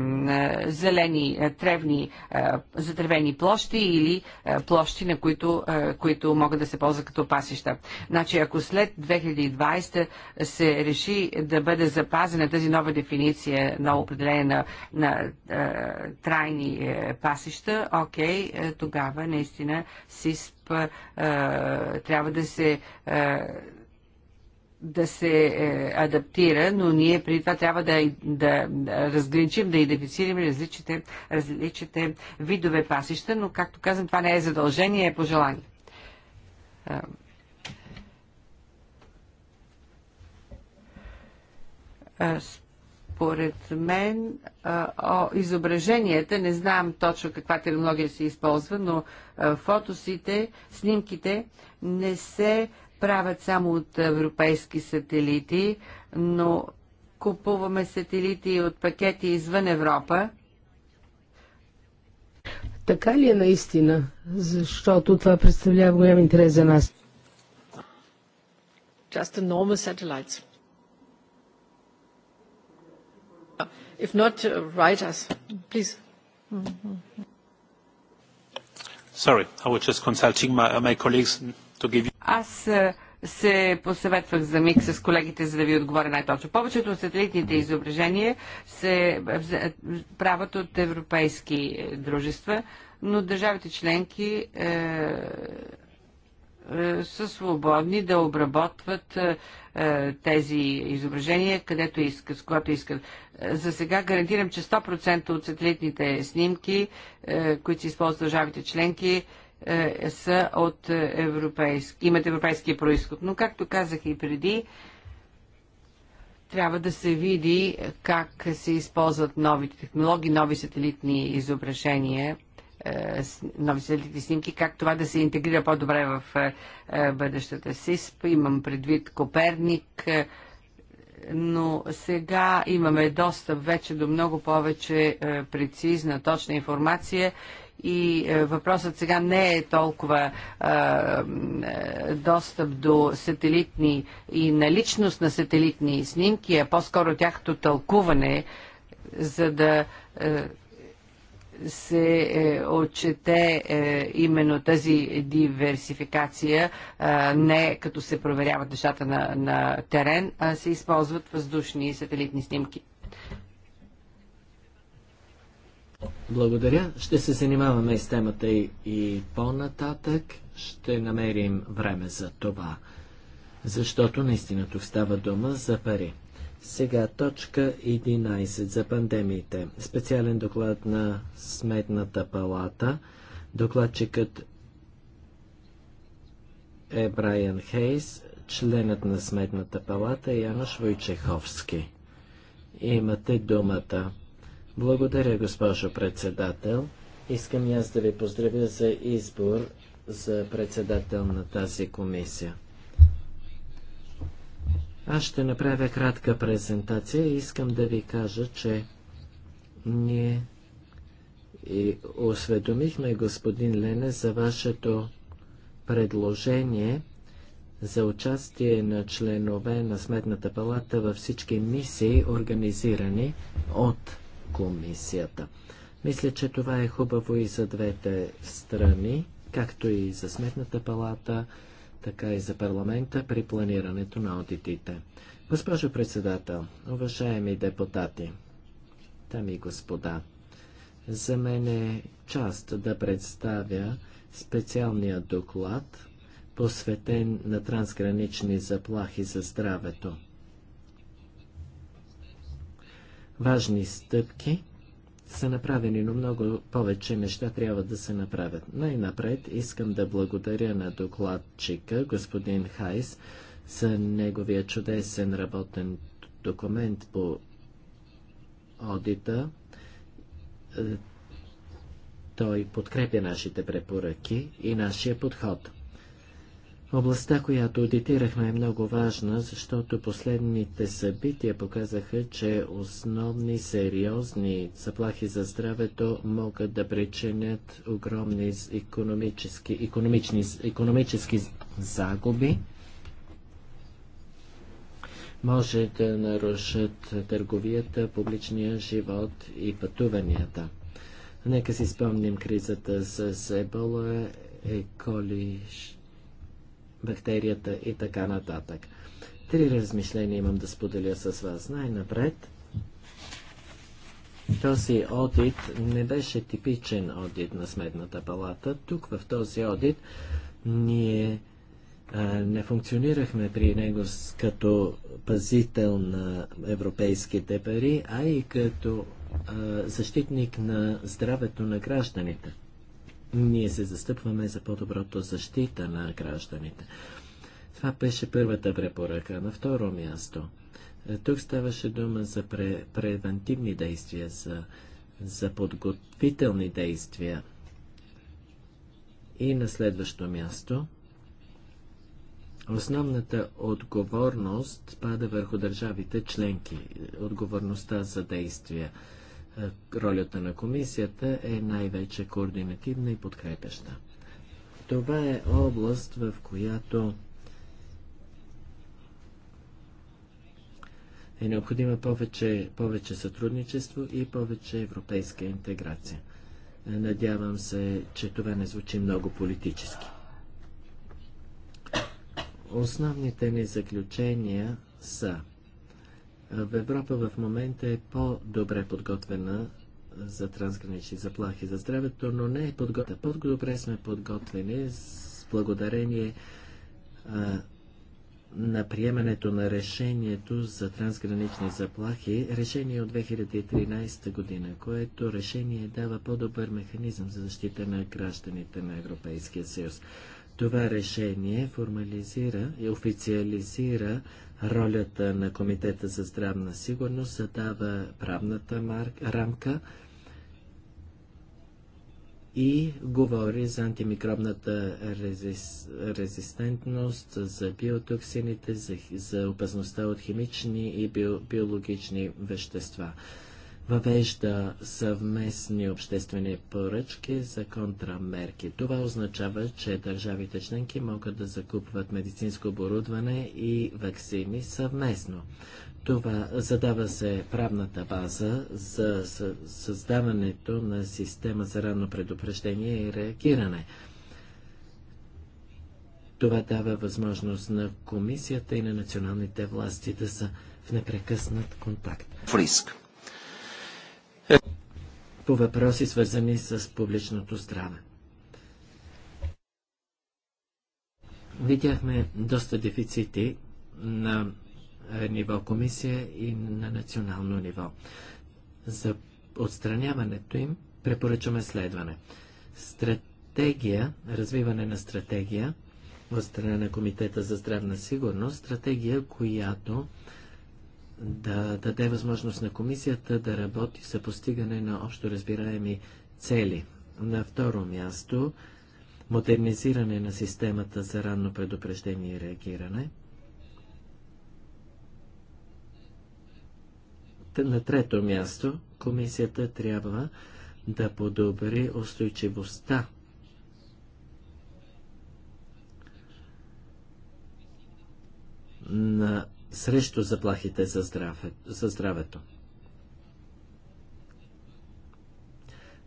зелени е, тревни, е, затревени площи или е, площи, на които, е, които могат да се ползват като пасища. Значи, ако след 2020 се реши да бъде запазена тази нова дефиниция, ново определение на, на е, трайни е, пасища, окей, е, тогава наистина СИС трябва да се да се е, адаптира, но ние преди това трябва да, да, да разграничим, да идентифицираме различните, различните видове пасища, но както казвам, това не е задължение, е пожелание. Аз според мен о, изображенията, не знам точно каква терминология се използва, но фотосите, снимките не се правят само от европейски сателити, но купуваме сателити от пакети извън Европа. Така ли е наистина? Защото това представлява голям интерес за нас. Just the normal satellites. If not, uh, write us, please. Sorry, I was just consulting my, uh, colleagues to give you... Аз е, се посъветвах за миг с колегите, за да ви отговоря най-точно. Повечето от сателитните изображения се е, е, правят от европейски дружества, но държавите членки е е, са свободни да обработват е, е, тези изображения, където искат, с когато искат. За сега гарантирам, че 100% от сателитните снимки, които се използват държавите членки, са от европейски, имат европейски происход. Но, както казах и преди, трябва да се види как се използват новите технологии, нови сателитни изображения – е, нови сателитни снимки, как това да се интегрира по-добре в е, е, бъдещата СИСП. Имам предвид Коперник, но сега имаме достъп вече до много повече прецизна, точна информация и въпросът сега не е толкова достъп до сателитни и наличност на сателитни снимки, а по-скоро тяхното тълкуване, за да се е, отчете е, именно тази диверсификация, е, не като се проверяват нещата на, на терен, а се използват въздушни сателитни снимки. Благодаря. Ще се занимаваме с темата и, и по-нататък. Ще намерим време за това, защото наистина тук става дума за пари. Сега точка 11 за пандемиите. Специален доклад на Сметната палата. Докладчикът е Брайан Хейс, членът на Сметната палата е Янош Войчеховски. Имате думата. Благодаря, госпожо председател. Искам и аз да ви поздравя за избор за председател на тази комисия. Аз ще направя кратка презентация и искам да ви кажа, че ние и осведомихме господин Лене за вашето предложение за участие на членове на Сметната палата във всички мисии, организирани от комисията. Мисля, че това е хубаво и за двете страни, както и за Сметната палата, така и за парламента при планирането на аудитите. Госпожо председател, уважаеми депутати, дами и господа, за мен е част да представя специалния доклад, посветен на трансгранични заплахи за здравето. Важни стъпки са направени, но много повече неща трябва да се направят. Най-напред искам да благодаря на докладчика, господин Хайс, за неговия чудесен работен документ по одита. Е, той подкрепя нашите препоръки и нашия подход. Областта, която аудитирахме е много важна, защото последните събития показаха, че основни сериозни заплахи за здравето могат да причинят огромни економически, економични, економически загуби. Може да нарушат търговията, публичния живот и пътуванията. Нека си спомним кризата с Ебола, Еколиш бактерията и така нататък. Три размишления имам да споделя с вас. Най-напред, този одит не беше типичен одит на Сметната палата. Тук в този одит ние не функционирахме при него като пазител на европейските пари, а и като защитник на здравето на гражданите ние се застъпваме за по-доброто защита на гражданите. Това беше първата препоръка. На второ място. Е, тук ставаше дума за пре, превентивни действия, за, за подготвителни действия. И на следващо място. Основната отговорност пада върху държавите членки. Отговорността за действия. Е, ролята на комисията е най-вече координативна и подкрепеща. Това е област, в която е необходимо повече, повече сътрудничество и повече европейска интеграция. Е, надявам се, че това не звучи много политически. Основните ни заключения са – в Европа в момента е по-добре подготвена за трансгранични заплахи за здравето, но не е подготвена. По-добре сме подготвени с благодарение а, на приемането на решението за трансгранични заплахи, решение от 2013 година, което решение дава по-добър механизъм за защита на гражданите на Европейския съюз. Това решение формализира и официализира ролята на Комитета за здравна сигурност задава правната марк, рамка и говори за антимикробната резист, резистентност, за биотоксините, за, за опасността от химични и био, биологични вещества въвежда съвместни обществени поръчки за контрамерки. Това означава, че държавите членки могат да закупват медицинско оборудване и вакцини съвместно. Това задава се правната база за създаването на система за ранно предупреждение и реагиране. Това дава възможност на комисията и на националните власти да са в непрекъснат контакт. В риск по въпроси, свързани с публичното здраве. Видяхме доста дефицити на ниво комисия и на национално ниво. За отстраняването им препоръчваме следване. Стратегия, развиване на стратегия от страна на Комитета за здравна сигурност, стратегия, която да даде възможност на комисията да работи за постигане на общо разбираеми цели. На второ място, модернизиране на системата за ранно предупреждение и реагиране. На трето място, комисията трябва да подобри устойчивостта на срещу заплахите за, здраве, за здравето.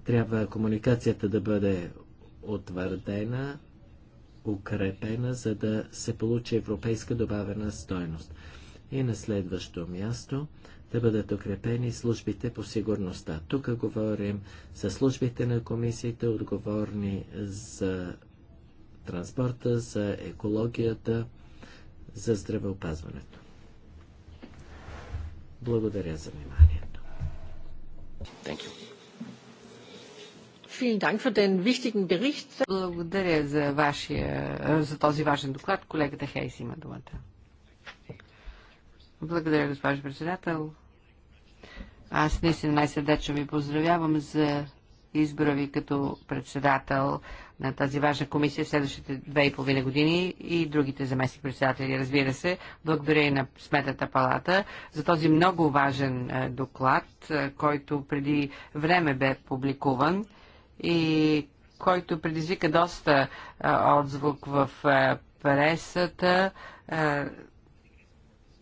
Трябва комуникацията да бъде утвърдена, укрепена, за да се получи европейска добавена стойност. И на следващо място да бъдат укрепени службите по сигурността. Тук говорим за службите на комисиите, отговорни за транспорта, за екологията, за здравеопазването. Благодаря за вниманието. Благодаря за, вашия, за този важен доклад. Колегата Хейс има думата. Благодаря, госпожо председател. Аз наистина най-сърдечно ви поздравявам за избора ви като председател на тази важна комисия в следващите две и половина години и другите заместни председатели, разбира се. Благодаря и на Сметната палата за този много важен е, доклад, е, който преди време бе публикуван и който предизвика доста е, отзвук в пресата.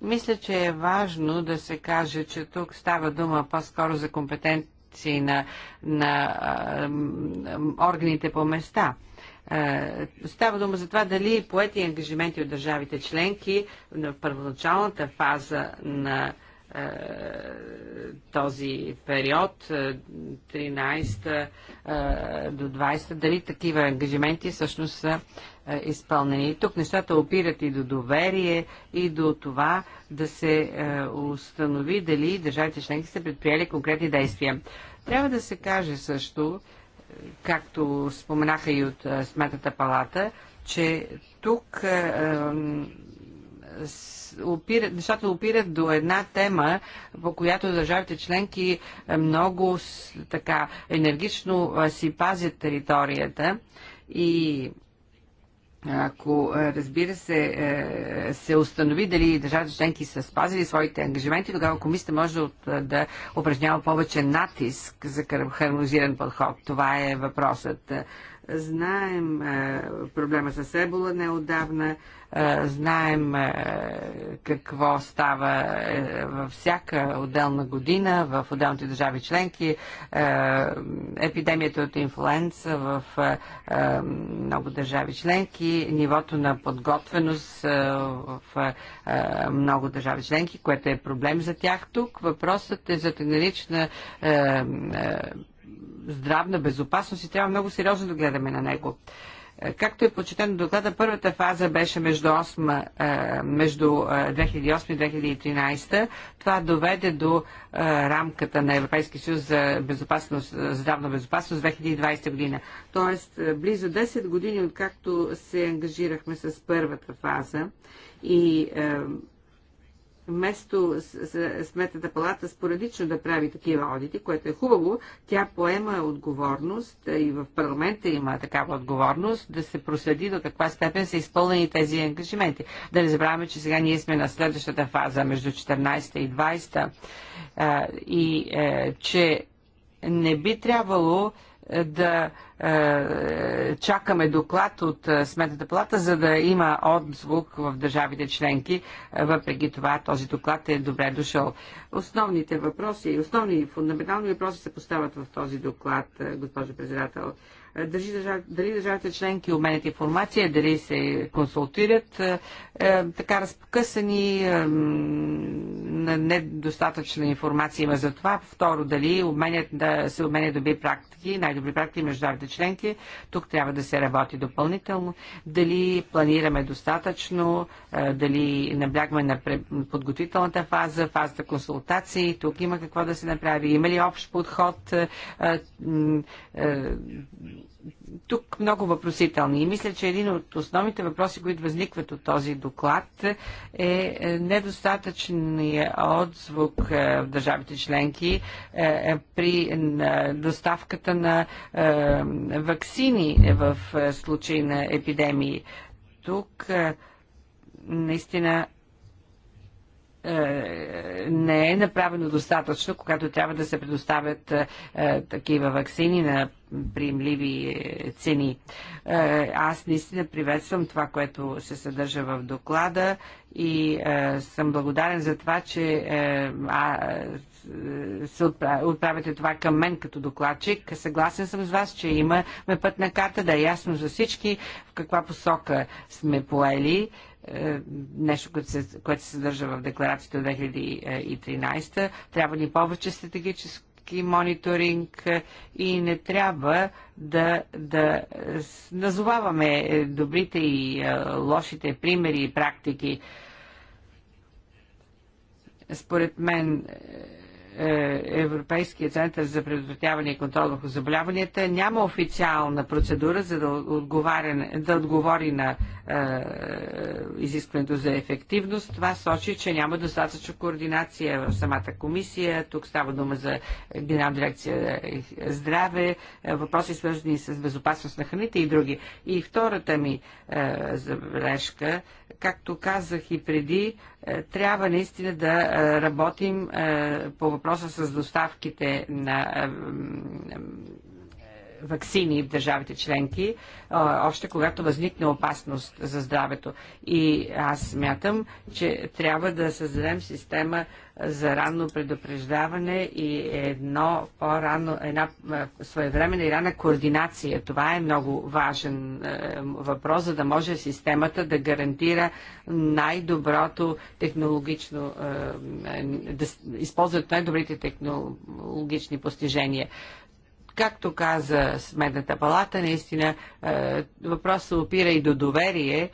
Мисля, че е важно да се каже, че тук става дума по-скоро за компетент функции на, на органите по места. Става дума за това дали поети ангажименти от държавите членки в първоначалната фаза на този период 13 до 20, дали такива ангажименти всъщност са изпълнени. тук нещата опират и до доверие, и до това да се установи дали държавите членки са предприели конкретни действия. Трябва да се каже също, както споменаха и от Сметната палата, че тук опират, защото опират до една тема, по която държавите членки е, много така енергично си пазят територията и ако, е, разбира се, е, се установи дали държавите членки са спазили своите ангажименти, тогава комисията може да упражнява повече натиск за хармонизиран подход. Това е въпросът. Знаем е, проблема с Ебола неодавна, е, знаем е, какво става във всяка отделна година в отделните държави членки. Епидемията от инфлуенца в много държави членки, нивото на подготвеност в много държави членки, което е проблем за тях тук. Въпросът е за генерична здравна безопасност и трябва много сериозно да гледаме на него. Е, както е почетено доклада, първата фаза беше между, 8, е, между 2008 е, и 2013. Това доведе до рамката на Европейския съюз за безопасност, здравна безопасност 2020 година. Тоест, близо 10 години, откакто се ангажирахме с първата фаза и вместо Сметната палата споредично да прави такива одити, което е хубаво, тя поема отговорност е, и в парламента има такава отговорност да се проследи до каква степен са изпълнени тези ангажименти. Да не забравяме, че сега ние сме на следващата фаза между 14 и 20 е, и е, че не би трябвало да е, чакаме доклад от е, Сметната палата, за да има отзвук в държавите членки. Е, въпреки това този доклад е добре дошъл. Основните въпроси, основни фундаментални въпроси се поставят в този доклад, е, госпожо председател дали, дали държавите членки обменят информация, дали се консултират, е, е така разпокъсани, е, недостатъчна информация има за това. Второ, дали обменят, да се обменят добри практики, най-добри практики между държавите членки. Тук трябва да се работи допълнително. Дали планираме достатъчно, е, дали наблягаме на подготвителната фаза, фазата консултации. Тук има какво да се направи. Има ли общ подход? Е, е, е тук много въпросителни. И мисля, че един от основните въпроси, които възникват от този доклад е, е недостатъчният отзвук е, в държавите членки е, при доставката на вакцини в случай на епидемии. Тук наистина е, не е направено достатъчно, когато трябва да се предоставят е, е, такива вакцини на приемливи цени. Аз наистина приветствам това, което се съдържа в доклада и съм благодарен за това, че се отправяте това към мен като докладчик. Съгласен съм с вас, че имаме пътна карта, да е ясно за всички в каква посока сме поели е, нещо, което се, което се съдържа в декларацията от 2013. Трябва ни повече стратегически и мониторинг и не трябва да, да назоваваме добрите и е, лошите примери и практики. Според мен е, е, Европейския център за предотвратяване и контрол върху заболяванията няма официална процедура за да, отговаря, да отговори на е, изискването за ефективност. Това сочи, че няма достатъчно координация в самата комисия. Тук става дума за Генерална дирекция здраве, е, въпроси свързани с безопасност на храните и други. И втората ми е, забележка както казах и преди, е, трябва наистина да е, работим е, по въпроса с доставките на вакцини в държавите членки, още когато възникне опасност за здравето. И аз смятам, че трябва да създадем система за ранно предупреждаване и едно по-рано, една своевременна и рана координация. Това е много важен е, въпрос, за да може системата да гарантира най-доброто технологично, е, е, да използват най-добрите технологични постижения. Както каза Сметната палата, наистина е, въпросът опира и до доверие,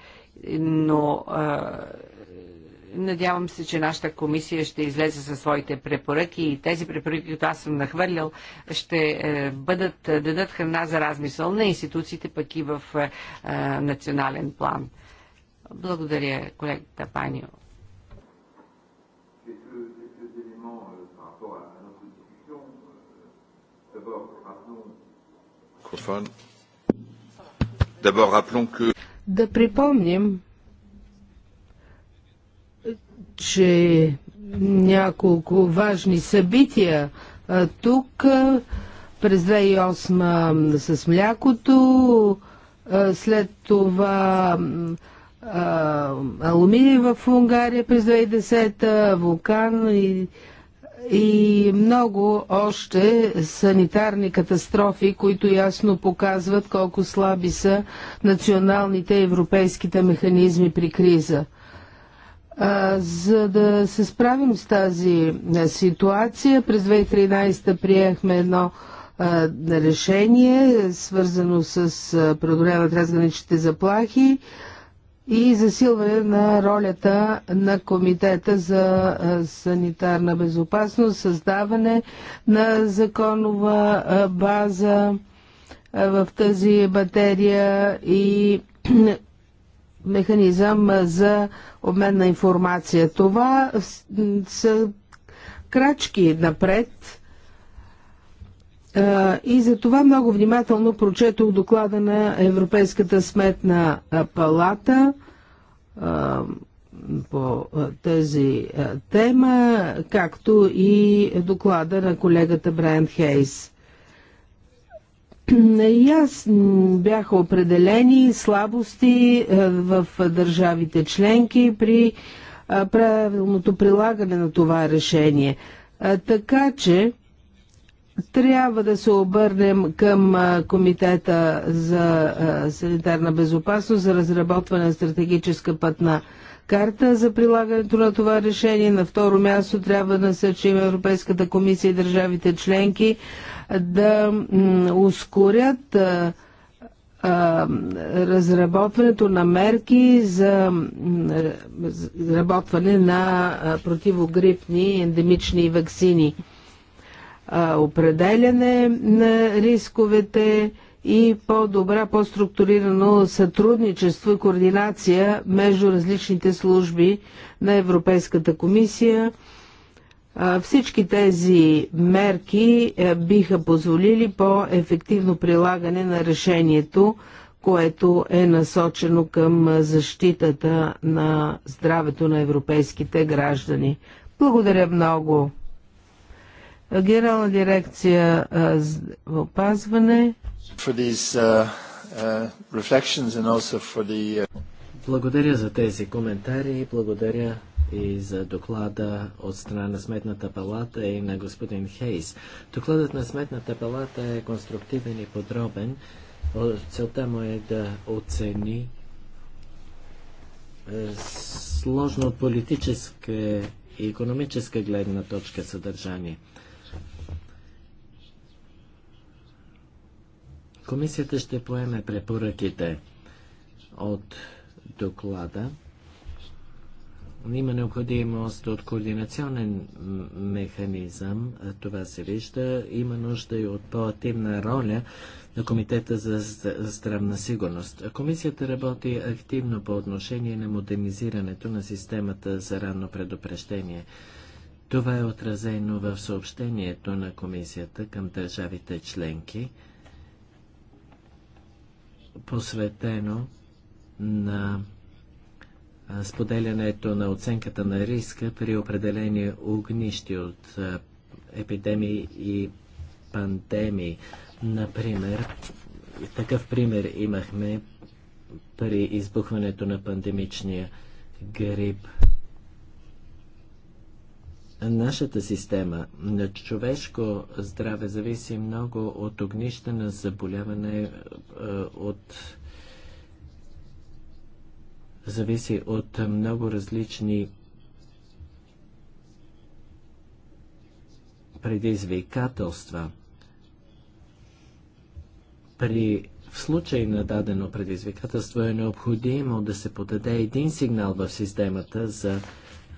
но е, Надявам се, че нашата комисия ще излезе със своите препоръки и тези препоръки, които аз съм нахвърлял, ще е, бъдат, дадат храна за размисъл на институциите, пък и в национален план. Благодаря, колегата Панио. Да припомним, че няколко важни събития тук през 2008 с млякото, след това алуминий в Унгария през 2010, вулкан и и много още санитарни катастрофи, които ясно показват колко слаби са националните и европейските механизми при криза. За да се справим с тази ситуация, през 2013 приехме едно решение, свързано с преодоляване на трансграничните заплахи и засилване на ролята на Комитета за санитарна безопасност, създаване на законова база в тази батерия и механизъм за обмен на информация. Това са крачки напред и за това много внимателно прочетох доклада на Европейската сметна палата по тази тема, както и доклада на колегата Брайан Хейс. И аз бяха определени слабости в държавите членки при правилното прилагане на това решение. Така че трябва да се обърнем към Комитета за санитарна безопасност за разработване на стратегическа пътна карта за прилагането на това решение. На второ място трябва да насърчим Европейската комисия и държавите членки да ускорят разработването на мерки за разработване на противогрипни ендемични вакцини определяне на рисковете и по-добра, по-структурирано сътрудничество и координация между различните служби на Европейската комисия. Всички тези мерки биха позволили по-ефективно прилагане на решението, което е насочено към защитата на здравето на европейските граждани. Благодаря много. Генерална дирекция опазване. Uh, uh, uh, благодаря за тези коментари и благодаря и за доклада от страна на Сметната палата и на господин Хейс. Докладът на Сметната палата е конструктивен и подробен. Целта му е да оцени е, сложно от политическа и економическа гледна точка съдържание. Комисията ще поеме препоръките от доклада. Има необходимост от координационен механизъм, това се вижда. Има нужда и от по-активна роля на Комитета за здравна сигурност. Комисията работи активно по отношение на модернизирането на системата за ранно предупреждение. Това е отразено в съобщението на Комисията към държавите членки – посветено на споделянето на оценката на риска при определени огнищи от епидемии и пандемии. Например, такъв пример имахме при избухването на пандемичния грип Нашата система на човешко здраве зависи много от огнища на заболяване, е, от... зависи от много различни предизвикателства. При в случай на дадено предизвикателство е необходимо да се подаде един сигнал в системата за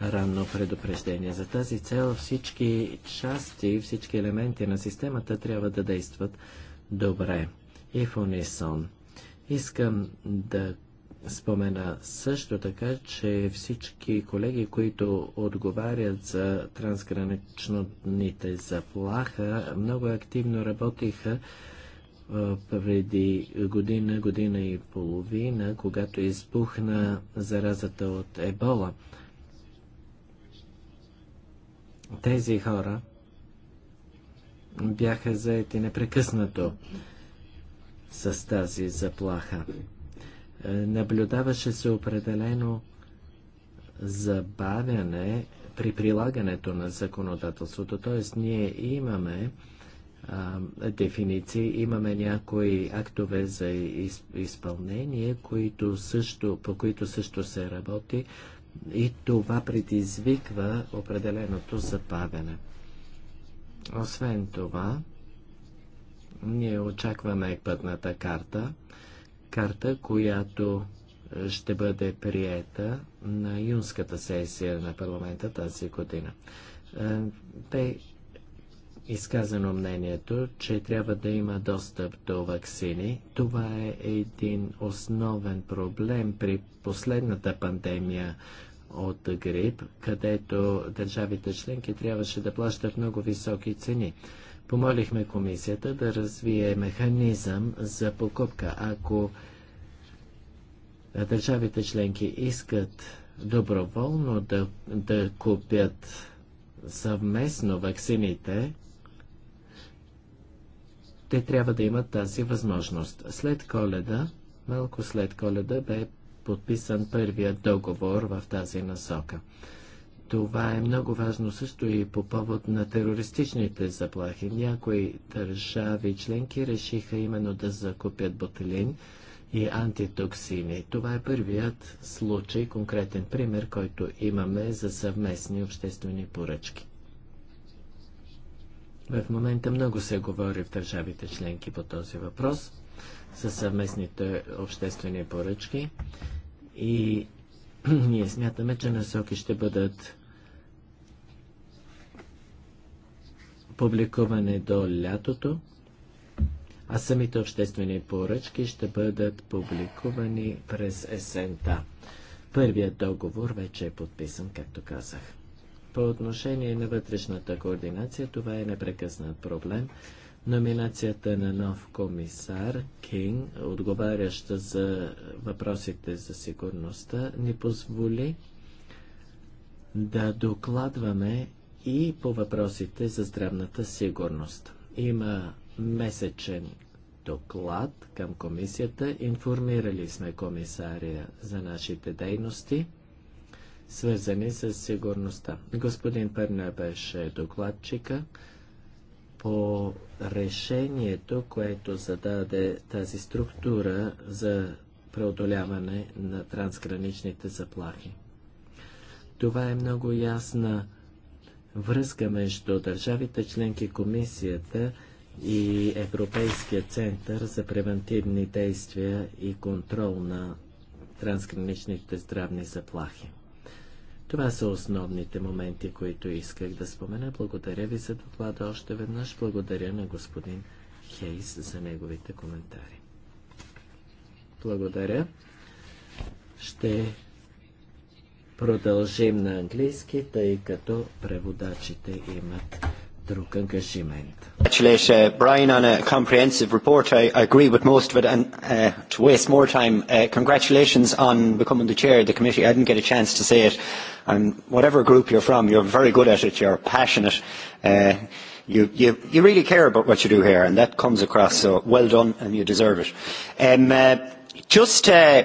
ранно предупреждение. За тази цел всички части, всички елементи на системата трябва да действат добре и в унисон. Искам да спомена също така, че всички колеги, които отговарят за трансграничните заплаха, много активно работиха преди година, година и половина, когато избухна заразата от ебола. Тези хора бяха заети непрекъснато с тази заплаха. Е, наблюдаваше се определено забавяне при прилагането на законодателството, т.е. ние имаме а, дефиниции, имаме някои актове за из, изпълнение, които също, по които също се работи, и това предизвиква определеното забавяне. Освен това, ние очакваме пътната карта, карта, която ще бъде приета на юнската сесия на парламента тази година. Е, те изказано мнението, че трябва да има достъп до вакцини. Това е един основен проблем при последната пандемия от грип, където държавите членки трябваше да плащат много високи цени. Помолихме комисията да развие механизъм за покупка. Ако държавите членки искат доброволно да, да купят съвместно вакцините, те трябва да имат тази възможност. След коледа, малко след коледа, бе подписан първият договор в тази насока. Това е много важно също и по повод на терористичните заплахи. Някои държави членки решиха именно да закупят ботелин и антитоксини. Това е първият случай, конкретен пример, който имаме за съвместни обществени поръчки. В момента много се говори в държавите членки по този въпрос за съвместните обществени поръчки и ние смятаме, че насоки ще бъдат публикуване до лятото, а самите обществени поръчки ще бъдат публикувани през есента. Първият договор вече е подписан, както казах. По отношение на вътрешната координация, това е непрекъснат проблем. Номинацията на нов комисар Кинг, отговаряща за въпросите за сигурността, ни позволи да докладваме и по въпросите за здравната сигурност. Има месечен доклад към комисията. Информирали сме комисария за нашите дейности свързани с сигурността. Господин Пърне беше докладчика по решението, което зададе тази структура за преодоляване на трансграничните заплахи. Това е много ясна връзка между държавите членки, комисията и Европейския център за превентивни действия и контрол на трансграничните здравни заплахи. Това са основните моменти, които исках да спомена. Благодаря ви за доклада още веднъж. Благодаря на господин Хейс за неговите коментари. Благодаря. Ще продължим на английски, тъй като преводачите имат друг ангажимент. Brian on a comprehensive report. I I agree with most of it and uh, to waste more time, uh, congratulations on becoming the chair of the committee. I didn't get a chance to say it. Um, whatever group you're from, you're very good at it. You're passionate. Uh, you, you, you really care about what you do here and that comes across. So well done and you deserve it. Um, uh, just uh,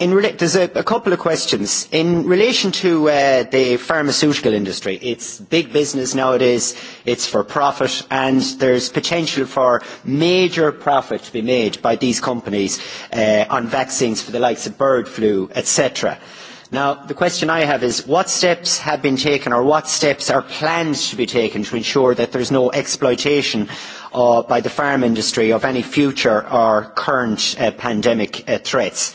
In rela- there's a, a couple of questions. In relation to uh, the pharmaceutical industry, it's big business nowadays, it's for profit, and there's potential for major profit to be made by these companies uh, on vaccines for the likes of bird flu, etc. Now, the question I have is what steps have been taken or what steps are planned to be taken to ensure that there is no exploitation by the farm industry of any future or current pandemic threats?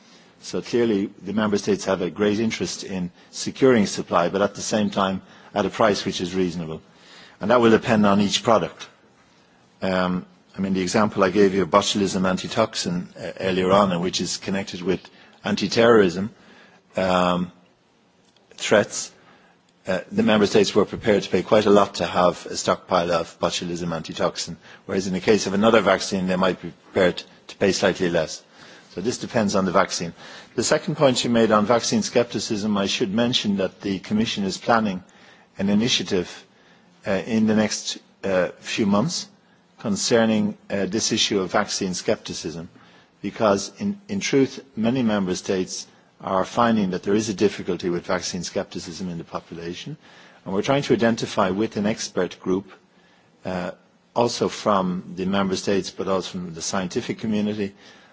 So clearly, the member states have a great interest in securing supply, but at the same time, at a price which is reasonable. And that will depend on each product. Um, I mean, the example I gave you of botulism antitoxin uh, earlier on, which is connected with anti-terrorism um, threats, uh, the member states were prepared to pay quite a lot to have a stockpile of botulism antitoxin, whereas in the case of another vaccine, they might be prepared to pay slightly less. So this depends on the vaccine. The second point you made on vaccine scepticism, I should mention that the Commission is planning an initiative uh, in the next uh, few months concerning uh, this issue of vaccine scepticism, because in, in truth, many member states are finding that there is a difficulty with vaccine scepticism in the population, and we're trying to identify with an expert group uh, also from the member states but also from the scientific community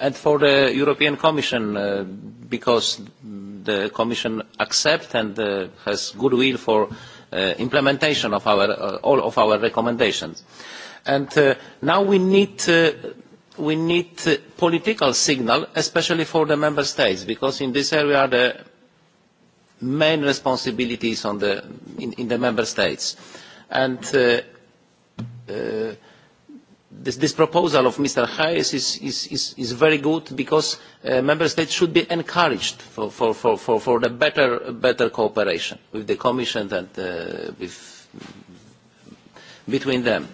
and for the European Commission, because the Commission accepts and has goodwill for implementation of all of our recommendations. now we need we need a political signal, especially for the member states, because in this area the main responsibility is on the, in, in the member states. And uh, uh, this, this proposal of Mr. Hayes is, is, is, is very good because uh, member states should be encouraged for, for, for, for, for the better, better cooperation with the Commission and uh, with, between them.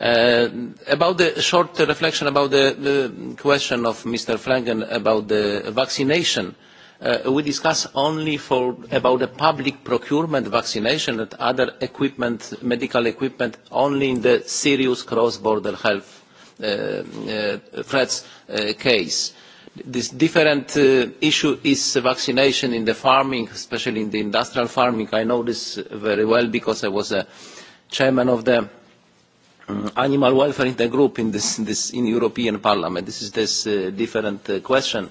Uh, about the short reflection about the, the question of Mr. Franken about the vaccination, uh, we discuss only for about the public procurement, vaccination and other equipment, medical equipment, only in the serious cross-border health threats case. This different issue is vaccination in the farming, especially in the industrial farming. I know this very well because I was a chairman of the animal welfare intergroup in this, in European Parliament. This is this different question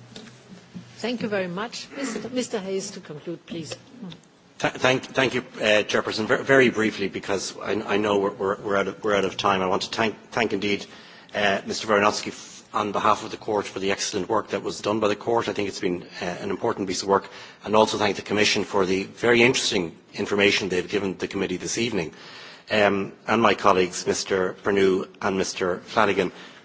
Thank you very much. Mr. Hayes, to conclude, please. Thank you, Chairperson. Very briefly, because I know we're out of time. I want to thank indeed Mr. Verenovsky on behalf of the court for the excellent work that was done by the court. I think it's been an important piece of work, and also thank the Commission for the very interesting information they've given the committee this evening. And my colleagues, Mr. Pernew and Mr. Flanagan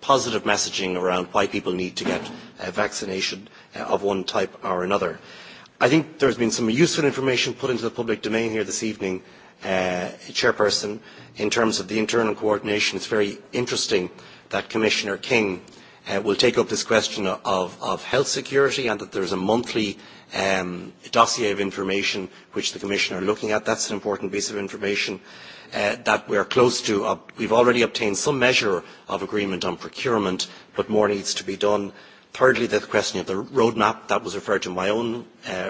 positive messaging around why people need to get a vaccination of one type or another. I think there's been some useful information put into the public domain here this evening, uh, Chairperson, in terms of the internal coordination. It's very interesting that Commissioner King uh, will take up this question of, of health security and that there's a monthly um, dossier of information which the Commissioner are looking at. That's an important piece of information. Uh, that we are close to. We have already obtained some measure of agreement on procurement, but more needs to be done. Thirdly, the question of the roadmap that was referred to in my own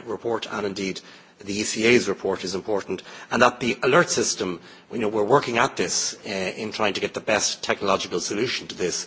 report and indeed the ECA's report is important, and that the alert system, you know, we're working at this in trying to get the best technological solution to this,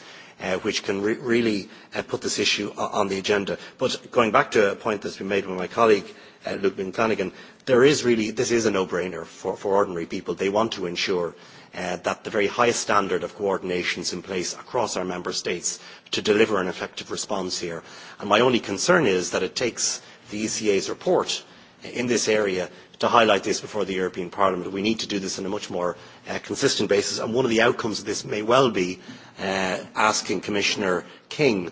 which can really put this issue on the agenda. But going back to a point that's been made by my colleague, uh, Luke McConaghan, there is really, this is a no-brainer for, for ordinary people. They want to ensure uh, that the very highest standard of coordination is in place across our member states to deliver an effective response here. And my only concern is that it takes the ECA's report in this area to highlight this before the European Parliament. We need to do this on a much more uh, consistent basis, and one of the outcomes of this may well be uh, asking Commissioner King